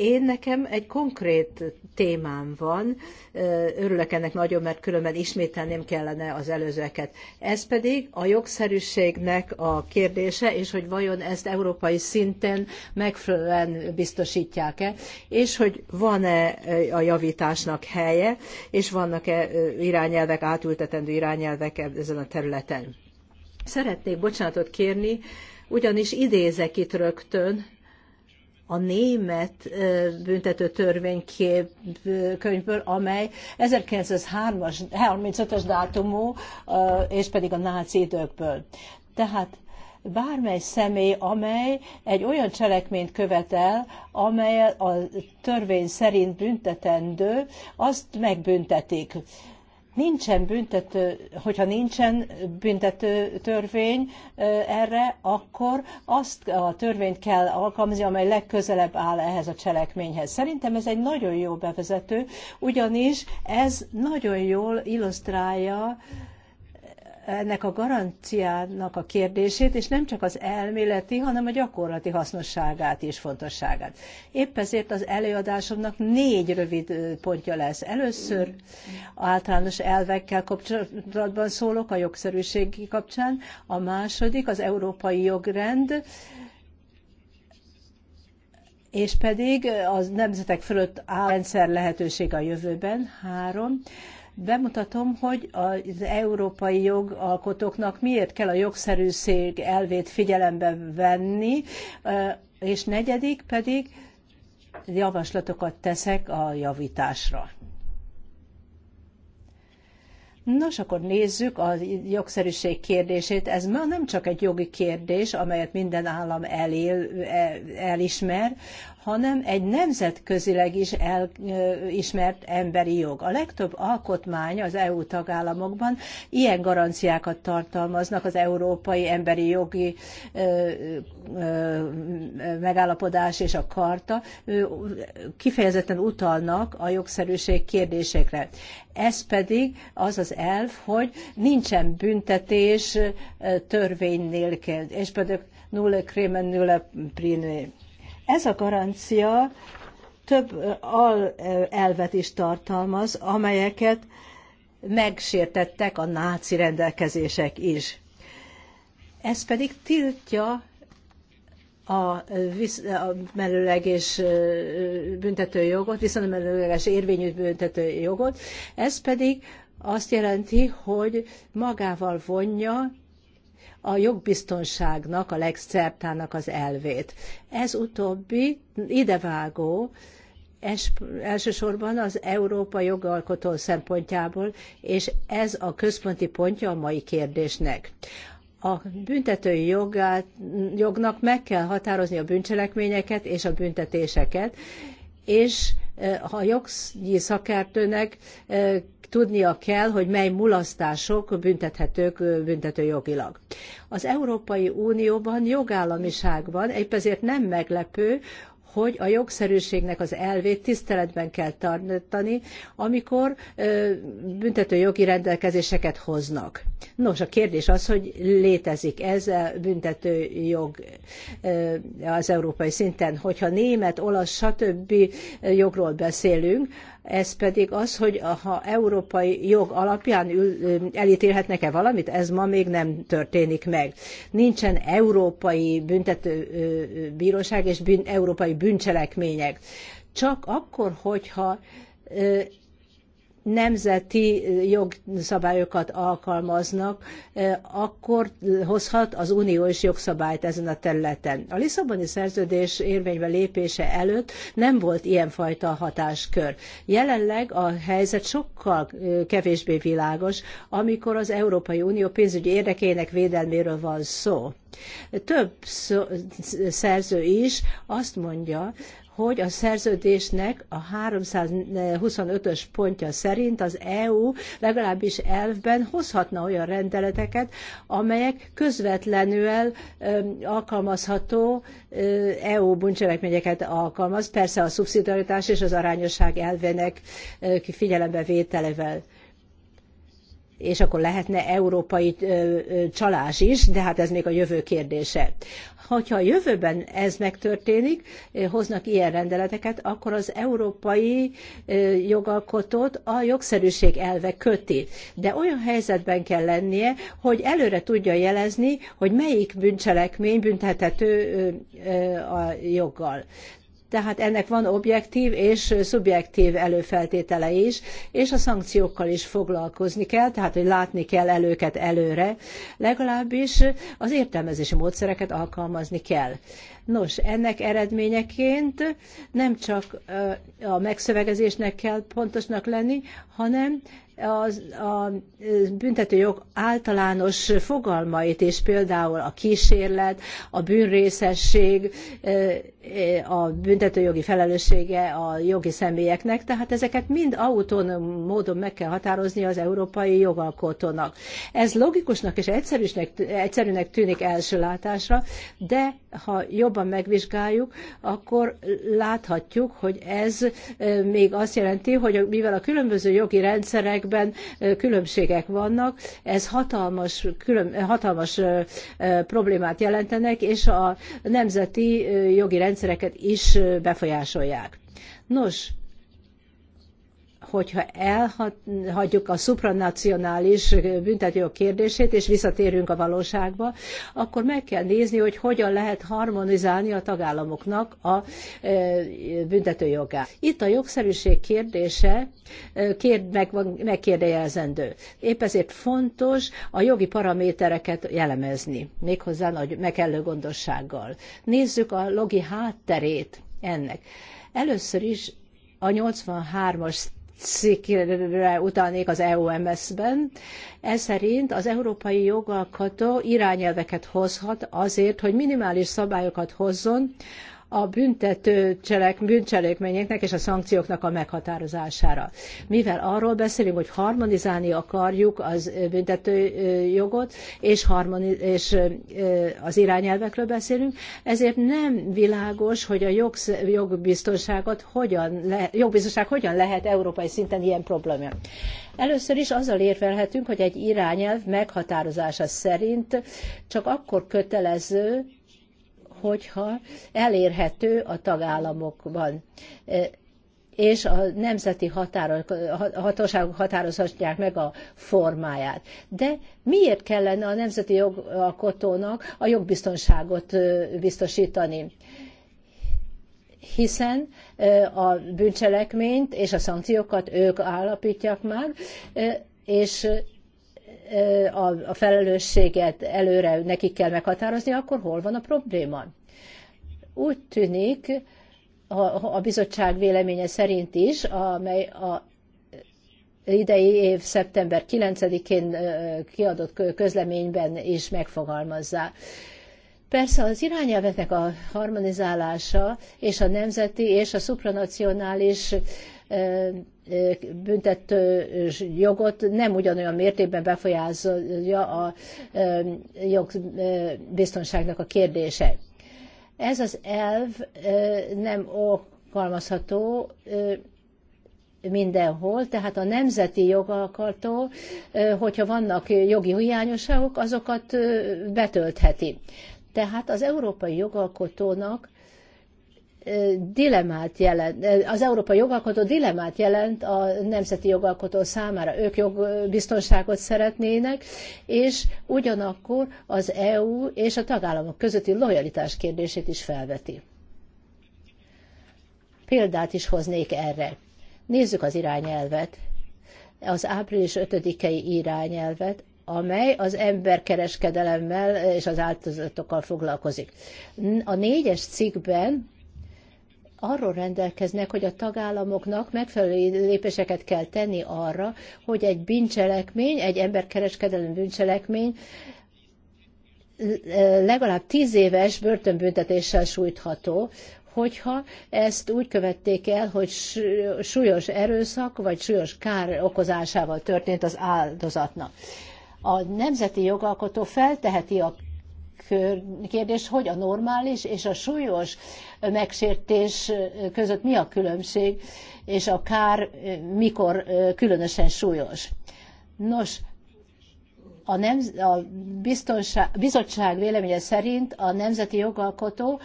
Én nekem egy konkrét témám van, örülök ennek nagyon, mert különben ismételném kellene az előzőeket. Ez pedig a jogszerűségnek a kérdése, és hogy vajon ezt európai szinten megfelelően biztosítják-e, és hogy van-e a javításnak helye, és vannak-e irányelvek, átültetendő irányelvek e-, ezen a területen. Szeretnék bocsánatot kérni, ugyanis idézek itt rögtön a német büntető törvénykönyvből, amely 1935-ös dátumú, és pedig a náci időkből. Tehát bármely személy, amely egy olyan cselekményt követel, amely a törvény szerint büntetendő, azt megbüntetik nincsen büntető, hogyha nincsen büntető törvény erre, akkor azt a törvényt kell alkalmazni, amely legközelebb áll ehhez a cselekményhez. Szerintem ez egy nagyon jó bevezető, ugyanis ez nagyon jól illusztrálja ennek a garanciának a kérdését, és nem csak az elméleti, hanem a gyakorlati hasznosságát és fontosságát. Épp ezért az előadásomnak négy rövid pontja lesz. Először általános elvekkel kapcsolatban szólok a jogszerűség kapcsán, a második az európai jogrend, és pedig az nemzetek fölött áll rendszer lehetőség a jövőben, három, bemutatom, hogy az európai jogalkotóknak miért kell a jogszerűség elvét figyelembe venni, és negyedik pedig javaslatokat teszek a javításra. Nos, akkor nézzük a jogszerűség kérdését. Ez már nem csak egy jogi kérdés, amelyet minden állam elél, e, elismer, hanem egy nemzetközileg is elismert emberi jog. A legtöbb alkotmány az EU tagállamokban ilyen garanciákat tartalmaznak az európai emberi jogi megállapodás és a karta kifejezetten utalnak a jogszerűség kérdésekre. Ez pedig az az elv, hogy nincsen büntetés törvény nélkül, és pedig nulle krimen, nulle priné. Ez a garancia több elvet is tartalmaz, amelyeket megsértettek a náci rendelkezések is. Ez pedig tiltja a, visz, a büntető büntetőjogot, viszont a mellőleges érvényű büntetőjogot, ez pedig azt jelenti, hogy magával vonja a jogbiztonságnak, a legszertának az elvét. Ez utóbbi idevágó, es, elsősorban az Európa jogalkotó szempontjából, és ez a központi pontja a mai kérdésnek. A büntető jogát, jognak meg kell határozni a bűncselekményeket és a büntetéseket, és ha eh, jogi szakértőnek eh, tudnia kell, hogy mely mulasztások büntethetők büntetőjogilag. Az Európai Unióban jogállamiság van, épp ezért nem meglepő, hogy a jogszerűségnek az elvét tiszteletben kell tartani, amikor büntetőjogi rendelkezéseket hoznak. Nos, a kérdés az, hogy létezik ez a büntetőjog az európai szinten. Hogyha német, olasz, stb. jogról beszélünk, ez pedig az, hogy ha európai jog alapján ül, elítélhetnek-e valamit, ez ma még nem történik meg. Nincsen európai büntető bíróság és bűn, európai bűncselekmények. Csak akkor, hogyha nemzeti jogszabályokat alkalmaznak, eh, akkor hozhat az unió is jogszabályt ezen a területen. A Lisszaboni szerződés érvénybe lépése előtt nem volt ilyen fajta hatáskör. Jelenleg a helyzet sokkal eh, kevésbé világos, amikor az Európai Unió pénzügyi érdekének védelméről van szó. Több szerző is azt mondja, hogy a szerződésnek a 325-ös pontja szerint az EU legalábbis elvben hozhatna olyan rendeleteket, amelyek közvetlenül alkalmazható EU bűncselekményeket alkalmaz, persze a szubszidiaritás és az arányosság elvének figyelembe vételevel és akkor lehetne európai csalás is, de hát ez még a jövő kérdése. Hogyha a jövőben ez megtörténik, eh, hoznak ilyen rendeleteket, akkor az európai eh, jogalkotót a jogszerűség elve köti. De olyan helyzetben kell lennie, hogy előre tudja jelezni, hogy melyik bűncselekmény büntethető a joggal tehát ennek van objektív és szubjektív előfeltétele is, és a szankciókkal is foglalkozni kell, tehát hogy látni kell előket előre, legalábbis az értelmezési módszereket alkalmazni kell. Nos, ennek eredményeként nem csak a megszövegezésnek kell pontosnak lenni, hanem az, a büntetőjog általános fogalmait is, például a kísérlet, a bűnrészesség a büntetőjogi felelőssége a jogi személyeknek, tehát ezeket mind autonóm módon meg kell határozni az európai jogalkotónak. Ez logikusnak és egyszerűnek tűnik első látásra, de ha jobban megvizsgáljuk, akkor láthatjuk, hogy ez még azt jelenti, hogy mivel a különböző jogi rendszerekben különbségek vannak, ez hatalmas, külön, hatalmas problémát jelentenek, és a nemzeti jogi rendszerek rendszereket is befolyásolják. Nos, hogyha elhagyjuk a supranacionális büntetőjog kérdését, és visszatérünk a valóságba, akkor meg kell nézni, hogy hogyan lehet harmonizálni a tagállamoknak a e, büntetőjogát. Itt a jogszerűség kérdése e, kérd, meg, megkérdőjelezendő. Épp ezért fontos a jogi paramétereket jellemezni, méghozzá nagy megellő gondossággal. Nézzük a logi hátterét ennek. Először is a 83-as cikkre utalnék az EOMS-ben. Ez szerint az európai jogalkotó irányelveket hozhat azért, hogy minimális szabályokat hozzon, a büntető cselek, bűncselekményeknek és a szankcióknak a meghatározására. Mivel arról beszélünk, hogy harmonizálni akarjuk az büntető jogot, és, harmoniz- és az irányelvekről beszélünk, ezért nem világos, hogy a jogsz- jogbiztonságot hogyan le- jogbiztonság hogyan lehet európai szinten ilyen probléma. Először is azzal érvelhetünk, hogy egy irányelv meghatározása szerint csak akkor kötelező, hogyha elérhető a tagállamokban e, és a nemzeti határok, hatóságok határozhatják meg a formáját. De miért kellene a nemzeti jogalkotónak a jogbiztonságot biztosítani? hiszen a bűncselekményt és a szankciókat ők állapítják meg, és a felelősséget előre nekik kell meghatározni, akkor hol van a probléma? Úgy tűnik, a bizottság véleménye szerint is, amely a idei év szeptember 9-én kiadott közleményben is megfogalmazza, Persze az irányelveknek a harmonizálása és a nemzeti és a szupranacionális büntető jogot nem ugyanolyan mértékben befolyásolja a jogbiztonságnak a kérdése. Ez az elv nem alkalmazható mindenhol, tehát a nemzeti jogalkató, hogyha vannak jogi hiányosságok, azokat betöltheti. Tehát az európai jogalkotónak dilemát jelent, az európai jogalkotó dilemát jelent a nemzeti jogalkotó számára. Ők jogbiztonságot szeretnének, és ugyanakkor az EU és a tagállamok közötti lojalitás kérdését is felveti. Példát is hoznék erre. Nézzük az irányelvet, az április 5-i irányelvet, amely az emberkereskedelemmel és az áldozatokkal foglalkozik. A négyes cikkben arról rendelkeznek, hogy a tagállamoknak megfelelő lépéseket kell tenni arra, hogy egy bűncselekmény, egy emberkereskedelem bűncselekmény legalább tíz éves börtönbüntetéssel sújtható, hogyha ezt úgy követték el, hogy súlyos erőszak vagy súlyos kár okozásával történt az áldozatnak. A nemzeti jogalkotó felteheti a kérdés, hogy a normális és a súlyos megsértés között mi a különbség, és a kár mikor különösen súlyos. Nos, a, nem, a bizottság véleménye szerint a nemzeti jogalkotó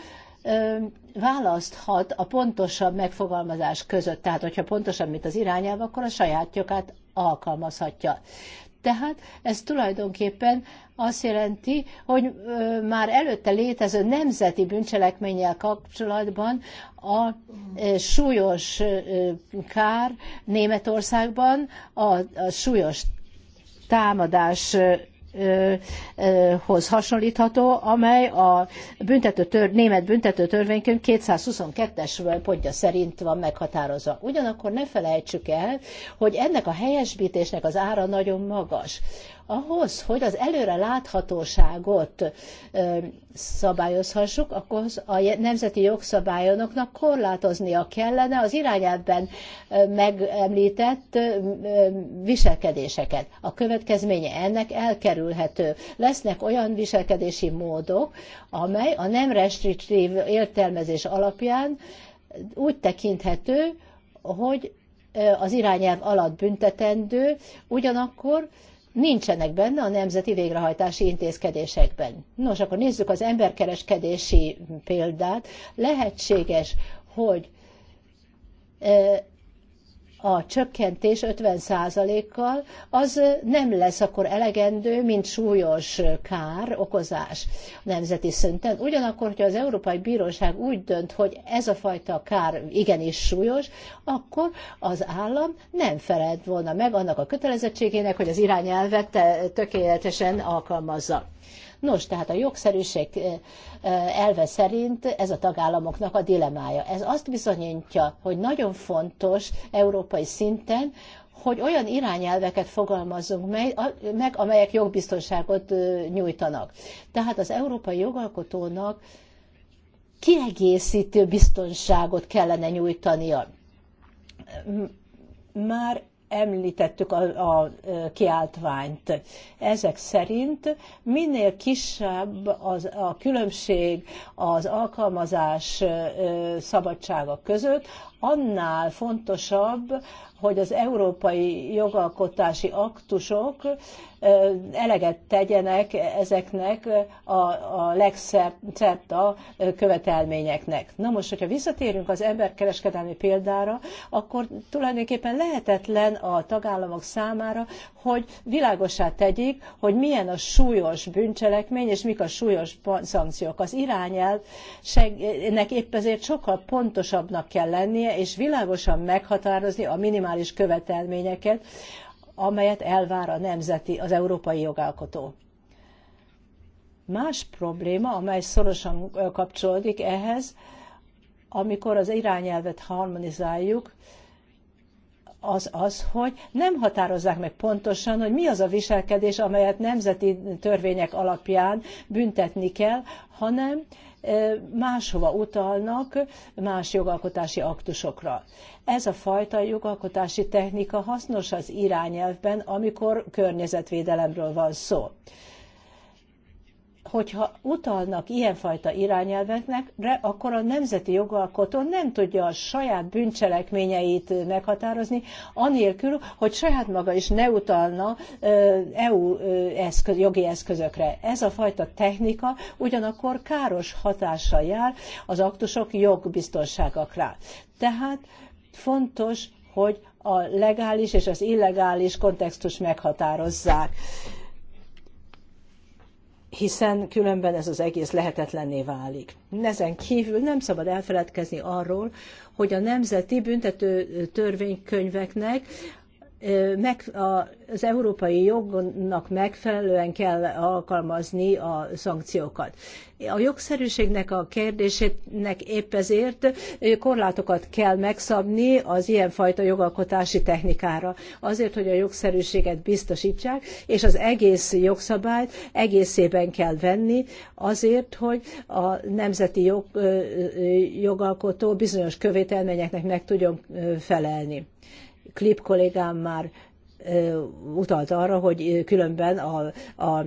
választhat a pontosabb megfogalmazás között. Tehát, hogyha pontosabb, mint az irányelv, akkor a saját jogát alkalmazhatja. Tehát ez tulajdonképpen azt jelenti, hogy már előtte létező nemzeti bűncselekménnyel kapcsolatban a súlyos kár Németországban a, súlyos támadás hoz hasonlítható, amely a büntető tör, német büntető törvénykönyv 222-es pontja szerint van meghatározva. Ugyanakkor ne felejtsük el, hogy ennek a helyesbítésnek az ára nagyon magas. Ahhoz, hogy az előre láthatóságot szabályozhassuk, akkor a nemzeti jogszabályoknak korlátoznia kellene az irányelvben megemlített viselkedéseket. A következménye ennek elkerülhető. Lesznek olyan viselkedési módok, amely a nem restriktív értelmezés alapján úgy tekinthető, hogy az irányelv alatt büntetendő, ugyanakkor nincsenek benne a nemzeti végrehajtási intézkedésekben. Nos, akkor nézzük az emberkereskedési példát. Lehetséges, hogy a csökkentés 50%-kal, az nem lesz akkor elegendő, mint súlyos kár, okozás nemzeti szinten. Ugyanakkor, hogyha az Európai Bíróság úgy dönt, hogy ez a fajta kár igenis súlyos, akkor az állam nem felelt volna meg annak a kötelezettségének, hogy az irányelvet tökéletesen alkalmazza. Nos, tehát a jogszerűség elve szerint ez a tagállamoknak a dilemája. Ez azt bizonyítja, hogy nagyon fontos európai szinten, hogy olyan irányelveket fogalmazzunk meg, amelyek jogbiztonságot nyújtanak. Tehát az európai jogalkotónak kiegészítő biztonságot kellene nyújtania. Már említettük a, a kiáltványt. Ezek szerint minél kisebb az, a különbség az alkalmazás szabadsága között, annál fontosabb hogy az európai jogalkotási aktusok eleget tegyenek ezeknek a, a a követelményeknek. Na most, hogyha visszatérünk az emberkereskedelmi példára, akkor tulajdonképpen lehetetlen a tagállamok számára, hogy világosá tegyék, hogy milyen a súlyos bűncselekmény, és mik a súlyos szankciók. Az irányelvnek épp ezért sokkal pontosabbnak kell lennie, és világosan meghatározni a minimális minimális követelményeket, amelyet elvár a nemzeti, az európai jogalkotó. Más probléma, amely szorosan kapcsolódik ehhez, amikor az irányelvet harmonizáljuk, az az, hogy nem határozzák meg pontosan, hogy mi az a viselkedés, amelyet nemzeti törvények alapján büntetni kell, hanem máshova utalnak, más jogalkotási aktusokra. Ez a fajta jogalkotási technika hasznos az irányelvben, amikor környezetvédelemről van szó hogyha utalnak ilyenfajta irányelveknek, akkor a nemzeti jogalkotó nem tudja a saját bűncselekményeit meghatározni, anélkül, hogy saját maga is ne utalna EU eszköz, jogi eszközökre. Ez a fajta technika ugyanakkor káros hatással jár az aktusok jogbiztonságakra. Tehát fontos, hogy a legális és az illegális kontextus meghatározzák hiszen különben ez az egész lehetetlenné válik. Ezen kívül nem szabad elfeledkezni arról, hogy a nemzeti büntető törvénykönyveknek meg, az európai jognak megfelelően kell alkalmazni a szankciókat. A jogszerűségnek a kérdésének épp ezért korlátokat kell megszabni az ilyenfajta jogalkotási technikára, azért, hogy a jogszerűséget biztosítsák, és az egész jogszabályt egészében kell venni, azért, hogy a nemzeti jog, jogalkotó bizonyos követelményeknek meg tudjon felelni. Klip kollégám már utalt arra, hogy különben a, a, az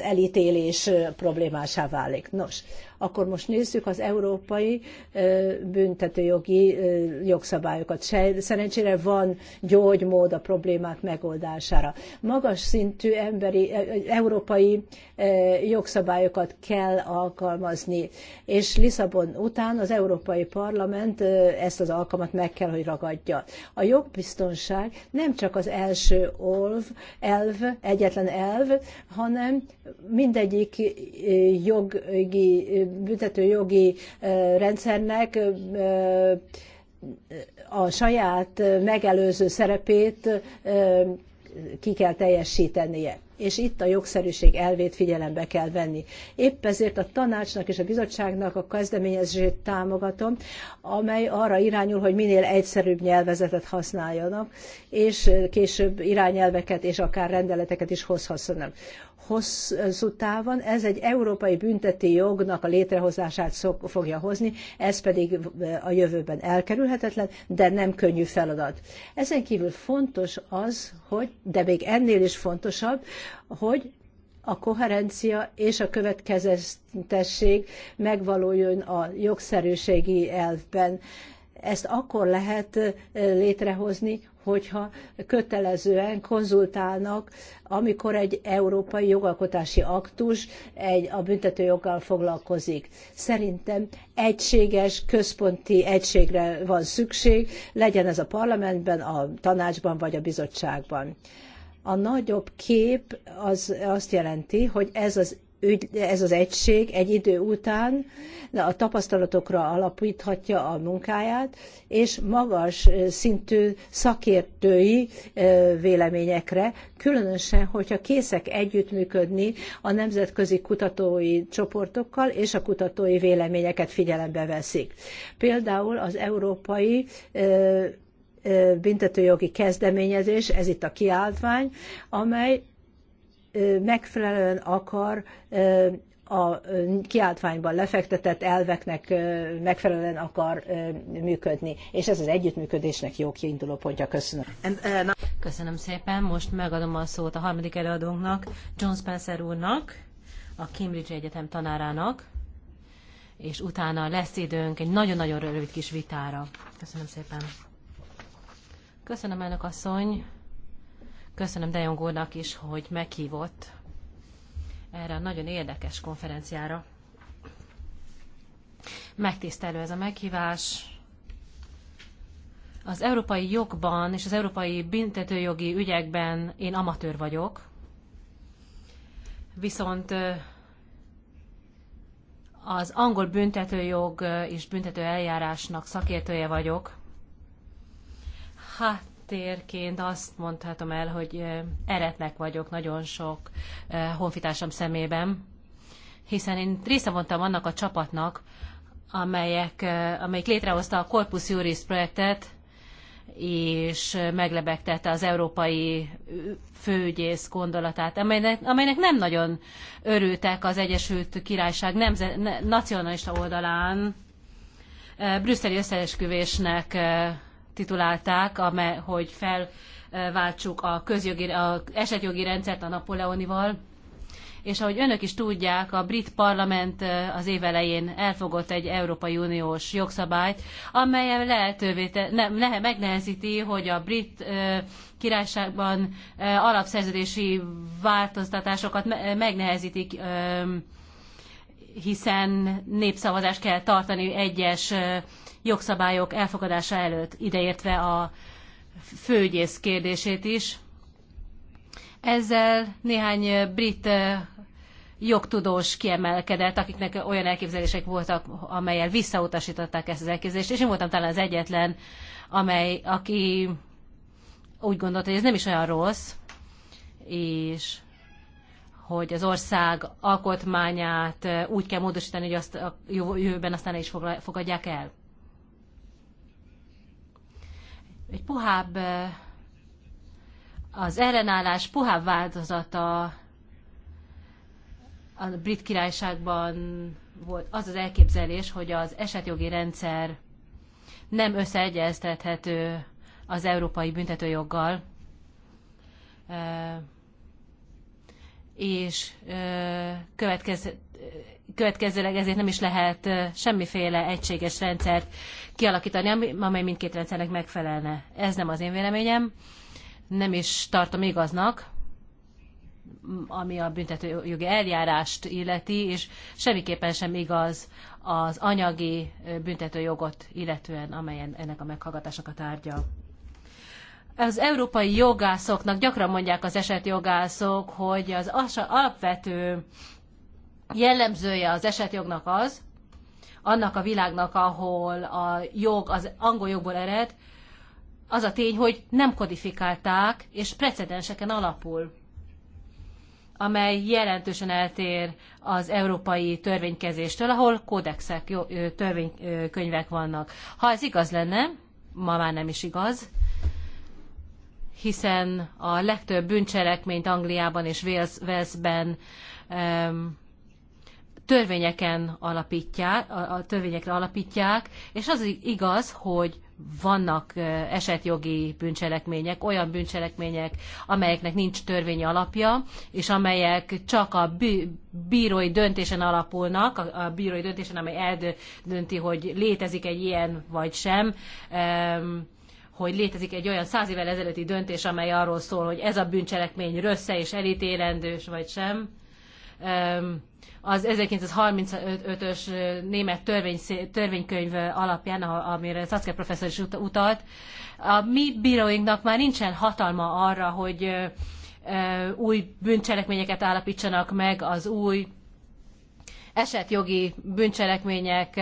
elítélés problémásá válik. Nos, akkor most nézzük az európai büntetőjogi jogszabályokat. Szerencsére van gyógymód a problémák megoldására. Magas szintű emberi, európai jogszabályokat kell alkalmazni, és Lisszabon után az Európai Parlament ezt az alkalmat meg kell, hogy ragadja. A jogbiztonság nem csak az első olv, elv, egyetlen elv, hanem mindegyik jogi büntető jogi rendszernek a saját megelőző szerepét ki kell teljesítenie. És itt a jogszerűség elvét figyelembe kell venni. Épp ezért a tanácsnak és a bizottságnak a kezdeményezését támogatom, amely arra irányul, hogy minél egyszerűbb nyelvezetet használjanak, és később irányelveket és akár rendeleteket is hozhassanak hosszú távon ez egy európai bünteti jognak a létrehozását szok, fogja hozni, ez pedig a jövőben elkerülhetetlen, de nem könnyű feladat. Ezen kívül fontos az, hogy, de még ennél is fontosabb, hogy a koherencia és a következetesség megvaluljon a jogszerűségi elvben. Ezt akkor lehet létrehozni, hogyha kötelezően konzultálnak, amikor egy európai jogalkotási aktus egy, a büntetőjoggal foglalkozik. Szerintem egységes, központi egységre van szükség, legyen ez a parlamentben, a tanácsban vagy a bizottságban. A nagyobb kép az azt jelenti, hogy ez az ügy, ez az egység egy idő után a tapasztalatokra alapíthatja a munkáját, és magas szintű szakértői véleményekre, különösen, hogyha készek együttműködni a nemzetközi kutatói csoportokkal, és a kutatói véleményeket figyelembe veszik. Például az európai büntetőjogi kezdeményezés, ez itt a kiáltvány, amely megfelelően akar a kiáltványban lefektetett elveknek megfelelően akar működni. És ez az együttműködésnek jó kiinduló pontja. Köszönöm. Uh, Köszönöm szépen. Most megadom a szót a harmadik előadónknak, John Spencer úrnak, a Cambridge Egyetem tanárának, és utána lesz időnk egy nagyon-nagyon rövid kis vitára. Köszönöm szépen. Köszönöm, elnök asszony. Köszönöm Dejong úrnak is, hogy meghívott erre a nagyon érdekes konferenciára. Megtisztelő ez a meghívás. Az európai jogban és az európai büntetőjogi ügyekben én amatőr vagyok, viszont az angol büntetőjog és büntető eljárásnak szakértője vagyok. Hát, térként azt mondhatom el, hogy eretnek vagyok nagyon sok honfitársam szemében, hiszen én része voltam annak a csapatnak, amelyek, amelyik létrehozta a Corpus Juris projektet, és meglebegtette az európai főügyész gondolatát, amelynek, amelynek nem nagyon örültek az Egyesült Királyság nemze, nacionalista oldalán, brüsszeli összeesküvésnek titulálták, amely, hogy felváltsuk a közjogi, a esetjogi rendszert a Napóleonival, és ahogy önök is tudják, a brit parlament az év elején elfogott egy Európai Uniós jogszabályt, amelyen lehetővé te, ne, ne, megnehezíti, hogy a brit ö, királyságban ö, alapszerződési változtatásokat me, megnehezítik, ö, hiszen népszavazást kell tartani egyes jogszabályok elfogadása előtt, ideértve a főügyész kérdését is. Ezzel néhány brit eh, jogtudós kiemelkedett, akiknek olyan elképzelések voltak, amelyel visszautasították ezt az elképzelést, és én voltam talán az egyetlen, amely, aki úgy gondolta, hogy ez nem is olyan rossz, és hogy az ország alkotmányát eh, úgy kell módosítani, hogy azt a jövőben aztán is fogadják el egy puhább, eh, az ellenállás puhább változata a brit királyságban volt az az elképzelés, hogy az esetjogi rendszer nem összeegyeztethető az európai büntetőjoggal, eh, és eh, következő következőleg ezért nem is lehet semmiféle egységes rendszert kialakítani, amely mindkét rendszernek megfelelne. Ez nem az én véleményem, nem is tartom igaznak, ami a büntetőjogi eljárást illeti, és semmiképpen sem igaz az anyagi büntetőjogot illetően, amelyen ennek a meghallgatásnak a tárgya. Az európai jogászoknak gyakran mondják az esetjogászok, hogy az alapvető jellemzője az esetjognak az, annak a világnak, ahol a jog az angol jogból ered, az a tény, hogy nem kodifikálták, és precedenseken alapul, amely jelentősen eltér az európai törvénykezéstől, ahol kódexek, törvénykönyvek vannak. Ha ez igaz lenne, ma már nem is igaz, hiszen a legtöbb bűncselekményt Angliában és Wales, Walesben törvényeken alapítják, a törvényekre alapítják, és az igaz, hogy vannak esetjogi bűncselekmények, olyan bűncselekmények, amelyeknek nincs törvényi alapja, és amelyek csak a bírói döntésen alapulnak, a bírói döntésen, amely eldönti, hogy létezik egy ilyen vagy sem, hogy létezik egy olyan száz évvel ezelőtti döntés, amely arról szól, hogy ez a bűncselekmény rössze és elítélendős vagy sem az 1935-ös német törvény, törvénykönyv alapján, amire Szaszke professzor is utalt, a mi bíróinknak már nincsen hatalma arra, hogy új bűncselekményeket állapítsanak meg, az új esetjogi bűncselekmények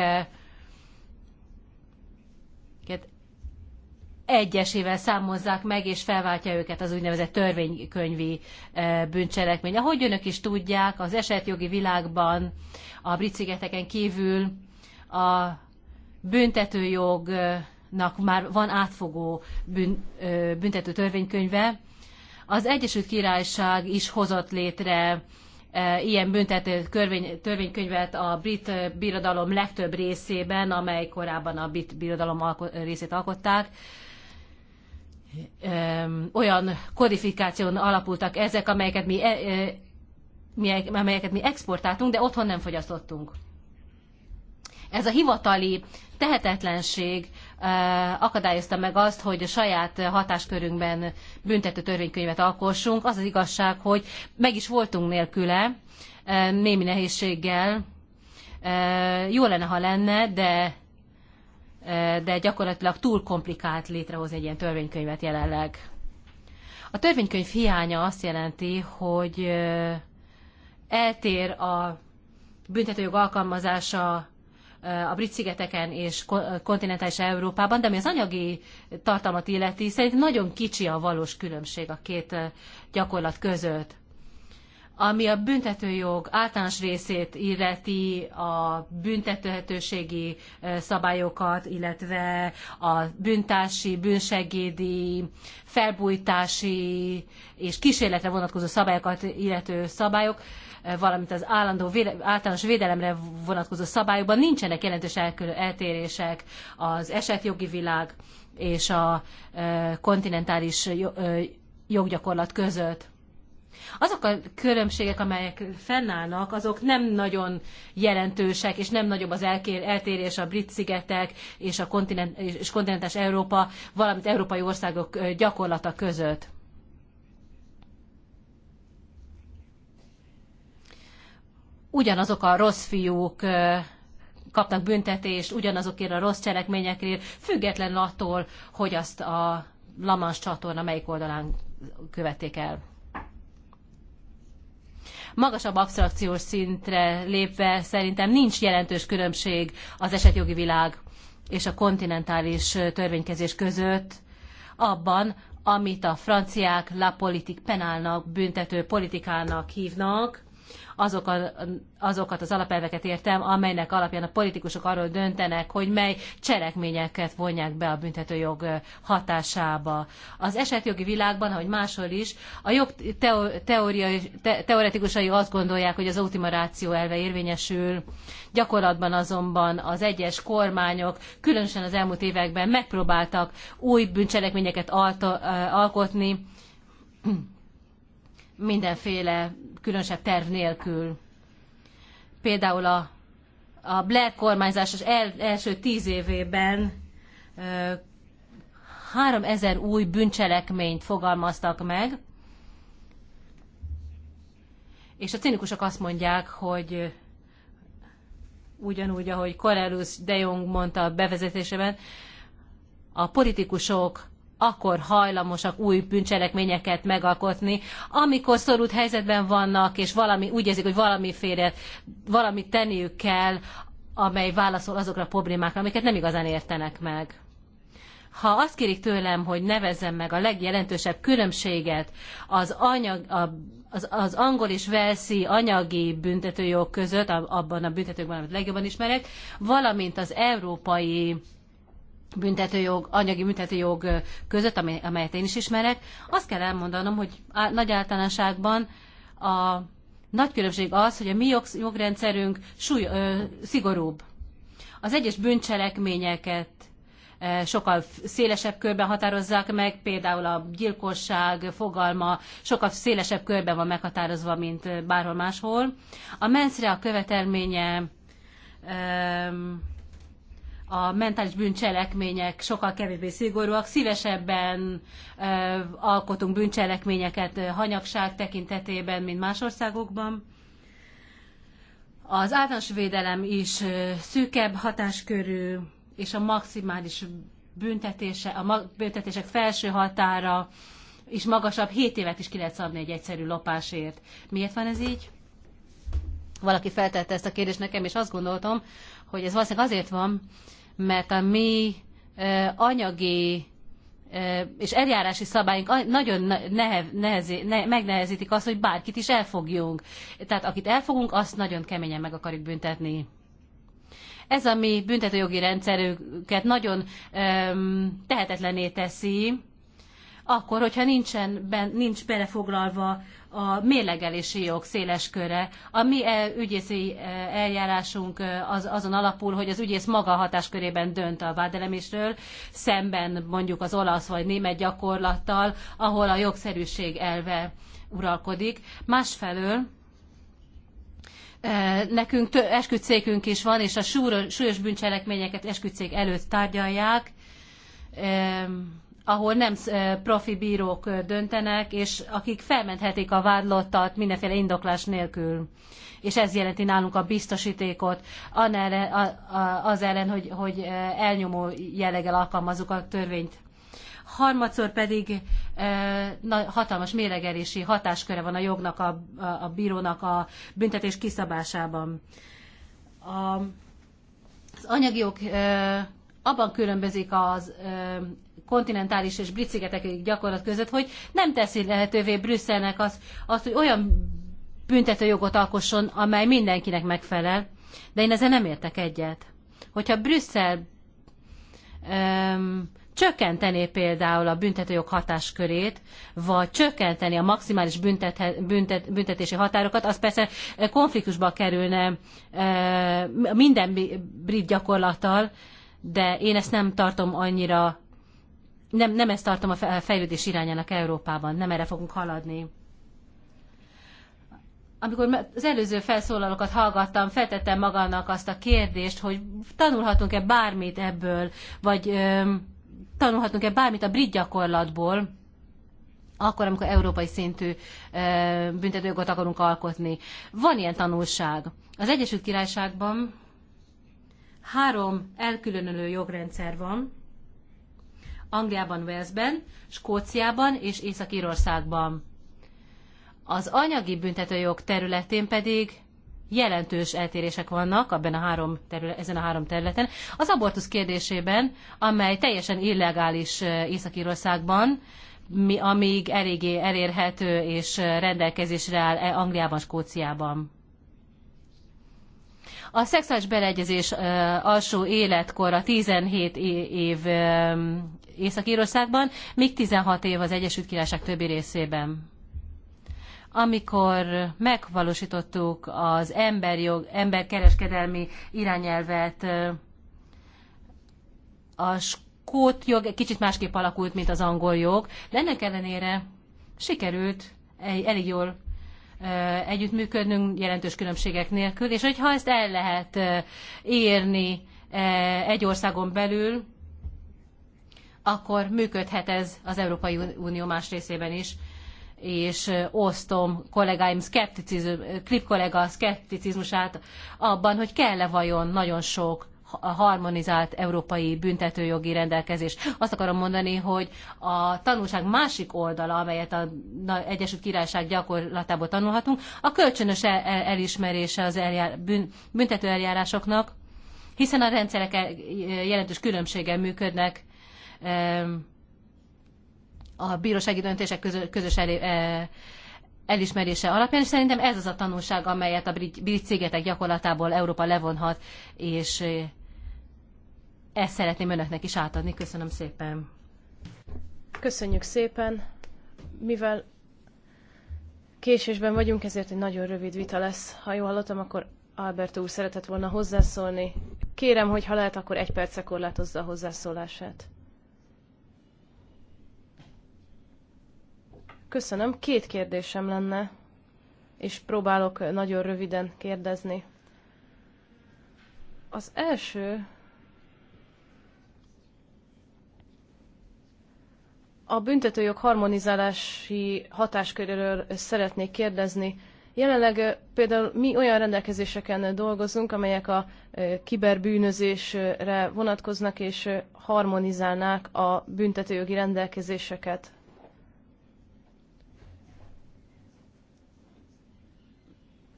egyesével számozzák meg, és felváltja őket az úgynevezett törvénykönyvi e, bűncselekmény. Ahogy önök is tudják, az esetjogi világban a brit szigeteken kívül a büntetőjognak már van átfogó bűn, e, büntető törvénykönyve. Az Egyesült Királyság is hozott létre e, ilyen büntető körvény, törvénykönyvet a brit birodalom legtöbb részében, amely korábban a brit birodalom alko- részét alkották olyan kodifikáción alapultak ezek, amelyeket e, e, mi, amelyeket mi exportáltunk, de otthon nem fogyasztottunk. Ez a hivatali tehetetlenség e, akadályozta meg azt, hogy a saját hatáskörünkben büntető törvénykönyvet alkossunk. Az az igazság, hogy meg is voltunk nélküle, némi nehézséggel. Jó lenne, ha lenne, de de gyakorlatilag túl komplikált létrehoz egy ilyen törvénykönyvet jelenleg. A törvénykönyv hiánya azt jelenti, hogy eltér a büntetőjog alkalmazása a brit szigeteken és kontinentális Európában, de ami az anyagi tartalmat illeti, szerint nagyon kicsi a valós különbség a két gyakorlat között. Ami a büntetőjog általános részét illeti, a büntetőhetőségi szabályokat, illetve a büntási, bűnsegédi, felbújtási és kísérletre vonatkozó szabályokat illető szabályok, valamint az állandó véle, általános védelemre vonatkozó szabályokban nincsenek jelentős eltérések az esetjogi világ és a kontinentális joggyakorlat között azok a különbségek, amelyek fennállnak, azok nem nagyon jelentősek, és nem nagyobb az elkér, eltérés a brit szigetek és a kontinent, és kontinentális Európa, valamint európai országok gyakorlata között. Ugyanazok a rossz fiúk kapnak büntetést ugyanazokért a rossz cselekményekért, függetlenül attól, hogy azt a Lamans csatorna melyik oldalán követték el magasabb absztrakciós szintre lépve szerintem nincs jelentős különbség az esetjogi világ és a kontinentális törvénykezés között abban, amit a franciák la politique penálnak, büntető politikának hívnak, azok a, azokat az alapelveket értem, amelynek alapján a politikusok arról döntenek, hogy mely cselekményeket vonják be a büntetőjog hatásába. Az esetjogi világban, ahogy máshol is, a jog teóriai, te, teoretikusai azt gondolják, hogy az ultima ráció elve érvényesül, gyakorlatban azonban az egyes kormányok, különösen az elmúlt években megpróbáltak új bűncselekményeket alta, alkotni, mindenféle különösebb terv nélkül. Például a, a Blair az el, első tíz évében három 3000 ezer új bűncselekményt fogalmaztak meg, és a cinikusok azt mondják, hogy ugyanúgy, ahogy Corellus de Jong mondta a bevezetésében, a politikusok akkor hajlamosak új bűncselekményeket megalkotni, amikor szorult helyzetben vannak, és valami, úgy érzik, hogy valamiféle, valamit tenniük kell, amely válaszol azokra a problémákra, amiket nem igazán értenek meg. Ha azt kérik tőlem, hogy nevezzem meg a legjelentősebb különbséget az, anyag, a, az, az angol és velszi anyagi büntetőjog között, abban a büntetőkben, amit legjobban ismerek, valamint az európai büntetőjog, anyagi büntetőjog között, amelyet én is ismerek, azt kell elmondanom, hogy nagy általánosságban a nagy különbség az, hogy a mi jogrendszerünk súly, ö, szigorúbb. Az egyes bűncselekményeket sokkal szélesebb körben határozzák meg, például a gyilkosság fogalma sokkal szélesebb körben van meghatározva, mint bárhol máshol. A menszre a követelménye a mentális bűncselekmények sokkal kevésbé szigorúak, szívesebben ö, alkotunk bűncselekményeket ö, hanyagság tekintetében, mint más országokban. Az általános védelem is ö, szűkebb hatáskörű, és a maximális büntetése, a ma, büntetések felső határa is magasabb, 7 évet is ki lehet szabni egy egyszerű lopásért. Miért van ez így? Valaki feltette ezt a kérdést nekem, és azt gondoltam, hogy ez valószínűleg azért van, mert a mi anyagi és eljárási szabályunk nagyon nehev, nehezi, ne, megnehezítik azt, hogy bárkit is elfogjunk. Tehát akit elfogunk, azt nagyon keményen meg akarjuk büntetni. Ez a mi büntetőjogi rendszerünket nagyon öm, tehetetlené teszi, akkor, hogyha nincsen ben, nincs belefoglalva a mérlegelési jog széles köre. A mi e, ügyészi e, eljárásunk e, az, azon alapul, hogy az ügyész maga hatáskörében dönt a vádelemésről, szemben mondjuk az olasz vagy német gyakorlattal, ahol a jogszerűség elve uralkodik. Másfelől nekünk tő, is van, és a súlyos, súlyos bűncselekményeket esküdtszék előtt tárgyalják. Um, ahol nem profi bírók döntenek, és akik felmenthetik a vádlottat mindenféle indoklás nélkül. És ez jelenti nálunk a biztosítékot az ellen, hogy, hogy elnyomó jelleggel alkalmazzuk a törvényt. Harmadszor pedig hatalmas méregerési hatásköre van a jognak, a, a bírónak a büntetés kiszabásában. az anyagi jog abban különbözik az kontinentális és brit szigetek gyakorlat között, hogy nem teszi lehetővé Brüsszelnek azt, az, hogy olyan büntetőjogot alkosson, amely mindenkinek megfelel. De én ezzel nem értek egyet. Hogyha Brüsszel öm, csökkentené például a büntetőjog hatáskörét, vagy csökkenteni a maximális büntet, büntet, büntetési határokat, az persze konfliktusba kerülne ö, minden brit gyakorlattal, de én ezt nem tartom annyira nem, nem ezt tartom a fejlődés irányának Európában, nem erre fogunk haladni. Amikor az előző felszólalókat hallgattam, feltettem magának azt a kérdést, hogy tanulhatunk-e bármit ebből, vagy ö, tanulhatunk-e bármit a brit gyakorlatból, akkor, amikor európai szintű ö, büntetőjogot akarunk alkotni. Van ilyen tanulság. Az Egyesült Királyságban három elkülönülő jogrendszer van, Angliában, Walesben, Skóciában és Észak-Írországban. Az anyagi büntetőjog területén pedig jelentős eltérések vannak abban a három terület, ezen a három területen. Az abortusz kérdésében, amely teljesen illegális eh, Észak-Írországban, mi, amíg eléggé elérhető és eh, rendelkezésre áll e Angliában, Skóciában. A szexuális beleegyezés eh, alsó életkora 17 év Észak-Írországban, míg 16 év az Egyesült Királyság többi részében. Amikor megvalósítottuk az emberjog, emberkereskedelmi irányelvet, a skót jog kicsit másképp alakult, mint az angol jog, de ennek ellenére sikerült elég jól együttműködnünk jelentős különbségek nélkül, és hogyha ezt el lehet érni egy országon belül, akkor működhet ez az Európai Unió más részében is, és osztom kollégáim szkepticizm, klip kollega szkepticizmusát abban, hogy kell-e vajon nagyon sok a harmonizált európai büntetőjogi rendelkezés. Azt akarom mondani, hogy a tanulság másik oldala, amelyet a Egyesült Királyság gyakorlatából tanulhatunk, a kölcsönös elismerése az eljár, bűn, büntető eljárásoknak, hiszen a rendszerek jelentős különbséggel működnek, a bírósági döntések közös elé, e, elismerése alapján, és szerintem ez az a tanulság, amelyet a brit, brit gyakorlatából Európa levonhat, és e, ezt szeretném önöknek is átadni. Köszönöm szépen. Köszönjük szépen. Mivel késésben vagyunk, ezért egy nagyon rövid vita lesz. Ha jól hallottam, akkor Albert úr szeretett volna hozzászólni. Kérem, hogy ha lehet, akkor egy perce korlátozza a hozzászólását. Köszönöm. Két kérdésem lenne, és próbálok nagyon röviden kérdezni. Az első a büntetőjog harmonizálási hatásköréről szeretnék kérdezni. Jelenleg például mi olyan rendelkezéseken dolgozunk, amelyek a kiberbűnözésre vonatkoznak és harmonizálnák a büntetőjogi rendelkezéseket.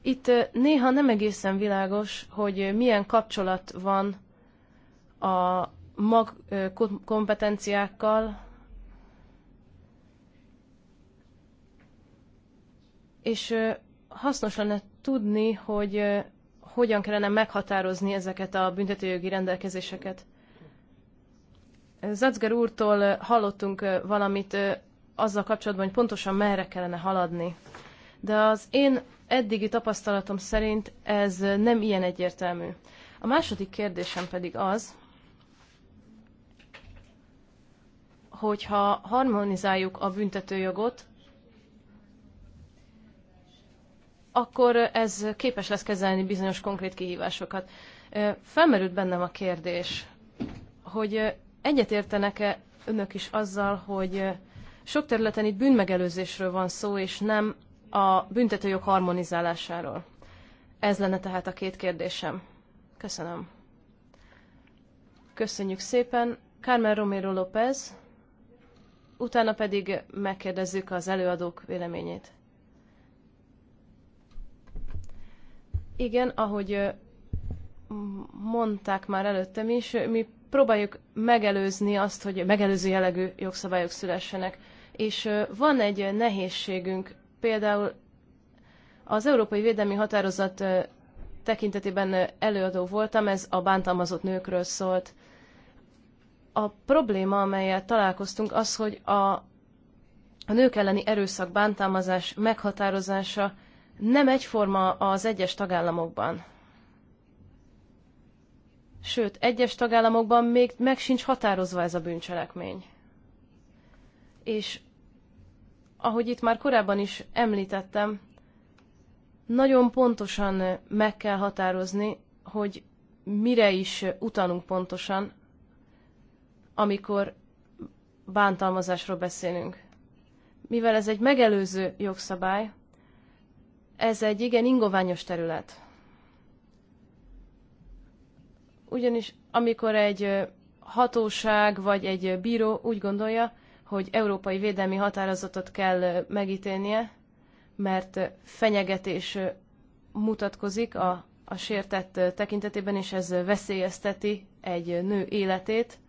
Itt néha nem egészen világos, hogy milyen kapcsolat van a mag kompetenciákkal, és hasznos lenne tudni, hogy hogyan kellene meghatározni ezeket a büntetőjogi rendelkezéseket. Zacger úrtól hallottunk valamit azzal kapcsolatban, hogy pontosan merre kellene haladni. De az én eddigi tapasztalatom szerint ez nem ilyen egyértelmű. A második kérdésem pedig az, hogyha harmonizáljuk a büntetőjogot, akkor ez képes lesz kezelni bizonyos konkrét kihívásokat. Felmerült bennem a kérdés, hogy egyetértenek-e önök is azzal, hogy sok területen itt bűnmegelőzésről van szó, és nem a büntetőjog harmonizálásáról. Ez lenne tehát a két kérdésem. Köszönöm. Köszönjük szépen. Carmen Romero López, utána pedig megkérdezzük az előadók véleményét. Igen, ahogy mondták már előttem is, mi próbáljuk megelőzni azt, hogy megelőző jellegű jogszabályok szülessenek. És van egy nehézségünk például az Európai Védelmi Határozat tekintetében előadó voltam, ez a bántalmazott nőkről szólt. A probléma, amelyel találkoztunk, az, hogy a, a nők elleni erőszak bántalmazás meghatározása nem egyforma az egyes tagállamokban. Sőt, egyes tagállamokban még meg sincs határozva ez a bűncselekmény. És ahogy itt már korábban is említettem, nagyon pontosan meg kell határozni, hogy mire is utalunk pontosan, amikor bántalmazásról beszélünk. Mivel ez egy megelőző jogszabály, ez egy igen ingoványos terület. Ugyanis amikor egy hatóság vagy egy bíró úgy gondolja, hogy európai védelmi határozatot kell megítélnie, mert fenyegetés mutatkozik a, a sértett tekintetében, és ez veszélyezteti egy nő életét.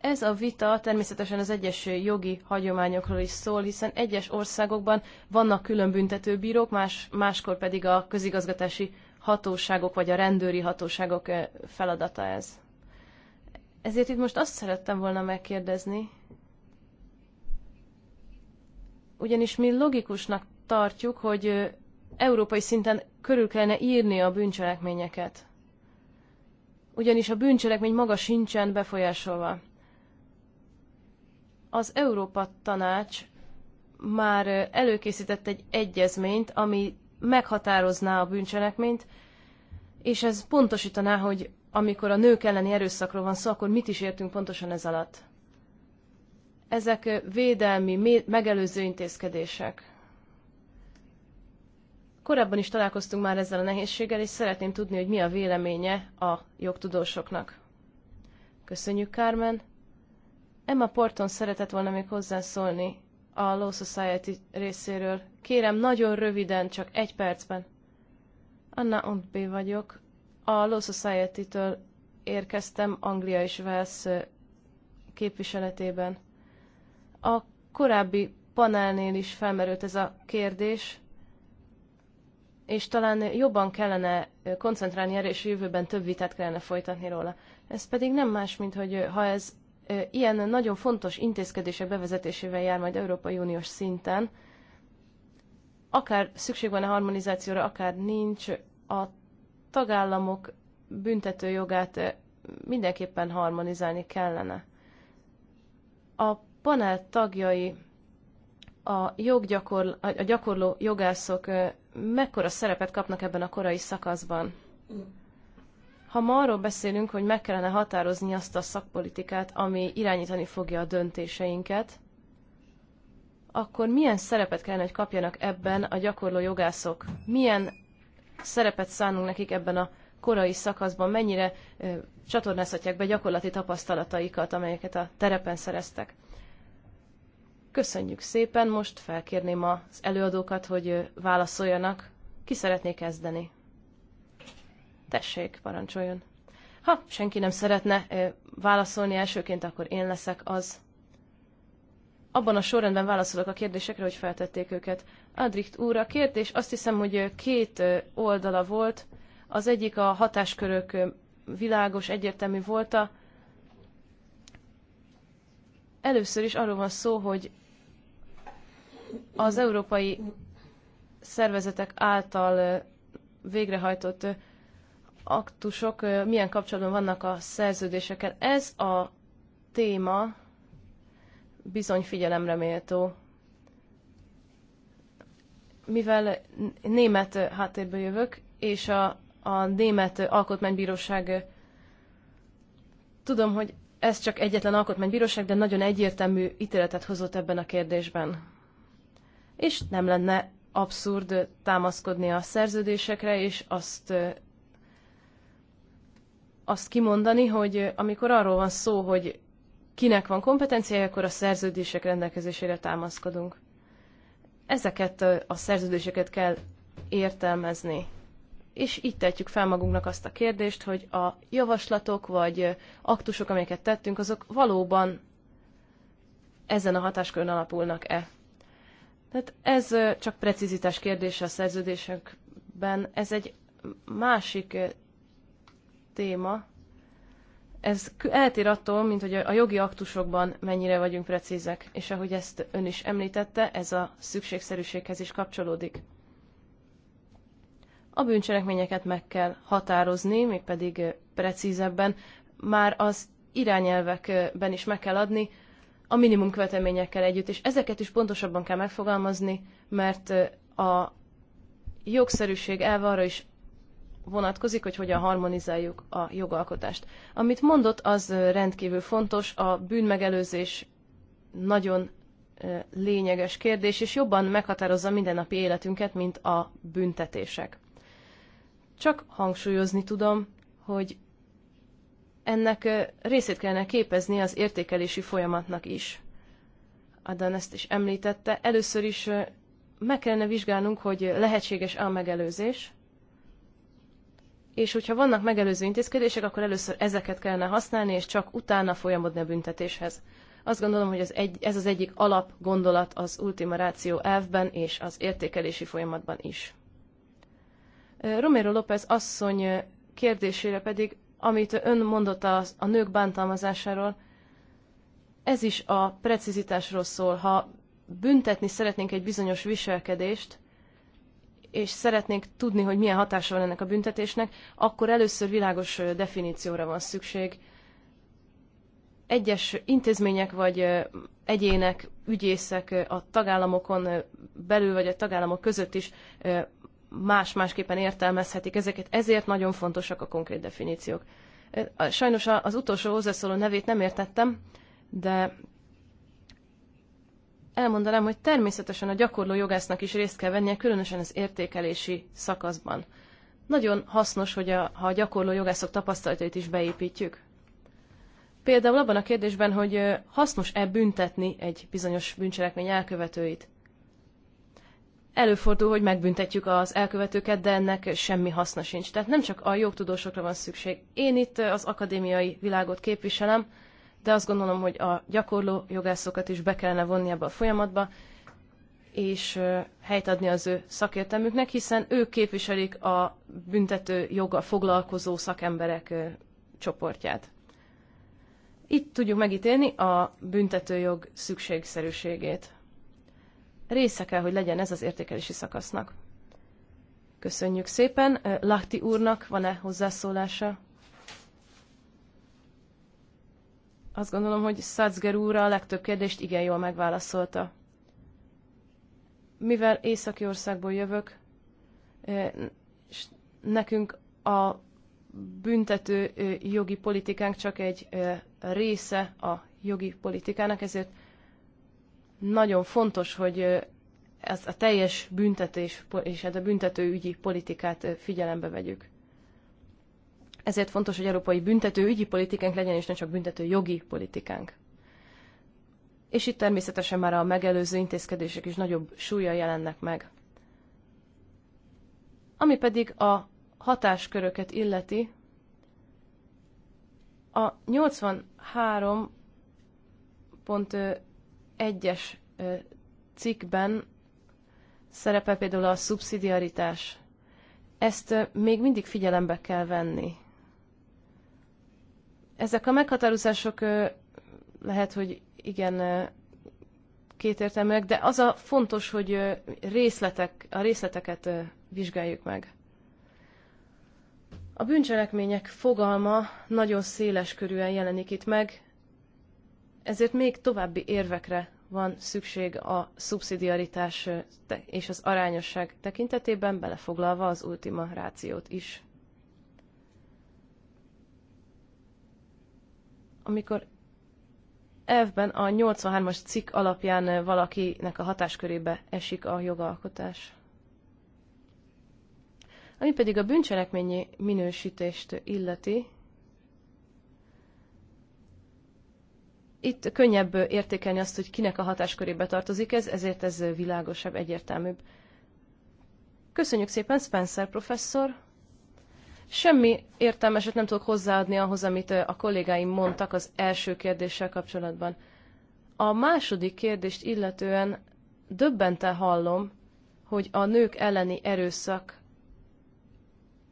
Ez a vita természetesen az egyes jogi hagyományokról is szól, hiszen egyes országokban vannak külön büntetőbírók, más, máskor pedig a közigazgatási hatóságok vagy a rendőri hatóságok feladata ez. Ezért itt most azt szerettem volna megkérdezni, ugyanis mi logikusnak tartjuk, hogy európai szinten körül kellene írni a bűncselekményeket. Ugyanis a bűncselekmény maga sincsen befolyásolva. Az Európa Tanács már előkészített egy egyezményt, ami meghatározná a bűncselekményt, és ez pontosítaná, hogy amikor a nők elleni erőszakról van szó, akkor mit is értünk pontosan ez alatt. Ezek védelmi, megelőző intézkedések. Korábban is találkoztunk már ezzel a nehézséggel, és szeretném tudni, hogy mi a véleménye a jogtudósoknak. Köszönjük, Carmen. Emma Porton szeretett volna még hozzászólni a Law Society részéről. Kérem, nagyon röviden, csak egy percben. Anna Ontbé vagyok. A Law Society-től érkeztem Anglia és Wales képviseletében. A korábbi panelnél is felmerült ez a kérdés, és talán jobban kellene koncentrálni erre, és a jövőben több vitát kellene folytatni róla. Ez pedig nem más, mint hogy ha ez ilyen nagyon fontos intézkedések bevezetésével jár majd Európai Uniós szinten. Akár szükség van a harmonizációra, akár nincs, a tagállamok büntetőjogát mindenképpen harmonizálni kellene. A panel tagjai a, joggyakorl- a gyakorló jogászok mekkora szerepet kapnak ebben a korai szakaszban? Mm. Ha ma arról beszélünk, hogy meg kellene határozni azt a szakpolitikát, ami irányítani fogja a döntéseinket, akkor milyen szerepet kellene, hogy kapjanak ebben a gyakorló jogászok? Milyen szerepet szánunk nekik ebben a korai szakaszban, mennyire ö, csatornázhatják be gyakorlati tapasztalataikat, amelyeket a terepen szereztek. Köszönjük szépen, most felkérném az előadókat, hogy válaszoljanak. Ki szeretné kezdeni? Tessék, parancsoljon. Ha senki nem szeretne válaszolni elsőként, akkor én leszek az. Abban a sorrendben válaszolok a kérdésekre, hogy feltették őket. Adrikt úr, a kérdés azt hiszem, hogy két oldala volt. Az egyik a hatáskörök világos, egyértelmű volt a először is arról van szó, hogy az európai szervezetek által végrehajtott aktusok milyen kapcsolatban vannak a szerződésekkel. Ez a téma bizony figyelemre méltó. Mivel német háttérből jövök, és a, a német alkotmánybíróság tudom, hogy ez csak egyetlen alkotmánybíróság, de nagyon egyértelmű ítéletet hozott ebben a kérdésben. És nem lenne abszurd támaszkodni a szerződésekre, és azt azt kimondani, hogy amikor arról van szó, hogy kinek van kompetenciája, akkor a szerződések rendelkezésére támaszkodunk. Ezeket a szerződéseket kell értelmezni. És így tehetjük fel magunknak azt a kérdést, hogy a javaslatok vagy aktusok, amelyeket tettünk, azok valóban ezen a hatáskörön alapulnak-e. Tehát ez csak precizitás kérdése a szerződésekben, ez egy másik téma, ez eltér attól, mint hogy a jogi aktusokban mennyire vagyunk precízek, és ahogy ezt ön is említette, ez a szükségszerűséghez is kapcsolódik. A bűncselekményeket meg kell határozni, mégpedig precízebben, már az irányelvekben is meg kell adni, a minimum követelményekkel együtt, és ezeket is pontosabban kell megfogalmazni, mert a jogszerűség elve arra is vonatkozik, hogy hogyan harmonizáljuk a jogalkotást. Amit mondott, az rendkívül fontos, a bűnmegelőzés nagyon lényeges kérdés, és jobban meghatározza mindennapi életünket, mint a büntetések. Csak hangsúlyozni tudom, hogy ennek részét kellene képezni az értékelési folyamatnak is. Adán ezt is említette. Először is meg kellene vizsgálnunk, hogy lehetséges a megelőzés, és hogyha vannak megelőző intézkedések, akkor először ezeket kellene használni, és csak utána folyamodni a büntetéshez. Azt gondolom, hogy ez, egy, ez az egyik alap gondolat az ultima ratio elvben és az értékelési folyamatban is. Romero López asszony kérdésére pedig, amit ön mondott a, a nők bántalmazásáról, ez is a precizitásról szól. Ha büntetni szeretnénk egy bizonyos viselkedést, és szeretnénk tudni, hogy milyen hatása van ennek a büntetésnek, akkor először világos definícióra van szükség. Egyes intézmények vagy egyének, ügyészek a tagállamokon belül vagy a tagállamok között is más-másképpen értelmezhetik ezeket, ezért nagyon fontosak a konkrét definíciók. Sajnos az utolsó hozzászóló nevét nem értettem, de elmondanám, hogy természetesen a gyakorló jogásznak is részt kell vennie, különösen az értékelési szakaszban. Nagyon hasznos, hogy a, ha a gyakorló jogászok tapasztalatait is beépítjük. Például abban a kérdésben, hogy hasznos-e büntetni egy bizonyos bűncselekmény elkövetőit. Előfordul, hogy megbüntetjük az elkövetőket, de ennek semmi haszna sincs. Tehát nem csak a jogtudósokra van szükség. Én itt az akadémiai világot képviselem, de azt gondolom, hogy a gyakorló jogászokat is be kellene vonni ebbe a folyamatba, és helyt adni az ő szakértelmüknek, hiszen ők képviselik a büntető joga foglalkozó szakemberek csoportját. Itt tudjuk megítélni a büntetőjog szükségszerűségét. Része kell, hogy legyen ez az értékelési szakasznak. Köszönjük szépen. Lakti úrnak van-e hozzászólása? Azt gondolom, hogy Szadzger úr a legtöbb kérdést igen jól megválaszolta. Mivel északi országból jövök, és nekünk a büntető jogi politikánk csak egy része a jogi politikának, ezért nagyon fontos, hogy ez a teljes büntetés és hát a büntetőügyi politikát figyelembe vegyük ezért fontos, hogy európai büntető ügyi politikánk legyen, és nem csak büntető jogi politikánk. És itt természetesen már a megelőző intézkedések is nagyobb súlya jelennek meg. Ami pedig a hatásköröket illeti, a 83.1-es cikkben szerepel például a szubszidiaritás. Ezt még mindig figyelembe kell venni. Ezek a meghatározások lehet, hogy igen kétértelműek, de az a fontos, hogy részletek, a részleteket vizsgáljuk meg. A bűncselekmények fogalma nagyon széles körűen jelenik itt meg, ezért még további érvekre van szükség a szubszidiaritás és az arányosság tekintetében, belefoglalva az ultima rációt is. amikor elvben a 83-as cikk alapján eh, valakinek a hatáskörébe esik a jogalkotás. Ami pedig a bűncselekményi minősítést illeti, itt könnyebb értékelni azt, hogy kinek a hatáskörébe tartozik ez, ezért ez világosabb, egyértelműbb. Köszönjük szépen, Spencer professzor! Semmi értelmeset nem tudok hozzáadni ahhoz, amit a kollégáim mondtak az első kérdéssel kapcsolatban. A második kérdést illetően döbbente hallom, hogy a nők elleni erőszak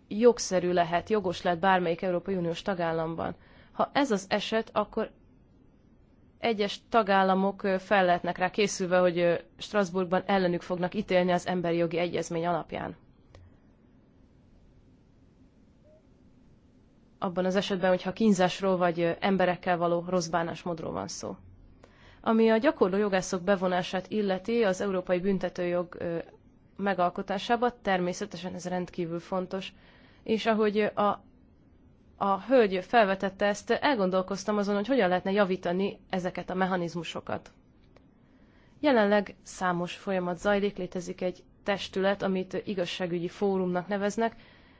jogszerű lehet, jogos lehet bármelyik Európai Uniós tagállamban. Ha ez az eset, akkor egyes tagállamok fel lehetnek rá készülve, hogy Strasbourgban ellenük fognak ítélni az emberi jogi egyezmény alapján. abban az esetben, hogyha kínzásról vagy emberekkel való rossz bánásmódról van szó. Ami a gyakorló jogászok bevonását illeti az európai büntetőjog megalkotásába, természetesen ez rendkívül fontos. És ahogy a, a hölgy felvetette ezt, elgondolkoztam azon, hogy hogyan lehetne javítani ezeket a mechanizmusokat. Jelenleg számos folyamat zajlik, létezik egy testület, amit igazságügyi fórumnak neveznek,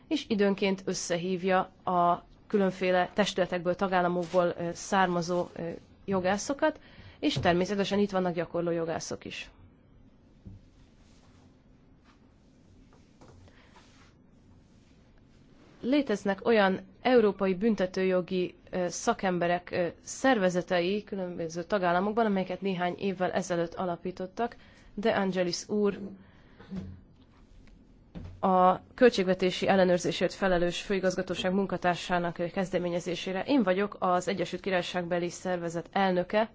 és időnként összehívja a különféle testületekből, tagállamokból származó jogászokat, és természetesen itt vannak gyakorló jogászok is. Léteznek olyan európai büntetőjogi szakemberek szervezetei különböző tagállamokban, amelyeket néhány évvel ezelőtt alapítottak, de Angelis úr a költségvetési ellenőrzésért felelős főigazgatóság munkatársának kezdeményezésére. Én vagyok az Egyesült Királyságbeli Szervezet elnöke,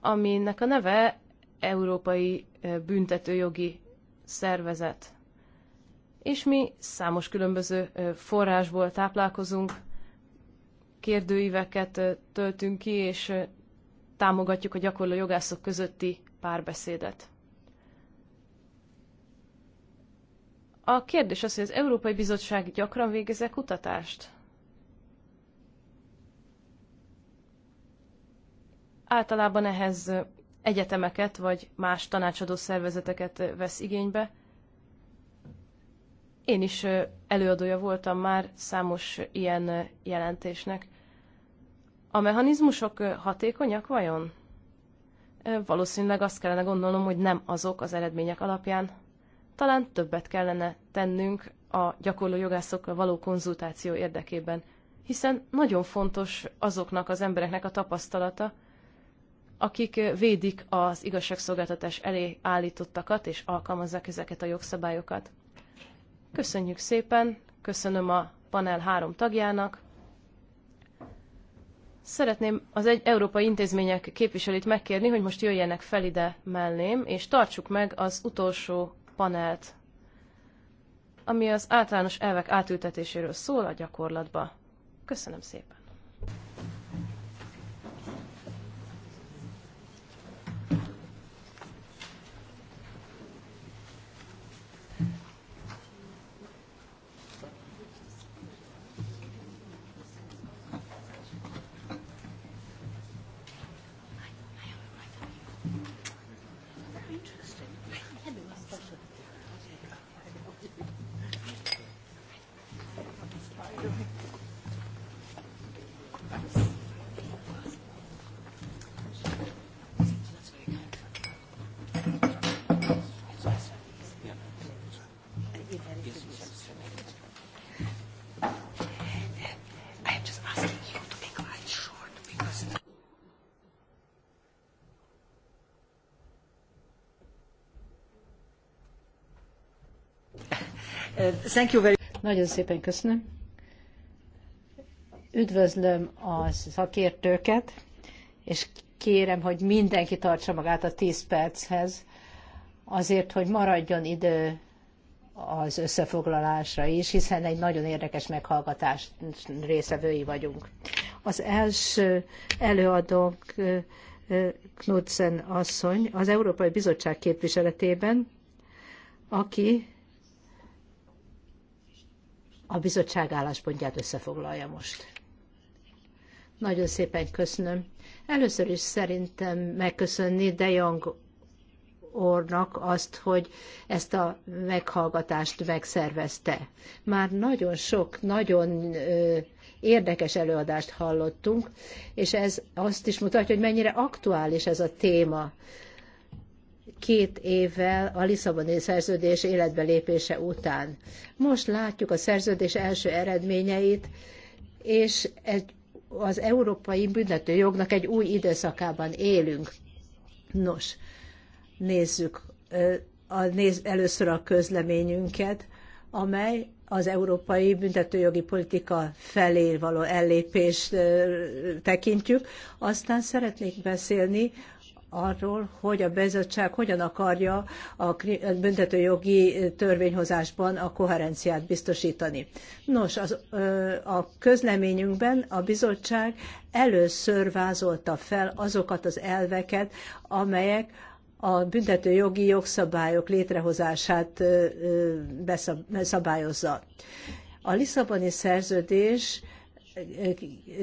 aminek a neve Európai eh, Büntetőjogi Szervezet. És mi számos különböző eh, forrásból táplálkozunk, kérdőíveket eh, töltünk ki, és támogatjuk a gyakorló jogászok közötti párbeszédet. A kérdés az, hogy az Európai Bizottság gyakran végezze kutatást? Általában ehhez egyetemeket vagy más tanácsadó szervezeteket vesz igénybe. Én is előadója voltam már számos ilyen jelentésnek. A mechanizmusok hatékonyak vajon? Valószínűleg azt kellene gondolnom, hogy nem azok az eredmények alapján, talán többet kellene tennünk a gyakorló jogászokkal való konzultáció érdekében, hiszen nagyon fontos azoknak az embereknek a tapasztalata, akik védik az igazságszolgáltatás elé állítottakat és alkalmazzák ezeket a jogszabályokat. Köszönjük szépen, köszönöm a panel három tagjának. Szeretném az egy európai intézmények képviselőit megkérni, hogy most jöjjenek fel ide mellém, és tartsuk meg az utolsó panelt, ami az általános elvek átültetéséről szól a gyakorlatba. Köszönöm szépen! Thank you very... Nagyon szépen köszönöm. Üdvözlöm a szakértőket, és kérem, hogy mindenki tartsa magát a 10 perchez, azért, hogy maradjon idő az összefoglalásra is, hiszen egy nagyon érdekes meghallgatás részevői vagyunk. Az első előadónk Knudsen asszony az Európai Bizottság képviseletében, aki a bizottság álláspontját összefoglalja most. Nagyon szépen köszönöm. Először is szerintem megköszönni De Jong ornak azt, hogy ezt a meghallgatást megszervezte. Már nagyon sok, nagyon érdekes előadást hallottunk, és ez azt is mutatja, hogy mennyire aktuális ez a téma két évvel a Lisszaboni szerződés életbe lépése után. Most látjuk a szerződés első eredményeit, és egy, az európai büntetőjognak egy új időszakában élünk. Nos, nézzük a, néz, először a közleményünket, amely az európai büntetőjogi politika felé való ellépést tekintjük. Aztán szeretnék beszélni arról, hogy a bizottság hogyan akarja a büntetőjogi törvényhozásban a koherenciát biztosítani. Nos, az, a közleményünkben a bizottság először vázolta fel azokat az elveket, amelyek a büntetőjogi jogszabályok létrehozását szabályozza. A Lisszaboni szerződés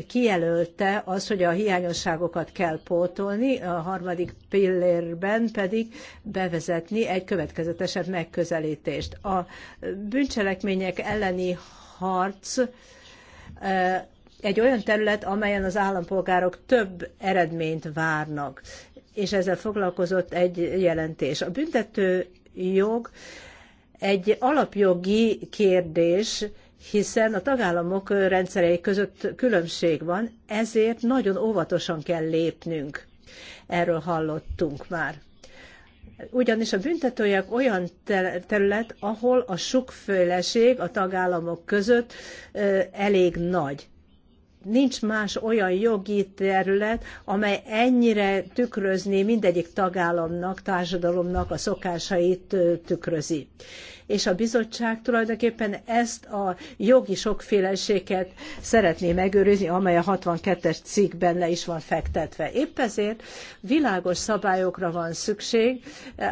kijelölte az, hogy a hiányosságokat kell pótolni, a harmadik pillérben pedig bevezetni egy következetesebb megközelítést. A bűncselekmények elleni harc eh, egy olyan terület, amelyen az állampolgárok több eredményt várnak, és ezzel foglalkozott egy jelentés. A büntető jog egy alapjogi kérdés, hiszen a tagállamok rendszerei között különbség van, ezért nagyon óvatosan kell lépnünk. Erről hallottunk már. Ugyanis a büntetőjek olyan terület, ahol a sokféleség a tagállamok között elég nagy nincs más olyan jogi terület, amely ennyire tükrözni mindegyik tagállamnak, társadalomnak a szokásait tükrözi és a bizottság tulajdonképpen ezt a jogi sokféleséget szeretné megőrizni, amely a 62-es cikkben le is van fektetve. Épp ezért világos szabályokra van szükség,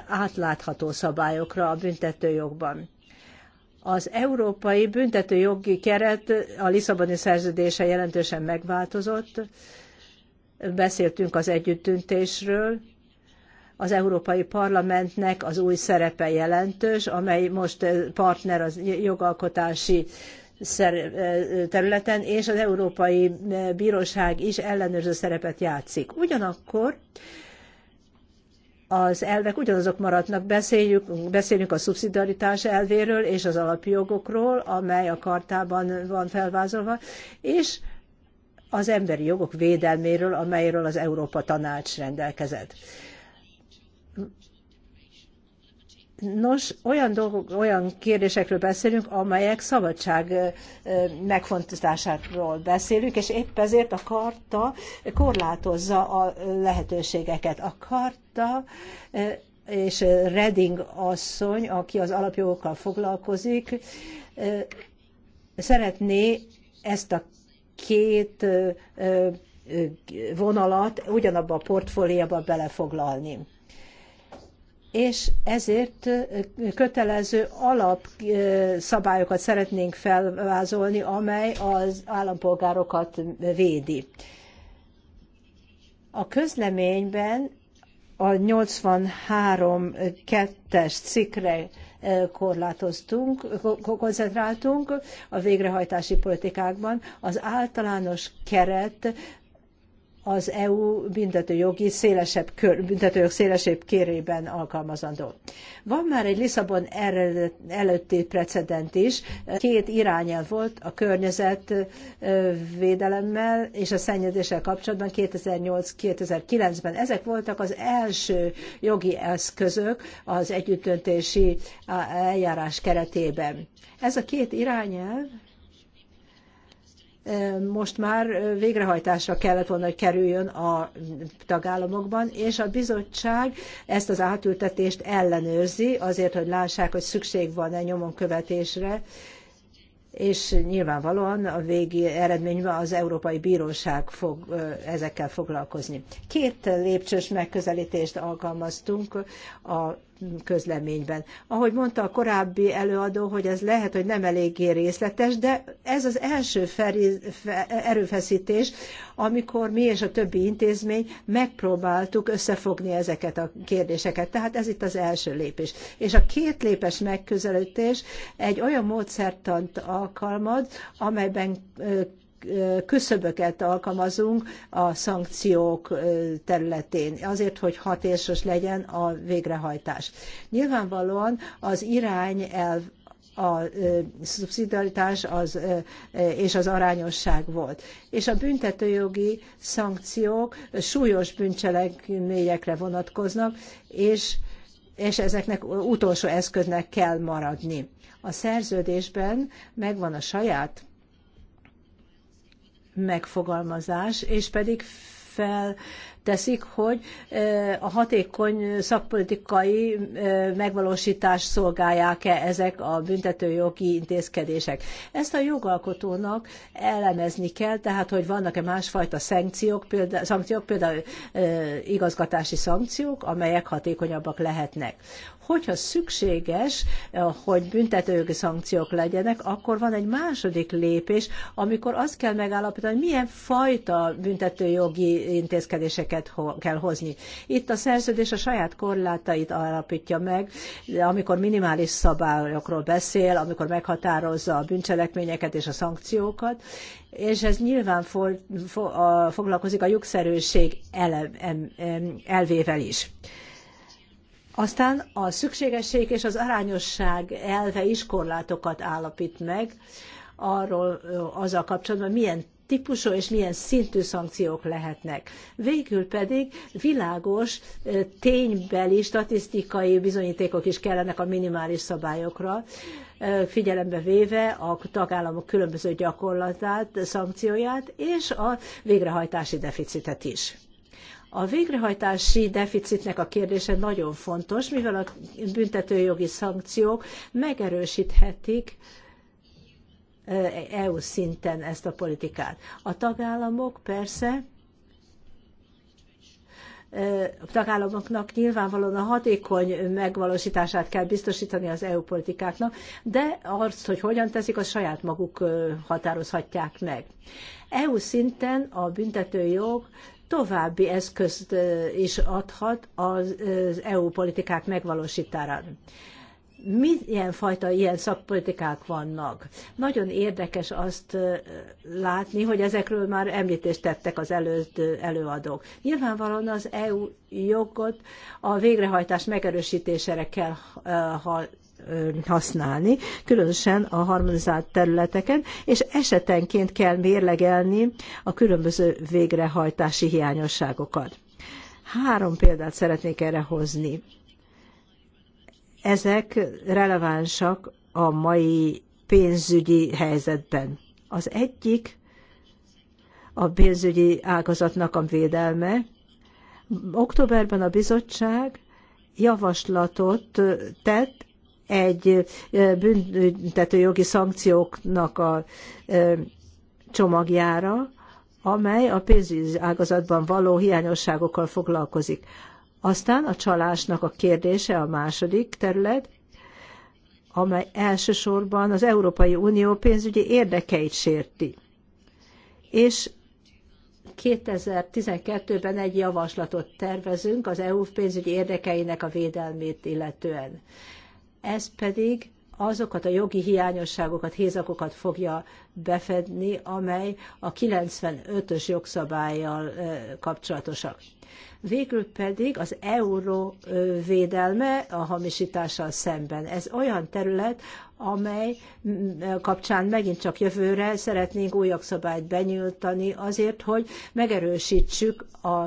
átlátható szabályokra a büntetőjogban az európai büntetőjogi keret a Lisszaboni szerződése jelentősen megváltozott. Beszéltünk az együttüntésről, az Európai Parlamentnek az új szerepe jelentős, amely most eh, partner az jogalkotási eh, területen, és az Európai eh, Bíróság is ellenőrző szerepet játszik. Ugyanakkor az elvek ugyanazok maradnak. Beszéljük, beszélünk a szubszidaritás elvéről és az alapjogokról, amely a kartában van felvázolva, és az emberi jogok védelméről, amelyről az Európa Tanács rendelkezett. Nos, olyan, dolgok, olyan kérdésekről beszélünk, amelyek szabadság megfontolásáról beszélünk, és épp ezért a karta korlátozza a lehetőségeket. A karta és Reding asszony, aki az alapjogokkal foglalkozik, szeretné ezt a két vonalat ugyanabba a portfóliába belefoglalni és ezért kötelező alapszabályokat szeretnénk felvázolni, amely az állampolgárokat védi. A közleményben a 83.2-es cikkre korlátoztunk, koncentráltunk a végrehajtási politikákban. Az általános keret az EU büntetőjogi szélesebb kör, büntetőjog szélesebb kérében alkalmazandó. Van már egy Lisszabon előtti precedent is, két irányel volt a környezetvédelemmel és a szennyezéssel kapcsolatban 2008-2009-ben. Ezek voltak az első jogi eszközök az együttöntési eljárás keretében. Ez a két irányelv most már végrehajtásra kellett volna, hogy kerüljön a tagállamokban, és a bizottság ezt az átültetést ellenőrzi, azért, hogy lássák, hogy szükség van-e nyomon követésre, és nyilvánvalóan a végi eredményben az Európai Bíróság fog ezekkel foglalkozni. Két lépcsős megközelítést alkalmaztunk a közleményben. Ahogy mondta a korábbi előadó, hogy ez lehet, hogy nem eléggé részletes, de ez az első feri, erőfeszítés, amikor mi és a többi intézmény megpróbáltuk összefogni ezeket a kérdéseket. Tehát ez itt az első lépés. És a két lépes megközelítés egy olyan módszertant alkalmaz, amelyben küszöböket alkalmazunk a szankciók területén, azért, hogy hatásos legyen a végrehajtás. Nyilvánvalóan az irányelv a szubszidiaritás az, és az arányosság volt. És a büntetőjogi szankciók súlyos bűncselekményekre vonatkoznak, és, és ezeknek utolsó eszköznek kell maradni. A szerződésben megvan a saját megfogalmazás, és pedig felteszik, hogy a hatékony szakpolitikai megvalósítás szolgálják-e ezek a büntetőjogi intézkedések. Ezt a jogalkotónak elemezni kell, tehát hogy vannak-e másfajta szankciók, példa, szankciók, például igazgatási szankciók, amelyek hatékonyabbak lehetnek. Hogyha szükséges, eh, hogy büntetőjogi szankciók legyenek, akkor van egy második lépés, amikor azt kell megállapítani, hogy milyen fajta büntetőjogi intézkedéseket kell hozni. Itt a szerződés a saját korlátait alapítja meg, amikor minimális szabályokról beszél, amikor meghatározza a bűncselekményeket és a szankciókat, és ez nyilván fo- fo- a, foglalkozik a jogszerűség elem, em, em, elvével is. Aztán a szükségesség és az arányosság elve is korlátokat állapít meg arról azzal kapcsolatban, milyen típusú és milyen szintű szankciók lehetnek. Végül pedig világos ténybeli statisztikai bizonyítékok is kellenek a minimális szabályokra, figyelembe véve a tagállamok különböző gyakorlatát, szankcióját és a végrehajtási deficitet is. A végrehajtási deficitnek a kérdése nagyon fontos, mivel a büntetőjogi szankciók megerősíthetik EU szinten ezt a politikát. A tagállamok persze a tagállamoknak nyilvánvalóan a hatékony megvalósítását kell biztosítani az EU politikáknak, de azt, hogy hogyan teszik, az saját maguk határozhatják meg. EU szinten a büntetőjog további eszközt is adhat az EU politikák megvalósítására milyen fajta ilyen szakpolitikák vannak. Nagyon érdekes azt látni, hogy ezekről már említést tettek az előző előadók. Nyilvánvalóan az EU jogot a végrehajtás megerősítésére kell használni, különösen a harmonizált területeken, és esetenként kell mérlegelni a különböző végrehajtási hiányosságokat. Három példát szeretnék erre hozni. Ezek relevánsak a mai pénzügyi helyzetben. Az egyik a pénzügyi ágazatnak a védelme. Októberben a bizottság javaslatot tett egy büntetőjogi szankcióknak a csomagjára, amely a pénzügyi ágazatban való hiányosságokkal foglalkozik. Aztán a csalásnak a kérdése a második terület, amely elsősorban az Európai Unió pénzügyi érdekeit sérti. És 2012-ben egy javaslatot tervezünk az EU pénzügyi érdekeinek a védelmét illetően ez pedig azokat a jogi hiányosságokat, hézakokat fogja befedni, amely a 95-ös jogszabályjal kapcsolatosak. Végül pedig az euró védelme a hamisítással szemben. Ez olyan terület, amely kapcsán megint csak jövőre szeretnénk új jogszabályt benyújtani azért, hogy megerősítsük a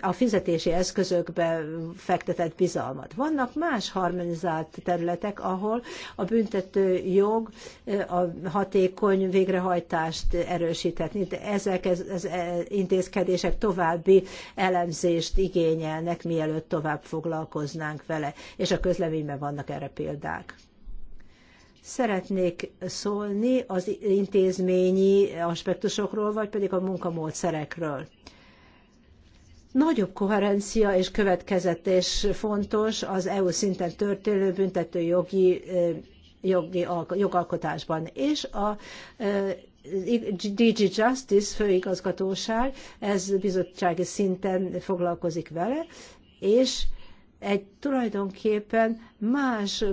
a fizetési eszközökbe fektetett bizalmat. Vannak más harmonizált területek, ahol a büntető jog eh, a hatékony végrehajtást erősíthetni, de ezek az ez, ez e, intézkedések további elemzést igényelnek, mielőtt tovább foglalkoznánk vele, és a közleményben vannak erre példák. Szeretnék szólni az intézményi aspektusokról, vagy pedig a munkamódszerekről Nagyobb koherencia és következetés fontos az EU szinten történő büntető jogi, jogi jogalkotásban, és a DG Justice főigazgatóság, ez bizottsági szinten foglalkozik vele, és egy tulajdonképpen más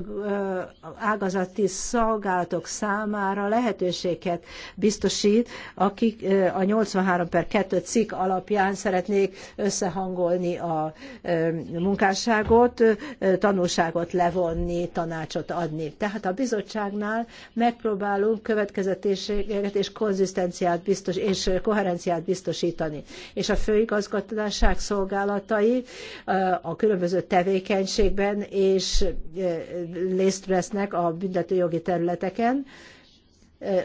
ágazati szolgálatok számára lehetőséget biztosít, akik a 83 per 2 cikk alapján szeretnék összehangolni a munkásságot, tanulságot levonni, tanácsot adni. Tehát a bizottságnál megpróbálunk következetességet és konzisztenciát biztos, és koherenciát biztosítani. És a főigazgatásság szolgálatai a különböző tevékenységek, tevékenységben és részt vesznek a büntetőjogi területeken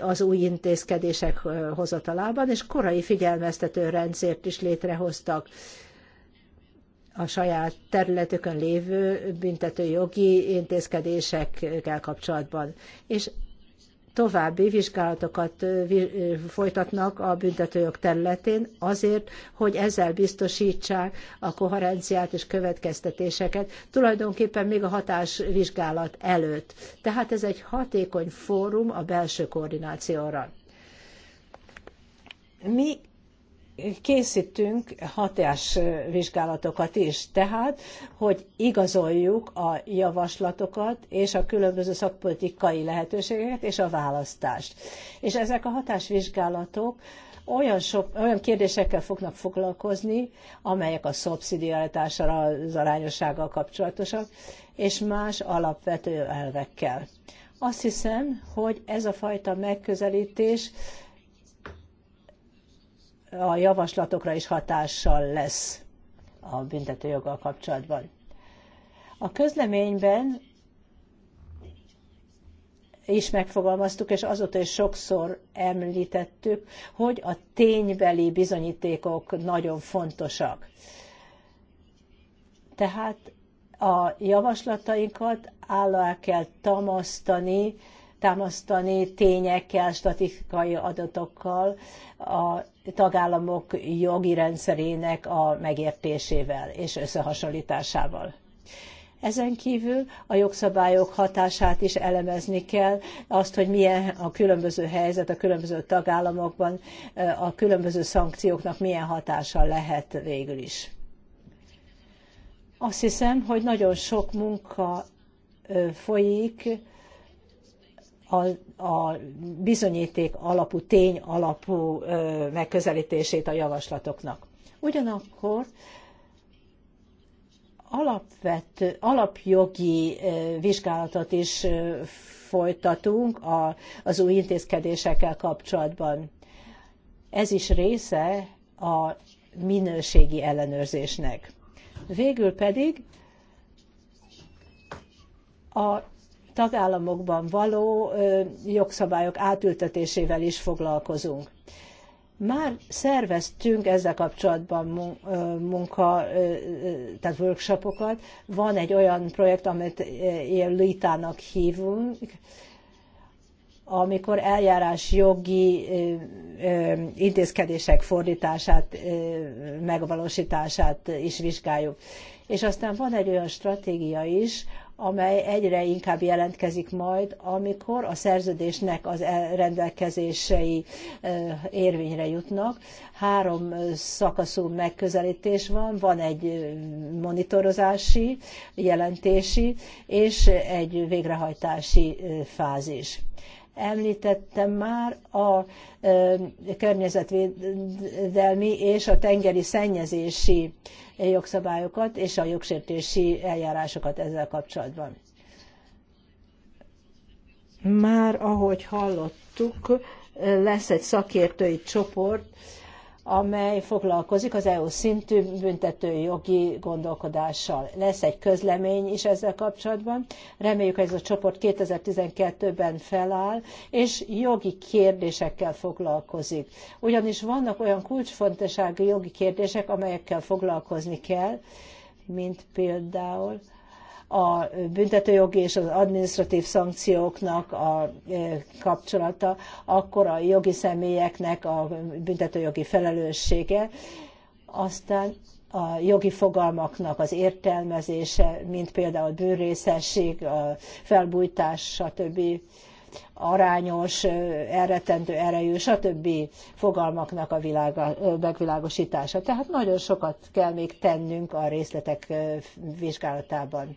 az új intézkedések hozatalában, és korai figyelmeztető rendszert is létrehoztak a saját területükön lévő büntetőjogi intézkedésekkel kapcsolatban. És további vizsgálatokat folytatnak a büntetőjog területén azért, hogy ezzel biztosítsák a koherenciát és következtetéseket, tulajdonképpen még a hatásvizsgálat előtt. Tehát ez egy hatékony fórum a belső koordinációra. Mi készítünk hatásvizsgálatokat is, tehát, hogy igazoljuk a javaslatokat és a különböző szakpolitikai lehetőségeket és a választást. És ezek a hatásvizsgálatok olyan, sok, olyan kérdésekkel fognak foglalkozni, amelyek a szubszidiaritással, az arányossággal kapcsolatosak, és más alapvető elvekkel. Azt hiszem, hogy ez a fajta megközelítés a javaslatokra is hatással lesz a büntetőjoggal kapcsolatban. A közleményben is megfogalmaztuk, és azóta is sokszor említettük, hogy a ténybeli bizonyítékok nagyon fontosak. Tehát a javaslatainkat állá kell tamasztani, támasztani tényekkel, statisztikai adatokkal, a tagállamok jogi rendszerének a megértésével és összehasonlításával. Ezen kívül a jogszabályok hatását is elemezni kell, azt, hogy milyen a különböző helyzet a különböző tagállamokban, a különböző szankcióknak milyen hatása lehet végül is. Azt hiszem, hogy nagyon sok munka folyik, a, a bizonyíték alapú, tény alapú megközelítését a javaslatoknak. Ugyanakkor alapvető, alapjogi vizsgálatot is folytatunk a, az új intézkedésekkel kapcsolatban. Ez is része a minőségi ellenőrzésnek. Végül pedig a tagállamokban való jogszabályok átültetésével is foglalkozunk. Már szerveztünk ezzel kapcsolatban munka, tehát workshopokat. Van egy olyan projekt, amit Litának hívunk, amikor eljárás jogi intézkedések fordítását, megvalósítását is vizsgáljuk. És aztán van egy olyan stratégia is, amely egyre inkább jelentkezik majd, amikor a szerződésnek az e- rendelkezései érvényre jutnak. Három szakaszú megközelítés van, van egy monitorozási, jelentési és egy végrehajtási fázis. Említettem már a környezetvédelmi és a tengeri szennyezési jogszabályokat és a jogsértési eljárásokat ezzel kapcsolatban. Már ahogy hallottuk, lesz egy szakértői csoport, amely foglalkozik az EU szintű büntetőjogi gondolkodással. Lesz egy közlemény is ezzel kapcsolatban. Reméljük, hogy ez a csoport 2012-ben feláll, és jogi kérdésekkel foglalkozik. Ugyanis vannak olyan kulcsfontosságú jogi kérdések, amelyekkel foglalkozni kell, mint például a büntetőjogi és az administratív szankcióknak a e, kapcsolata, akkor a jogi személyeknek a büntetőjogi felelőssége, aztán a jogi fogalmaknak az értelmezése, mint például bűnrészesség, a felbújtás, stb arányos, e, elretentő erejű, stb. fogalmaknak a világa, e, megvilágosítása. Tehát nagyon sokat kell még tennünk a részletek vizsgálatában.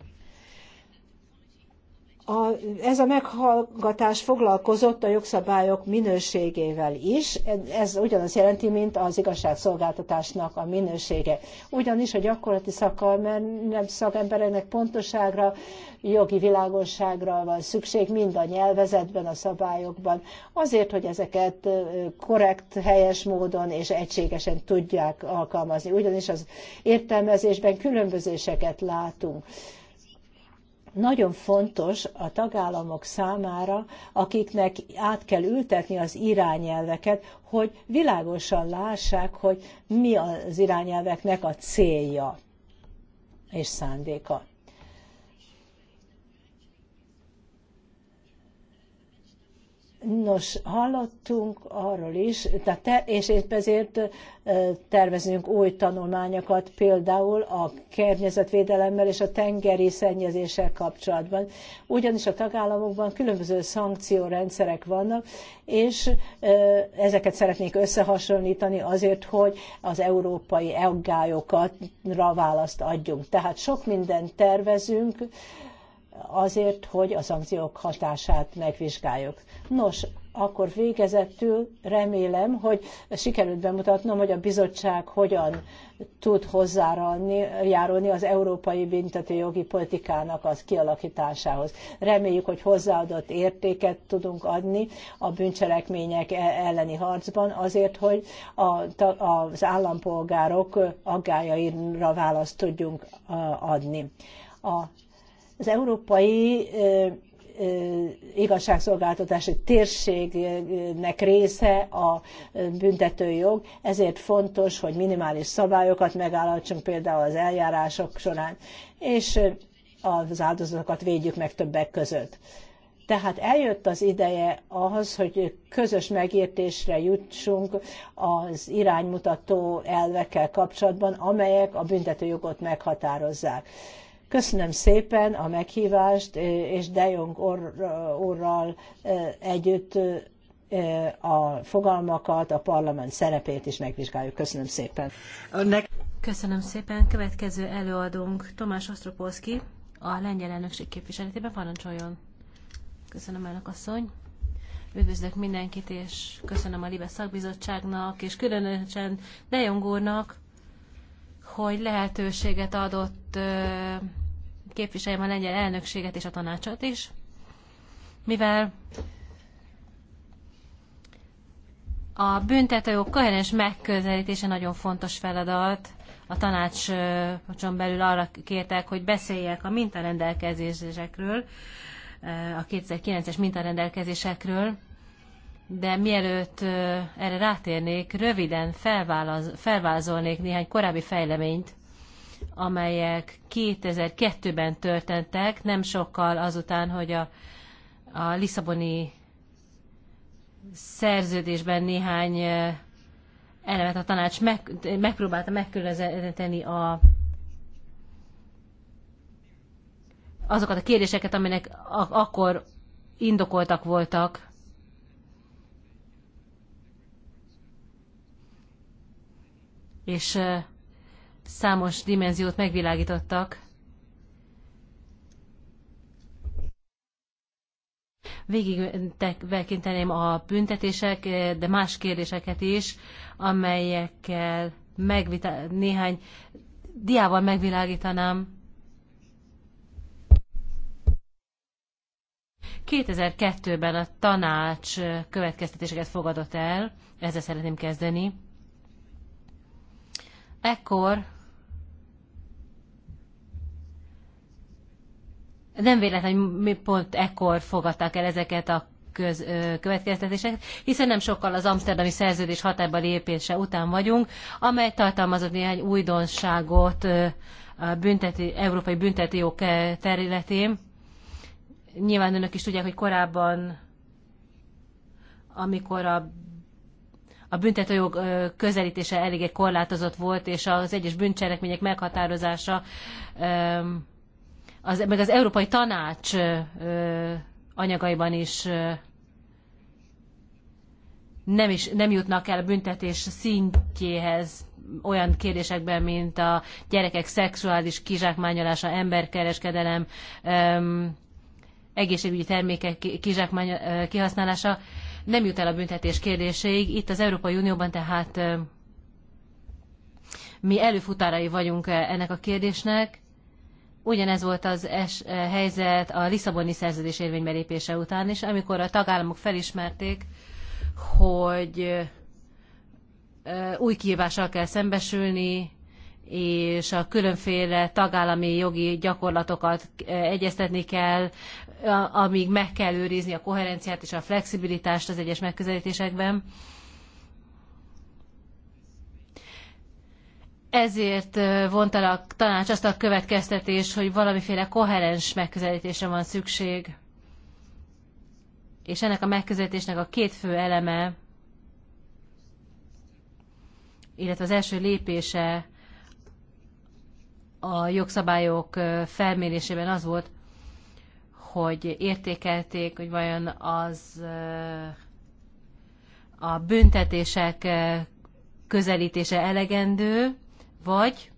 A, ez a meghallgatás foglalkozott a jogszabályok minőségével is, ez ugyanaz jelenti, mint az igazságszolgáltatásnak a minősége. Ugyanis a gyakorlati szakembernek, szakembereknek pontoságra, jogi világosságra van szükség mind a nyelvezetben, a szabályokban, azért, hogy ezeket korrekt, helyes módon és egységesen tudják alkalmazni. Ugyanis az értelmezésben különbözéseket látunk nagyon fontos a tagállamok számára, akiknek át kell ültetni az irányelveket, hogy világosan lássák, hogy mi az irányelveknek a célja és szándéka. Nos, hallottunk arról is, tehát te, és épp ezért tervezünk új tanulmányokat, például a környezetvédelemmel és a tengeri szennyezéssel kapcsolatban. Ugyanis a tagállamokban különböző szankciórendszerek vannak, és ezeket szeretnék összehasonlítani azért, hogy az európai aggályokra választ adjunk. Tehát sok mindent tervezünk, azért, hogy a szankciók hatását megvizsgáljuk. Nos, akkor végezetül remélem, hogy sikerült bemutatnom, hogy a bizottság hogyan tud hozzájárulni az európai büntetőjogi politikának az kialakításához. Reméljük, hogy hozzáadott értéket tudunk adni a bűncselekmények e- elleni harcban, azért, hogy a, az állampolgárok aggájaira választ tudjunk adni. A az európai igazságszolgáltatási térségnek része a büntetőjog, ezért fontos, hogy minimális szabályokat megállítsunk például az eljárások során, és az áldozatokat védjük meg többek között. Tehát eljött az ideje ahhoz, hogy közös megértésre jutsunk az iránymutató elvekkel kapcsolatban, amelyek a büntetőjogot meghatározzák Köszönöm szépen a meghívást, eh, és De Jong eh, úrral eh, együtt a fogalmakat, a parlament szerepét is megvizsgáljuk. Köszönöm szépen. Köszönöm szépen. Következő előadónk Tomás Osztropolszki, a lengyel elnökség képviseletében parancsoljon. Köszönöm, elnök asszony. Üdvözlök mindenkit, és köszönöm a Libe szakbizottságnak, és különösen Dejong úrnak, hogy lehetőséget adott képviseljem a lengyel elnökséget és a tanácsot is, mivel a büntetőjog koherens megközelítése nagyon fontos feladat. A tanácson belül arra kértek, hogy beszéljek a mintarendelkezésekről, a 2009-es mintarendelkezésekről, de mielőtt erre rátérnék, röviden felvázolnék néhány korábbi fejleményt, amelyek 2002-ben történtek, nem sokkal azután, hogy a, a Lisszaboni szerződésben néhány eh, elemet a tanács meg, megpróbálta megkülöníteni a azokat a kérdéseket, aminek akkor indokoltak voltak. És eh, számos dimenziót megvilágítottak. Végig tekinteném a büntetések, de más kérdéseket is, amelyekkel megvita- néhány diával megvilágítanám. 2002-ben a tanács következtetéseket fogadott el, ezzel szeretném kezdeni. Ekkor Nem véletlen, hogy mi pont ekkor fogadták el ezeket a köz, ö, következtetéseket, hiszen nem sokkal az amsterdami szerződés hatályba lépése után vagyunk, amely tartalmazott néhány újdonságot ö, a bünteti, európai büntetőjog területén. Nyilván önök is tudják, hogy korábban, amikor a a büntetőjog közelítése eléggé korlátozott volt, és az egyes bűncselekmények meghatározása öm, az, meg az Európai Tanács anyagaiban is nem, is, nem jutnak el a büntetés szintjéhez olyan kérdésekben, mint a gyerekek szexuális kizsákmányolása, emberkereskedelem, egészségügyi termékek kihasználása, nem jut el a büntetés kérdéséig. Itt az Európai Unióban tehát mi előfutárai vagyunk ennek a kérdésnek, Ugyanez volt az es, eh, helyzet a Lisszaboni szerződés érvénybelépése után is, amikor a tagállamok felismerték, hogy eh, új kihívással kell szembesülni, és a különféle tagállami jogi gyakorlatokat eh, egyeztetni kell, amíg meg kell őrizni a koherenciát és a flexibilitást az egyes megközelítésekben ezért vonta a tanács azt a következtetés, hogy valamiféle koherens megközelítésre van szükség. És ennek a megközelítésnek a két fő eleme, illetve az első lépése a jogszabályok felmérésében az volt, hogy értékelték, hogy vajon az a büntetések közelítése elegendő, vagy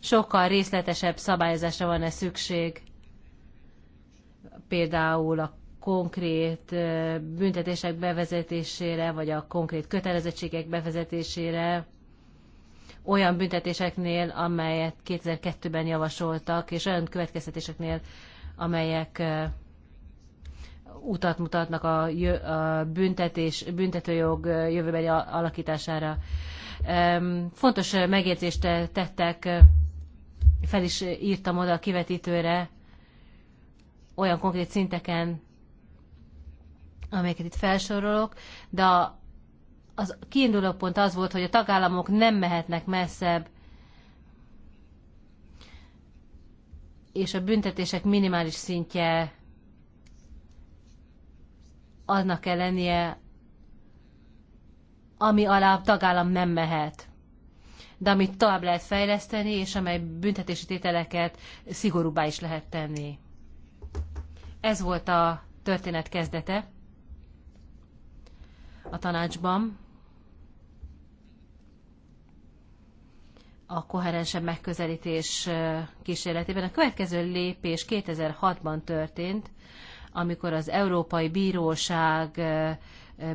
sokkal részletesebb szabályozásra van-e szükség, például a konkrét büntetések bevezetésére, vagy a konkrét kötelezettségek bevezetésére, olyan büntetéseknél, amelyet 2002-ben javasoltak, és olyan következtetéseknél, amelyek utat mutatnak a büntetés, büntetőjog jövőbeli alakítására. Fontos megjegyzést tettek, fel is írtam oda a kivetítőre olyan konkrét szinteken, amelyeket itt felsorolok, de az kiinduló pont az volt, hogy a tagállamok nem mehetnek messzebb, és a büntetések minimális szintje annak kell lennie, ami alá a tagállam nem mehet de amit tovább lehet fejleszteni, és amely büntetési tételeket szigorúbbá is lehet tenni. Ez volt a történet kezdete a tanácsban. a koherensebb megközelítés kísérletében. A következő lépés 2006-ban történt, amikor az Európai Bíróság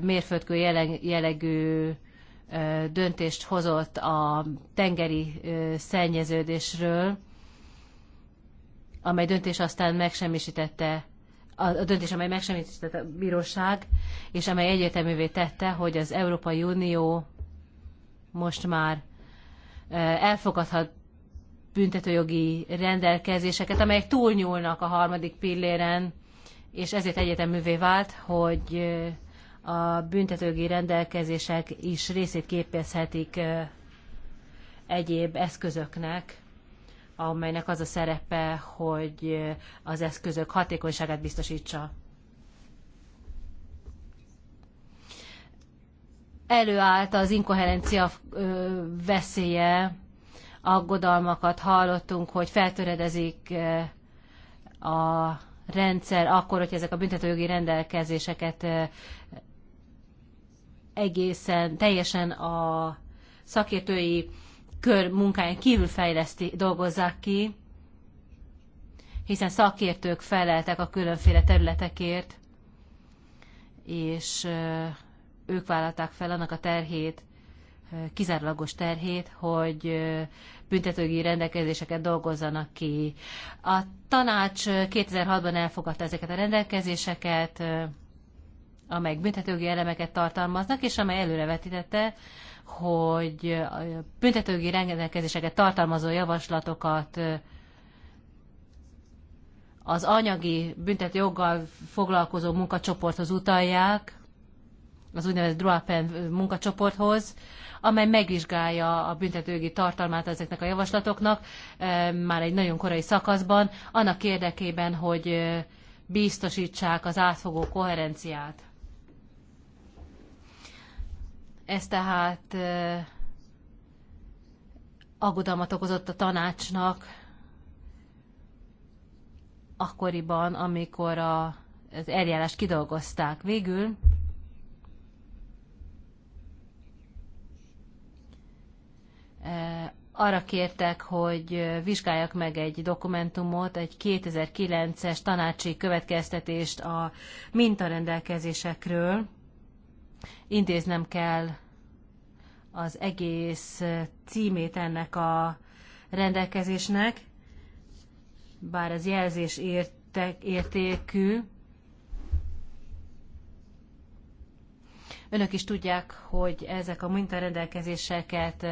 mérföldkő jellegű döntést hozott a tengeri szennyeződésről, amely döntés aztán megsemmisítette a döntés, amely megsemmisítette a bíróság, és amely egyértelművé tette, hogy az Európai Unió most már elfogadhat büntetőjogi rendelkezéseket, amelyek túlnyúlnak a harmadik pilléren, és ezért egyeteművé vált, hogy a büntetőgi rendelkezések is részét képezhetik egyéb eszközöknek, amelynek az a szerepe, hogy az eszközök hatékonyságát biztosítsa. Előállt az inkoherencia veszélye, aggodalmakat hallottunk, hogy feltöredezik a rendszer akkor, hogy ezek a büntetőjogi rendelkezéseket egészen, teljesen a szakértői kör munkáján kívül fejleszti, dolgozzák ki, hiszen szakértők feleltek a különféle területekért, és ők vállalták fel annak a terhét, kizárólagos terhét, hogy büntetőgi rendelkezéseket dolgozzanak ki. A tanács 2006-ban elfogadta ezeket a rendelkezéseket, amelyek büntetőgi elemeket tartalmaznak, és amely előrevetítette, hogy büntetőgi rendelkezéseket tartalmazó javaslatokat az anyagi joggal foglalkozó munkacsoporthoz utalják, az úgynevezett DRAPEN munkacsoporthoz, amely megvizsgálja a büntetőgi tartalmát ezeknek a javaslatoknak már egy nagyon korai szakaszban, annak érdekében, hogy biztosítsák az átfogó koherenciát. Ez tehát aggodalmat okozott a tanácsnak akkoriban, amikor a, az eljárást kidolgozták. Végül arra kértek, hogy vizsgáljak meg egy dokumentumot, egy 2009-es tanácsi következtetést a mintarendelkezésekről, intéznem kell az egész címét ennek a rendelkezésnek, bár ez jelzés értek, értékű. Önök is tudják, hogy ezek a mintarendelkezéseket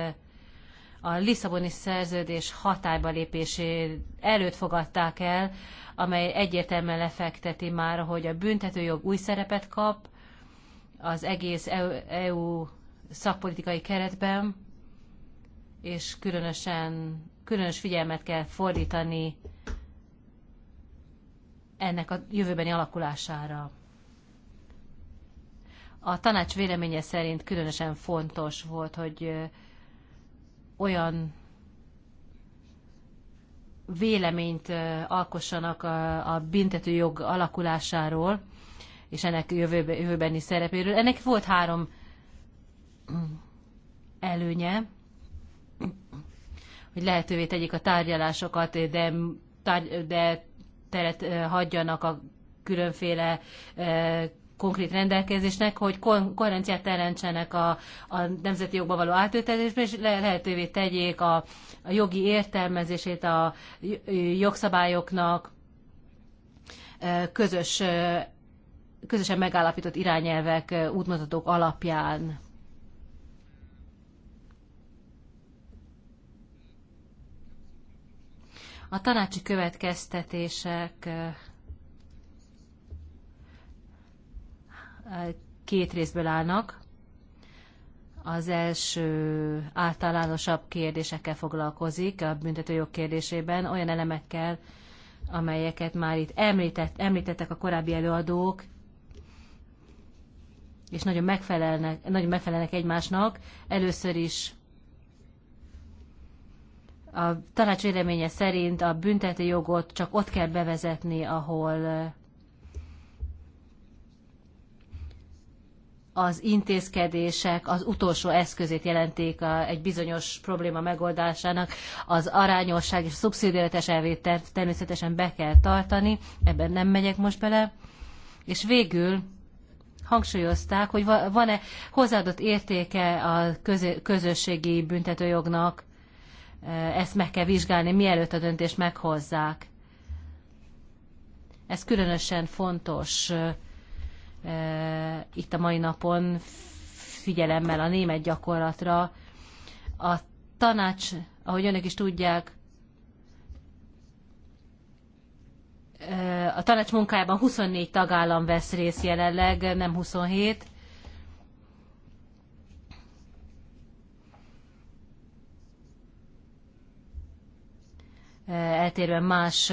a Lisszaboni szerződés hatályba lépésé előtt fogadták el, amely egyértelműen lefekteti már, hogy a büntetőjog új szerepet kap, az egész EU e szakpolitikai keretben, és különösen, különös figyelmet kell fordítani ennek a jövőbeni alakulására. A tanács véleménye szerint különösen fontos volt, hogy olyan véleményt alkossanak a, a büntetőjog alakulásáról, és ennek jövőbeni szerepéről. Ennek volt három előnye, hogy lehetővé tegyék a tárgyalásokat, de, tárgy, de teret hagyjanak a különféle konkrét rendelkezésnek, hogy koherenciát teremtsenek a, a nemzeti jogba való átültetésben, és le, lehetővé tegyék a, a jogi értelmezését a jogszabályoknak közös közösen megállapított irányelvek, útmutatók alapján. A tanácsi következtetések két részből állnak. Az első általánosabb kérdésekkel foglalkozik a büntetőjog kérdésében, olyan elemekkel, amelyeket már itt említett, említettek a korábbi előadók, és nagyon megfelelnek, nagyon megfelelnek egymásnak. Először is a tanács véleménye szerint a büntető jogot csak ott kell bevezetni, ahol az intézkedések az utolsó eszközét jelenték a, egy bizonyos probléma megoldásának. Az arányosság és a szubszidiaritás elvét ter, természetesen be kell tartani, ebben nem megyek most bele. És végül hangsúlyozták, hogy van-e hozzáadott értéke a közösségi büntetőjognak, ezt meg kell vizsgálni, mielőtt a döntést meghozzák. Ez különösen fontos itt a mai napon figyelemmel a német gyakorlatra. A tanács, ahogy önök is tudják, a tanács munkájában 24 tagállam vesz részt jelenleg, nem 27. eltérően más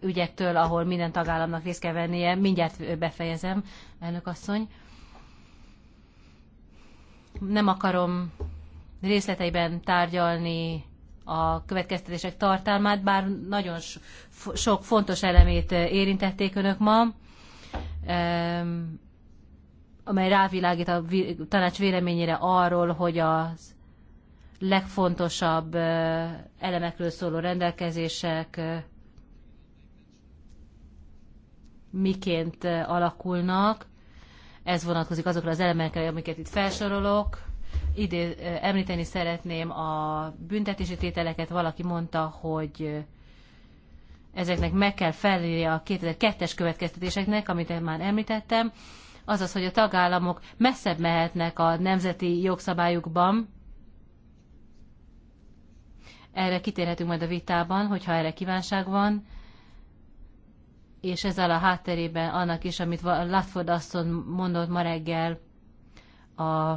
ügyektől, ahol minden tagállamnak részt kell vennie. Mindjárt befejezem, elnök asszony. Nem akarom részleteiben tárgyalni a következtetések tartalmát, bár nagyon sok fontos elemét érintették önök ma, amely rávilágít a tanács véleményére arról, hogy az legfontosabb elemekről szóló rendelkezések miként alakulnak. Ez vonatkozik azokra az elemekre, amiket itt felsorolok idé, említeni szeretném a büntetési tételeket. Valaki mondta, hogy ezeknek meg kell felírni a 2002-es következtetéseknek, amit én már említettem, azaz, hogy a tagállamok messzebb mehetnek a nemzeti jogszabályukban. Erre kitérhetünk majd a vitában, hogyha erre kívánság van, és ezzel a hátterében annak is, amit Latford asszony mondott ma reggel a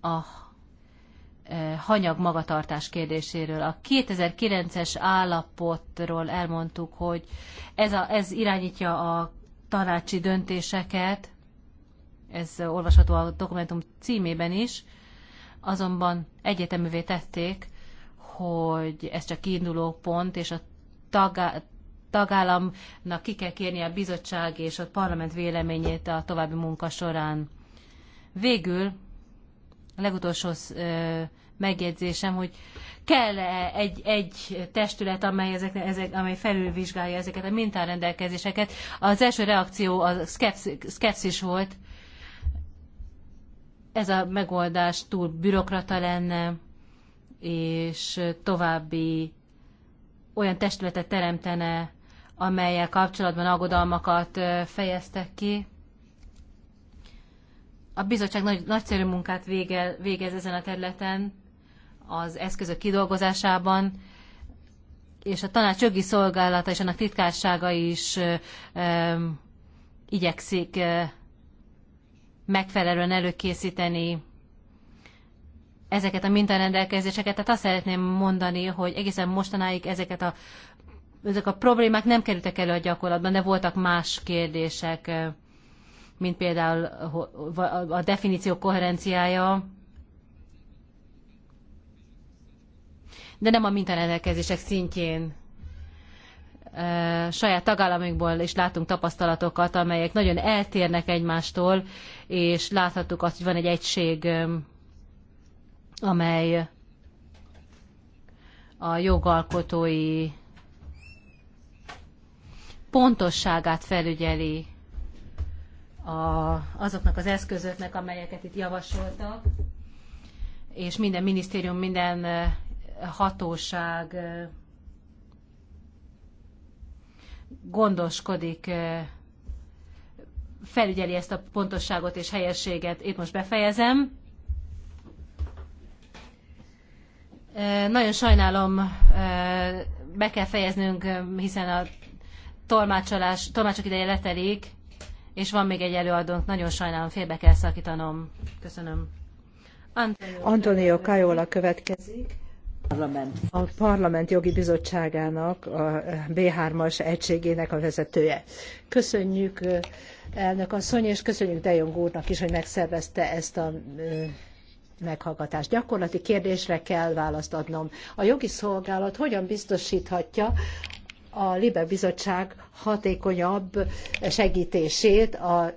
a eh, hanyag magatartás kérdéséről. A 2009-es állapotról elmondtuk, hogy ez, a, ez irányítja a tanácsi döntéseket, ez olvasható a dokumentum címében is, azonban egyeteművé tették, hogy ez csak kiinduló pont, és a tagá- tagállamnak ki kell kérni a bizottság és a parlament véleményét a további munka során. Végül a legutolsó megjegyzésem, hogy kell -e egy, egy testület, amely, ezek, ezek, amely felülvizsgálja ezeket a mintárendelkezéseket. Az első reakció a szkepszis volt. Ez a megoldás túl bürokrata lenne, és további olyan testületet teremtene, amelyel kapcsolatban aggodalmakat fejeztek ki a bizottság nagy, nagyszerű munkát végel, végez ezen a területen, az eszközök kidolgozásában, és a tanács jogi szolgálata és annak titkársága is ö, ö, igyekszik ö, megfelelően előkészíteni ezeket a mintarendelkezéseket. Tehát azt szeretném mondani, hogy egészen mostanáig ezeket a, ezek a problémák nem kerültek elő a gyakorlatban, de voltak más kérdések mint például a definíció koherenciája, de nem a mintarendelkezések szintjén saját tagállamokból is látunk tapasztalatokat, amelyek nagyon eltérnek egymástól, és láthattuk azt, hogy van egy egység, amely a jogalkotói pontosságát felügyeli a, azoknak az eszközöknek, amelyeket itt javasoltak, és minden minisztérium, minden eh, hatóság eh, gondoskodik, eh, felügyeli ezt a pontosságot és helyességet. Itt most befejezem. Nagyon sajnálom, be kell fejeznünk, hiszen a tolmácsolás, tolmácsok ideje letelik és van még egy előadónk, nagyon sajnálom, félbe kell szakítanom. Köszönöm. Antonio, Antonio Cajola következik. A Parlament Jogi Bizottságának, a B3-as egységének a vezetője. Köszönjük elnök asszony, és köszönjük Dejong úrnak is, hogy megszervezte ezt a meghallgatást. Gyakorlati kérdésre kell választ adnom. A jogi szolgálat hogyan biztosíthatja, a Libe Bizottság hatékonyabb segítését a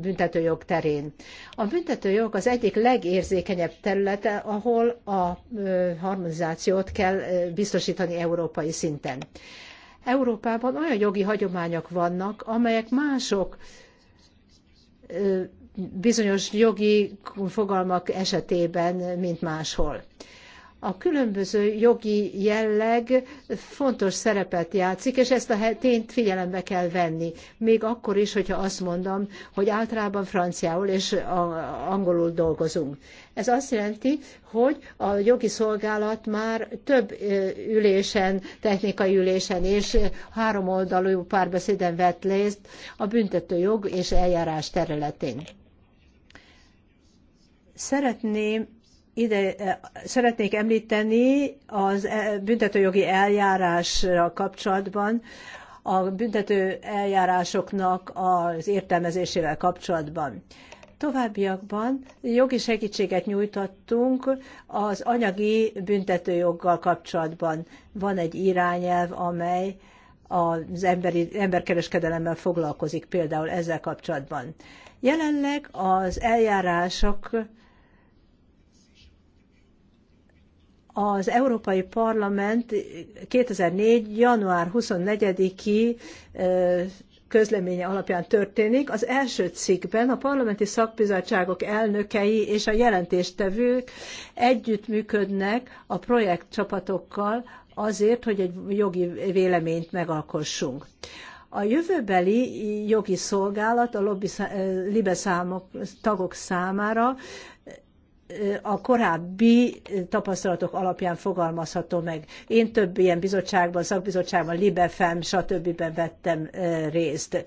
büntetőjog terén. A büntetőjog az egyik legérzékenyebb területe, ahol a harmonizációt kell biztosítani európai szinten. Európában olyan jogi hagyományok vannak, amelyek mások bizonyos jogi fogalmak esetében, mint máshol. A különböző jogi jelleg fontos szerepet játszik, és ezt a tényt figyelembe kell venni. Még akkor is, hogyha azt mondom, hogy általában franciául és angolul dolgozunk. Ez azt jelenti, hogy a jogi szolgálat már több ülésen, technikai ülésen és háromoldalú párbeszéden vett részt a büntetőjog és eljárás területén. Szeretném ide eh, szeretnék említeni az eh, büntetőjogi eljárásra kapcsolatban, a büntető eljárásoknak az értelmezésével kapcsolatban. Továbbiakban jogi segítséget nyújtottunk az anyagi büntetőjoggal kapcsolatban. Van egy irányelv, amely az emberi, emberkereskedelemmel foglalkozik például ezzel kapcsolatban. Jelenleg az eljárások az Európai Parlament 2004. január 24-i közleménye alapján történik. Az első cikkben a parlamenti szakbizottságok elnökei és a jelentéstevők együttműködnek a projektcsapatokkal azért, hogy egy jogi véleményt megalkossunk. A jövőbeli jogi szolgálat a lobby, libe tagok számára a korábbi tapasztalatok alapján fogalmazható meg. Én több ilyen bizottságban, szakbizottságban, Libefem, stb. vettem részt.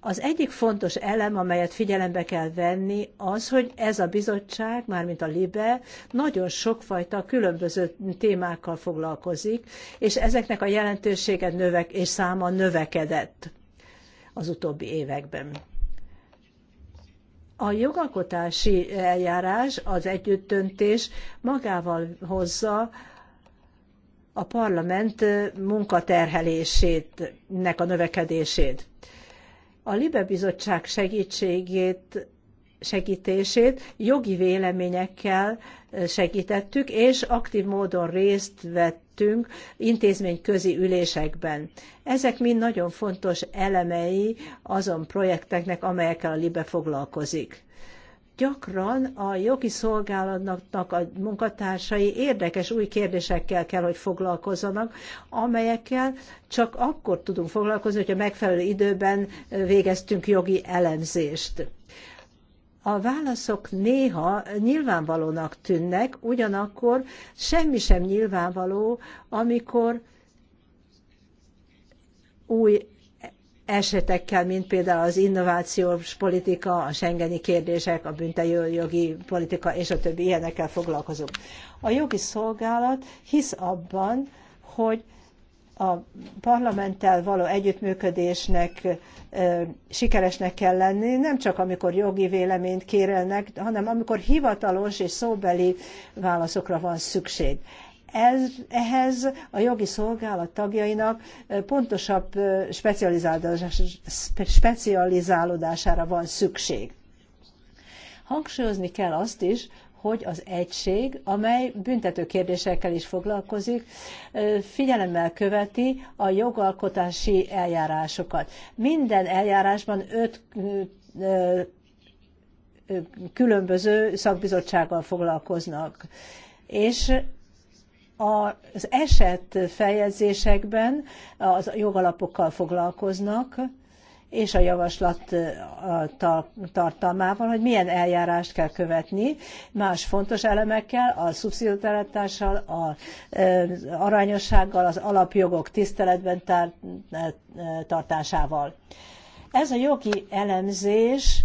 Az egyik fontos elem, amelyet figyelembe kell venni, az, hogy ez a bizottság, mármint a LIBE, nagyon sokfajta különböző témákkal foglalkozik, és ezeknek a jelentősége növek és száma növekedett az utóbbi években. A jogalkotási eljárás, az együttdöntés magával hozza a parlament munkaterhelését, nek a növekedését. A Libe Bizottság segítségét segítését jogi véleményekkel segítettük, és aktív módon részt vett vettünk intézményközi ülésekben. Ezek mind nagyon fontos elemei azon projekteknek, amelyekkel a LIBE foglalkozik gyakran a jogi szolgálatnak a munkatársai érdekes új kérdésekkel kell, hogy foglalkozzanak, amelyekkel csak akkor tudunk foglalkozni, hogyha megfelelő időben végeztünk jogi elemzést. A válaszok néha nyilvánvalónak tűnnek, ugyanakkor semmi sem nyilvánvaló, amikor új esetekkel, mint például az innovációs politika, a Schengeni kérdések, a büntetőjogi politika és a többi ilyenekkel foglalkozunk. A jogi szolgálat hisz abban, hogy a parlamenttel való együttműködésnek sikeresnek kell lenni, nem csak amikor jogi véleményt kérelnek, hanem amikor hivatalos és szóbeli válaszokra van szükség. Ez, ehhez a jogi szolgálat tagjainak pontosabb specializálódására van szükség. Hangsúlyozni kell azt is, hogy az egység, amely büntető kérdésekkel is foglalkozik, figyelemmel követi a jogalkotási eljárásokat. Minden eljárásban öt különböző szakbizottsággal foglalkoznak. És az eset fejezésekben az jogalapokkal foglalkoznak, és a javaslat tartalmával, hogy milyen eljárást kell követni más fontos elemekkel, a szubszidiaritással, az arányossággal, az alapjogok tiszteletben tartásával. Ez a jogi elemzés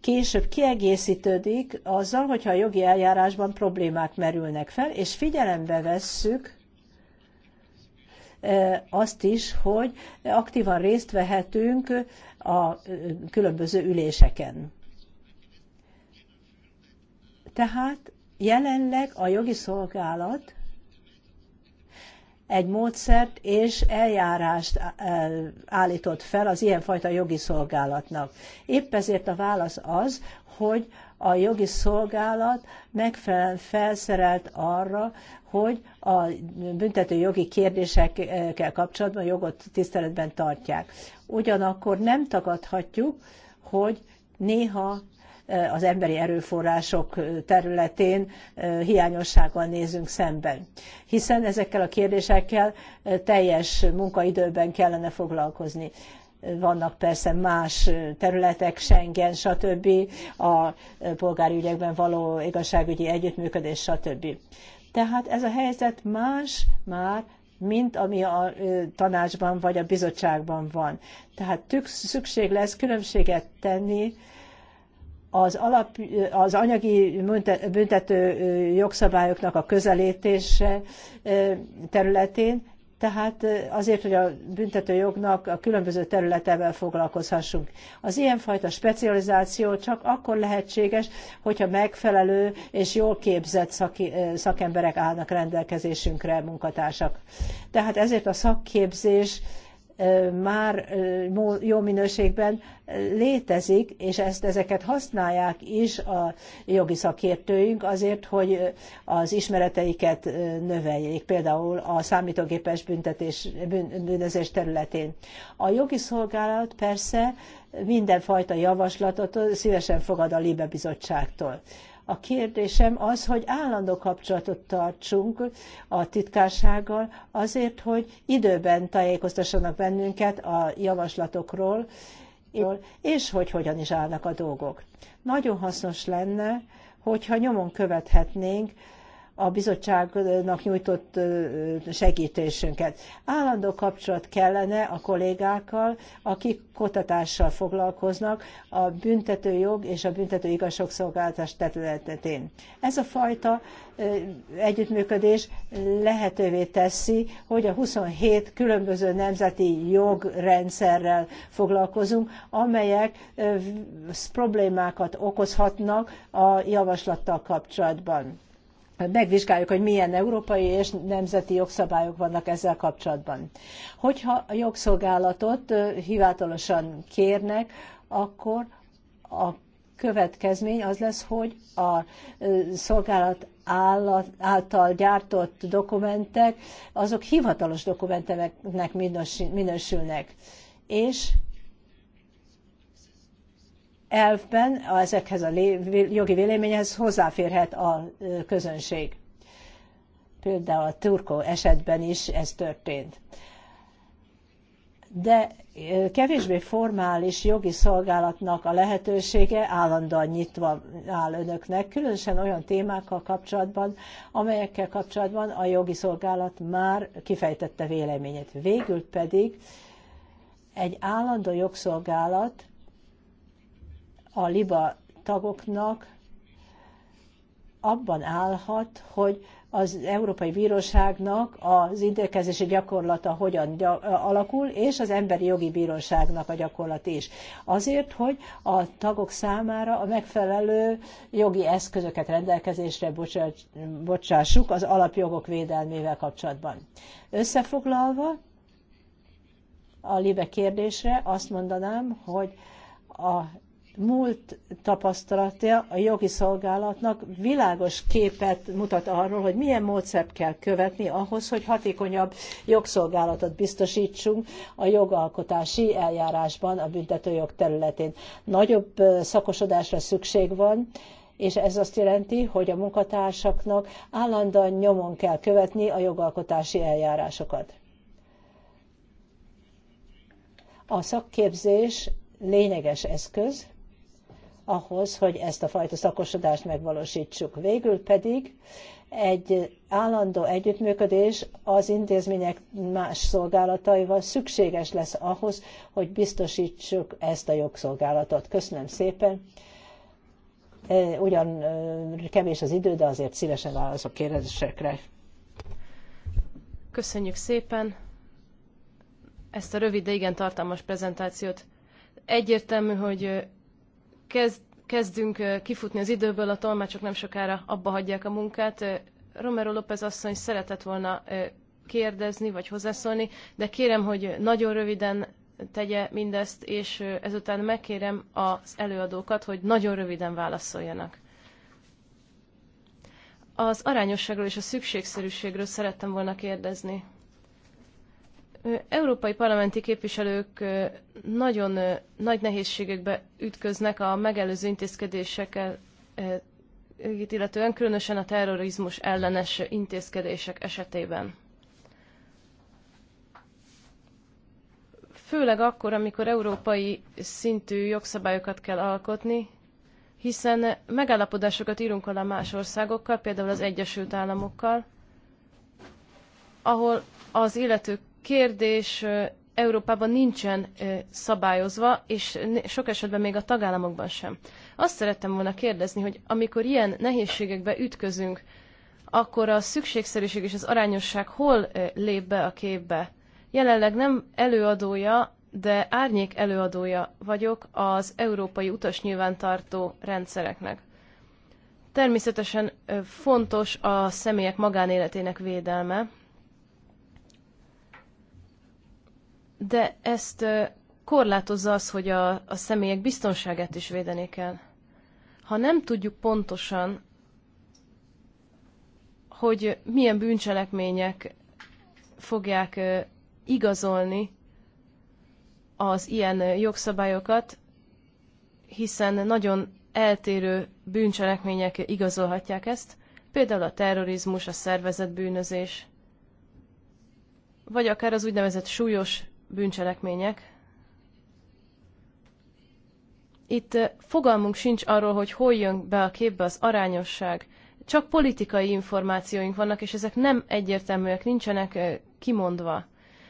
később kiegészítődik azzal, hogyha a jogi eljárásban problémák merülnek fel, és figyelembe vesszük azt is, hogy aktívan részt vehetünk a különböző üléseken. Tehát jelenleg a jogi szolgálat egy módszert és eljárást állított fel az ilyenfajta jogi szolgálatnak. Épp ezért a válasz az, hogy a jogi szolgálat megfelelően felszerelt arra, hogy a büntető jogi kérdésekkel kapcsolatban a jogot tiszteletben tartják. Ugyanakkor nem tagadhatjuk, hogy néha eh, az emberi erőforrások eh, területén eh, hiányossággal nézünk szemben. Hiszen ezekkel a kérdésekkel teljes munkaidőben kellene foglalkozni vannak persze más területek, Schengen, stb., a polgári ügyekben való igazságügyi együttműködés, stb. Tehát ez a helyzet más már, mint ami a tanácsban vagy a bizottságban van. Tehát szükség lesz különbséget tenni az, alap, az anyagi büntető jogszabályoknak a közelítése területén tehát azért, hogy a büntetőjognak a különböző területevel foglalkozhassunk. Az ilyenfajta specializáció csak akkor lehetséges, hogyha megfelelő és jól képzett szaki, szakemberek állnak rendelkezésünkre, munkatársak. Tehát ezért a szakképzés már jó minőségben létezik, és ezt ezeket használják is a jogi szakértőink azért, hogy az ismereteiket növeljék, például a számítógépes büntetés, bűnözés területén. A jogi szolgálat persze mindenfajta javaslatot szívesen fogad a Libe Bizottságtól. A kérdésem az, hogy állandó kapcsolatot tartsunk a titkársággal azért, hogy időben tájékoztassanak bennünket a javaslatokról, és hogy hogyan is állnak a dolgok. Nagyon hasznos lenne, hogyha nyomon követhetnénk a bizottságnak nyújtott segítésünket. Állandó kapcsolat kellene a kollégákkal, akik kutatással foglalkoznak a büntetőjog és a büntető igazságszolgáltatás területén. Ez a fajta együttműködés lehetővé teszi, hogy a 27 különböző nemzeti jogrendszerrel foglalkozunk, amelyek problémákat okozhatnak a javaslattal kapcsolatban megvizsgáljuk, hogy milyen európai és nemzeti jogszabályok vannak ezzel kapcsolatban. Hogyha a jogszolgálatot hivatalosan kérnek, akkor a következmény az lesz, hogy a szolgálat által gyártott dokumentek, azok hivatalos dokumentumoknak minősülnek. És elvben ezekhez a jogi véleményhez hozzáférhet a közönség. Például a turkó esetben is ez történt. De kevésbé formális jogi szolgálatnak a lehetősége állandóan nyitva áll önöknek, különösen olyan témákkal kapcsolatban, amelyekkel kapcsolatban a jogi szolgálat már kifejtette véleményét. Végül pedig egy állandó jogszolgálat a LIBA tagoknak abban állhat, hogy az Európai Bíróságnak az intérkezési gyakorlata hogyan alakul, és az Emberi Jogi Bíróságnak a gyakorlat is. Azért, hogy a tagok számára a megfelelő jogi eszközöket rendelkezésre bocsássuk az alapjogok védelmével kapcsolatban. Összefoglalva a libe kérdésre azt mondanám, hogy a múlt tapasztalatja a jogi szolgálatnak világos képet mutat arról, hogy milyen módszert kell követni ahhoz, hogy hatékonyabb jogszolgálatot biztosítsunk a jogalkotási eljárásban a büntetőjog területén. Nagyobb szakosodásra szükség van, és ez azt jelenti, hogy a munkatársaknak állandóan nyomon kell követni a jogalkotási eljárásokat. A szakképzés lényeges eszköz, ahhoz, hogy ezt a fajta szakosodást megvalósítsuk. Végül pedig egy állandó együttműködés az intézmények más szolgálataival szükséges lesz ahhoz, hogy biztosítsuk ezt a jogszolgálatot. Köszönöm szépen. E, ugyan e, kevés az idő, de azért szívesen válaszok kérdésekre. Köszönjük szépen ezt a rövid, de igen tartalmas prezentációt. Egyértelmű, hogy kezd, kezdünk kifutni az időből, a tolmácsok nem sokára abba hagyják a munkát. Romero López asszony szeretett volna kérdezni vagy hozzászólni, de kérem, hogy nagyon röviden tegye mindezt, és ezután megkérem az előadókat, hogy nagyon röviden válaszoljanak. Az arányosságról és a szükségszerűségről szerettem volna kérdezni európai parlamenti képviselők nagyon nagy nehézségekbe ütköznek a megelőző intézkedésekkel illetően, különösen a terrorizmus ellenes intézkedések esetében. Főleg akkor, amikor európai szintű jogszabályokat kell alkotni, hiszen megállapodásokat írunk alá más országokkal, például az Egyesült Államokkal, ahol az illető kérdés Európában nincsen szabályozva, és sok esetben még a tagállamokban sem. Azt szerettem volna kérdezni, hogy amikor ilyen nehézségekbe ütközünk, akkor a szükségszerűség és az arányosság hol lép be a képbe? Jelenleg nem előadója, de árnyék előadója vagyok az európai utas nyilvántartó rendszereknek. Természetesen fontos a személyek magánéletének védelme, de ezt korlátozza az, hogy a, a személyek biztonságát is védeni kell. Ha nem tudjuk pontosan, hogy milyen bűncselekmények fogják igazolni az ilyen jogszabályokat, hiszen nagyon eltérő bűncselekmények igazolhatják ezt, például a terrorizmus, a szervezett bűnözés, vagy akár az úgynevezett súlyos bűncselekmények. Itt fogalmunk sincs arról, hogy hol jön be a képbe az arányosság. Csak politikai információink vannak, és ezek nem egyértelműek, nincsenek kimondva.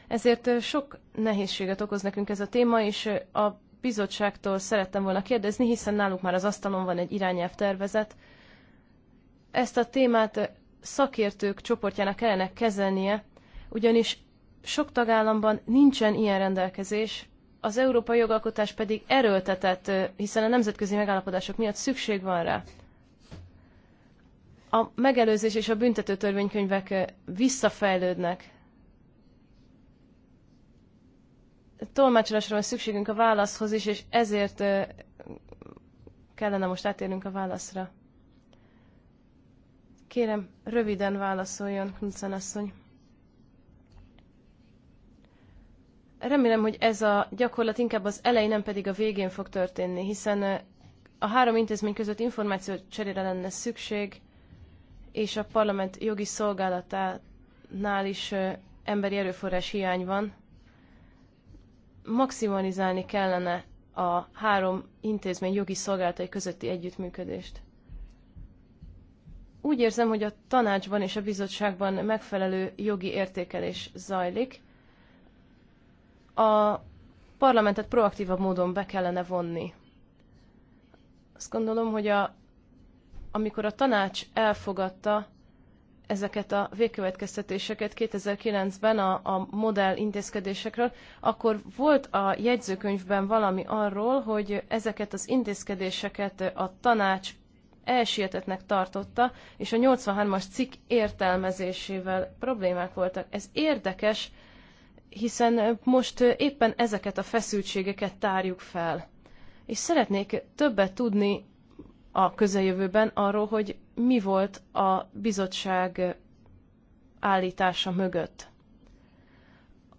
Ezért sok nehézséget okoz nekünk ez a téma, és a bizottságtól szerettem volna kérdezni, hiszen náluk már az asztalon van egy tervezet. Ezt a témát szakértők csoportjának kellene kezelnie, ugyanis sok tagállamban nincsen ilyen rendelkezés, az európai jogalkotás pedig erőltetett, hiszen a nemzetközi megállapodások miatt szükség van rá. A megelőzés és a büntető törvénykönyvek visszafejlődnek. Tolmácsolásra van szükségünk a válaszhoz is, és ezért kellene most átérnünk a válaszra. Kérem, röviden válaszoljon, Knudsen asszony. Remélem, hogy ez a gyakorlat inkább az elején, nem pedig a végén fog történni, hiszen a három intézmény között információ cserére lenne szükség, és a parlament jogi szolgálatánál is emberi erőforrás hiány van. Maximalizálni kellene a három intézmény jogi szolgálatai közötti együttműködést. Úgy érzem, hogy a tanácsban és a bizottságban megfelelő jogi értékelés zajlik, a parlamentet proaktívabb módon be kellene vonni. Azt gondolom, hogy a, amikor a tanács elfogadta ezeket a végkövetkeztetéseket 2009-ben a, a modell intézkedésekről, akkor volt a jegyzőkönyvben valami arról, hogy ezeket az intézkedéseket a tanács elsietetnek tartotta, és a 83-as cikk értelmezésével problémák voltak. Ez érdekes, hiszen most éppen ezeket a feszültségeket tárjuk fel. És szeretnék többet tudni a közeljövőben arról, hogy mi volt a bizottság állítása mögött.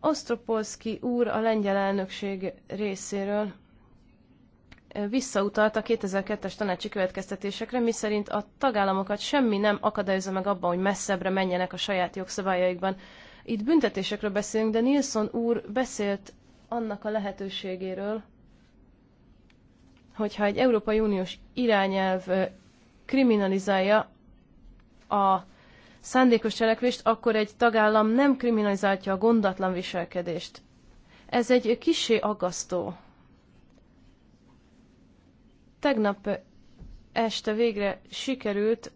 Osztropolszki úr a lengyel elnökség részéről visszautalt a 2002-es tanácsi következtetésekre, miszerint a tagállamokat semmi nem akadályozza meg abban, hogy messzebbre menjenek a saját jogszabályaikban. Itt büntetésekről beszélünk, de Nilsson úr beszélt annak a lehetőségéről, hogyha egy Európai Uniós irányelv kriminalizálja a szándékos cselekvést, akkor egy tagállam nem kriminalizálja a gondatlan viselkedést. Ez egy kisé aggasztó. Tegnap este végre sikerült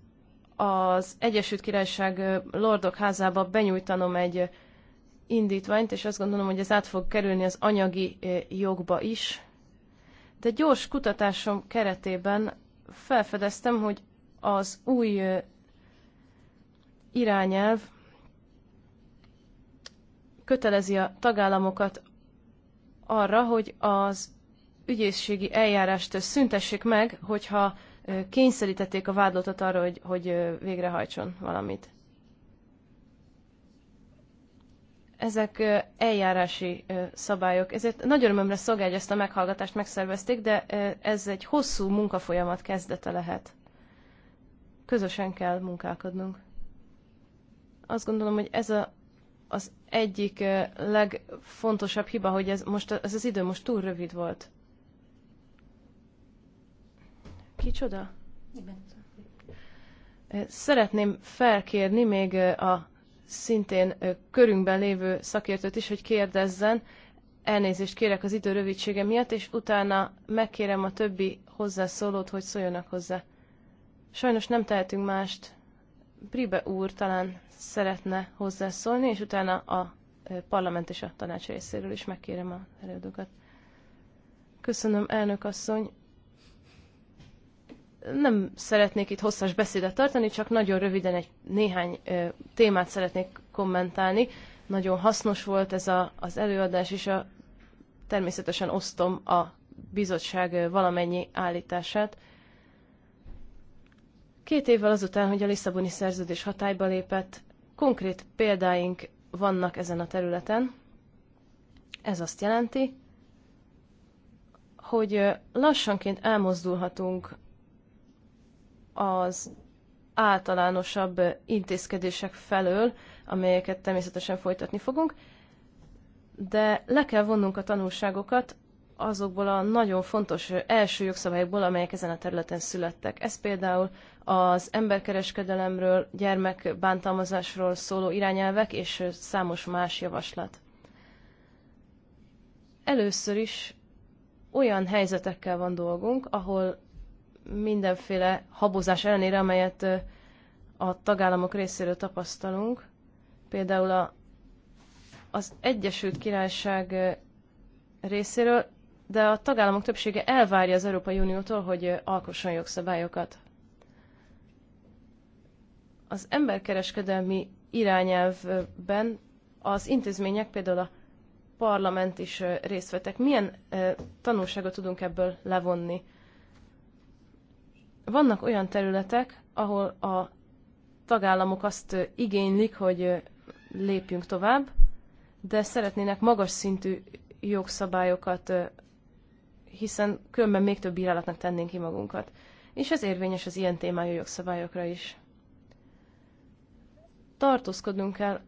az Egyesült Királyság Lordok házába benyújtanom egy indítványt, és azt gondolom, hogy ez át fog kerülni az anyagi jogba is. De gyors kutatásom keretében felfedeztem, hogy az új irányelv kötelezi a tagállamokat arra, hogy az ügyészségi eljárást szüntessék meg, hogyha kényszerítették a vádlottat arra, hogy, hogy végrehajtson valamit. Ezek eljárási szabályok, ezért nagy örömömre szolgál, hogy ezt a meghallgatást megszervezték, de ez egy hosszú munkafolyamat kezdete lehet. Közösen kell munkálkodnunk. Azt gondolom, hogy ez a, az egyik legfontosabb hiba, hogy ez, most, ez az idő most túl rövid volt. Kicsoda? Szeretném felkérni még a szintén körünkben lévő szakértőt is, hogy kérdezzen. Elnézést kérek az idő rövidsége miatt, és utána megkérem a többi hozzászólót, hogy szóljanak hozzá. Sajnos nem tehetünk mást. Pribe úr talán szeretne hozzászólni, és utána a parlament és a tanács részéről is megkérem a előadókat. Köszönöm, elnök asszony. Nem szeretnék itt hosszas beszédet tartani, csak nagyon röviden egy néhány témát szeretnék kommentálni. Nagyon hasznos volt ez a, az előadás, és a, természetesen osztom a bizottság valamennyi állítását. Két évvel azután, hogy a Lisszaboni szerződés hatályba lépett, konkrét példáink vannak ezen a területen. Ez azt jelenti, hogy lassanként elmozdulhatunk az általánosabb intézkedések felől, amelyeket természetesen folytatni fogunk, de le kell vonnunk a tanulságokat azokból a nagyon fontos első jogszabályokból, amelyek ezen a területen születtek. Ez például az emberkereskedelemről, gyermekbántalmazásról szóló irányelvek és számos más javaslat. Először is olyan helyzetekkel van dolgunk, ahol mindenféle habozás ellenére, amelyet a tagállamok részéről tapasztalunk. Például a, az Egyesült Királyság részéről, de a tagállamok többsége elvárja az Európai Uniótól, hogy alkosson jogszabályokat. Az emberkereskedelmi irányelvben az intézmények, például a parlament is részt vettek. Milyen tanulságot tudunk ebből levonni? Vannak olyan területek, ahol a tagállamok azt igénylik, hogy lépjünk tovább, de szeretnének magas szintű jogszabályokat, hiszen különben még több bírálatnak tennénk ki magunkat. És ez érvényes az ilyen témájú jogszabályokra is. Tartózkodnunk kell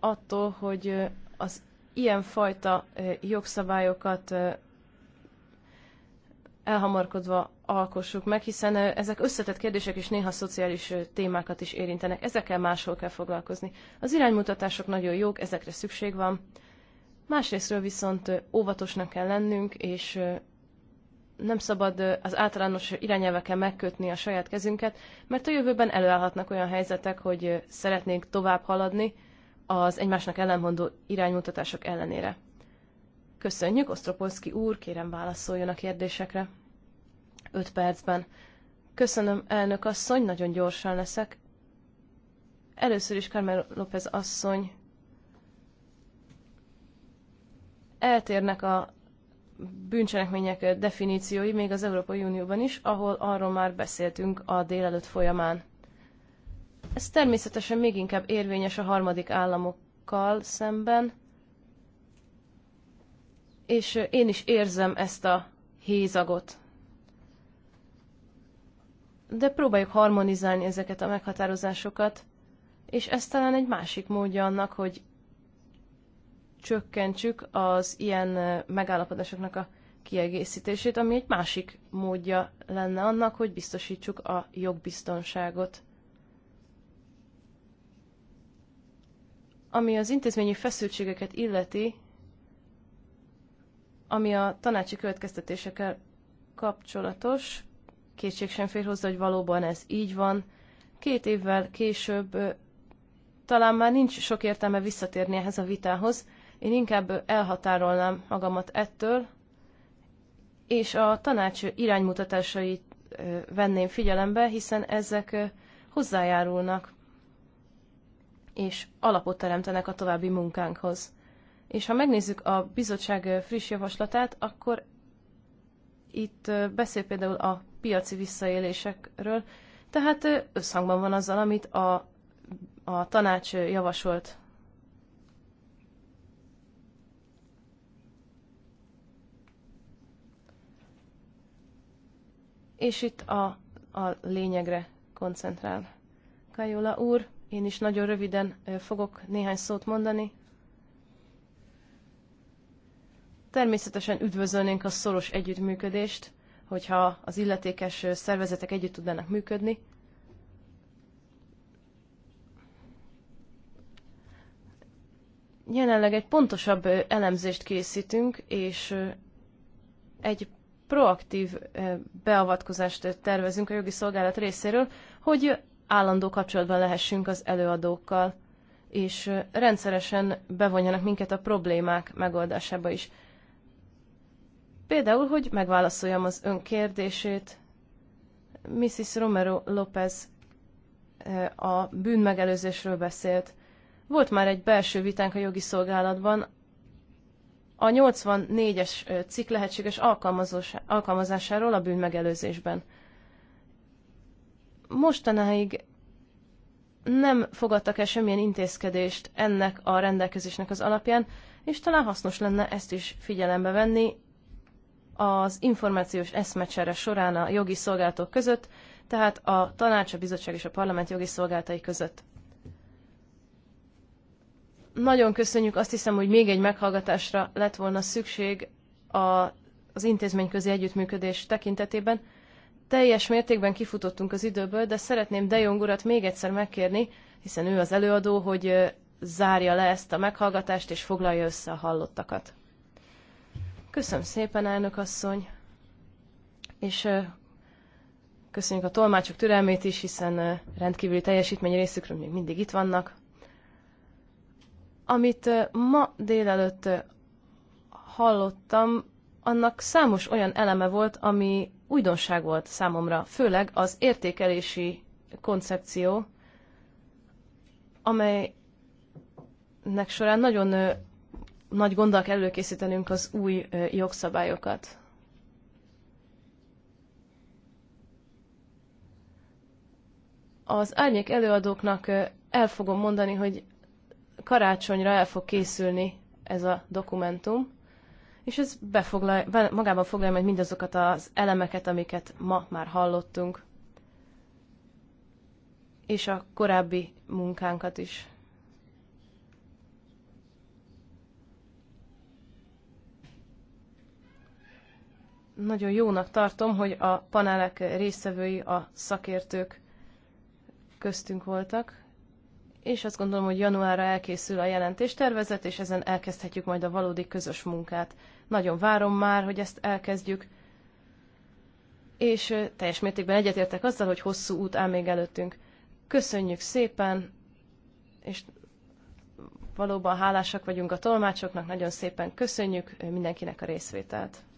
attól, hogy az ilyenfajta jogszabályokat elhamarkodva alkossuk meg, hiszen ezek összetett kérdések és néha szociális témákat is érintenek. Ezekkel máshol kell foglalkozni. Az iránymutatások nagyon jók, ezekre szükség van. Másrésztről viszont óvatosnak kell lennünk, és nem szabad az általános irányelvekkel megkötni a saját kezünket, mert a jövőben előállhatnak olyan helyzetek, hogy szeretnénk tovább haladni az egymásnak ellenmondó iránymutatások ellenére. Köszönjük, Osztropolszki úr, kérem válaszoljon a kérdésekre. Öt percben. Köszönöm, elnök asszony, nagyon gyorsan leszek. Először is Carmen López asszony. Eltérnek a bűncselekmények definíciói még az Európai Unióban is, ahol arról már beszéltünk a délelőtt folyamán. Ez természetesen még inkább érvényes a harmadik államokkal szemben, és én is érzem ezt a hézagot. De próbáljuk harmonizálni ezeket a meghatározásokat, és ez talán egy másik módja annak, hogy csökkentsük az ilyen megállapodásoknak a kiegészítését, ami egy másik módja lenne annak, hogy biztosítsuk a jogbiztonságot. Ami az intézményi feszültségeket illeti, ami a tanácsi következtetésekkel kapcsolatos, kétség sem fér hozzá, hogy valóban ez így van. Két évvel később talán már nincs sok értelme visszatérni ehhez a vitához. Én inkább elhatárolnám magamat ettől, és a tanács iránymutatásait venném figyelembe, hiszen ezek hozzájárulnak és alapot teremtenek a további munkánkhoz. És ha megnézzük a bizottság friss javaslatát, akkor itt beszél például a piaci visszaélésekről, tehát összhangban van azzal, amit a, a tanács javasolt. És itt a, a lényegre koncentrál. Kajola úr, én is nagyon röviden fogok néhány szót mondani. Természetesen üdvözölnénk a szoros együttműködést, hogyha az illetékes szervezetek együtt tudnának működni. Jelenleg egy pontosabb elemzést készítünk, és egy proaktív eh, beavatkozást tervezünk a jogi szolgálat részéről, hogy állandó kapcsolatban lehessünk az előadókkal, és eh, rendszeresen bevonjanak minket a problémák megoldásába is. Például, hogy megválaszoljam az ön kérdését, Mrs. Romero López eh, a bűnmegelőzésről beszélt. Volt már egy belső vitánk a jogi szolgálatban, a 84-es eh, cikk lehetséges alkalmazásáról a bűnmegelőzésben. Mostanáig nem fogadtak el semmilyen intézkedést ennek a rendelkezésnek az alapján, és talán hasznos lenne ezt is figyelembe venni, az információs eszmecsere során a jogi szolgálatok között, tehát a tanács, a bizottság és a parlament jogi szolgálatai között. Nagyon köszönjük, azt hiszem, hogy még egy meghallgatásra lett volna szükség a, az intézményközi együttműködés tekintetében. Teljes mértékben kifutottunk az időből, de szeretném De Jong urat még egyszer megkérni, hiszen ő az előadó, hogy zárja le ezt a meghallgatást és foglalja össze a hallottakat. Köszönöm szépen, elnök asszony, és köszönjük a tolmácsok türelmét is, hiszen rendkívüli teljesítmény részükről még mindig itt vannak. Amit ma délelőtt hallottam, annak számos olyan eleme volt, ami újdonság volt számomra, főleg az értékelési koncepció, amelynek során nagyon nagy gonddal kell előkészítenünk az új jogszabályokat. Az árnyék előadóknak el fogom mondani, hogy karácsonyra el fog készülni ez a dokumentum, és ez befoglal, magában foglalja majd mindazokat az elemeket, amiket ma már hallottunk, és a korábbi munkánkat is. nagyon jónak tartom, hogy a panelek résztvevői a szakértők köztünk voltak, és azt gondolom, hogy januárra elkészül a jelentéstervezet, és ezen elkezdhetjük majd a valódi közös munkát. Nagyon várom már, hogy ezt elkezdjük, és teljes mértékben egyetértek azzal, hogy hosszú út áll még előttünk. Köszönjük szépen, és valóban hálásak vagyunk a tolmácsoknak, nagyon szépen köszönjük mindenkinek a részvételt.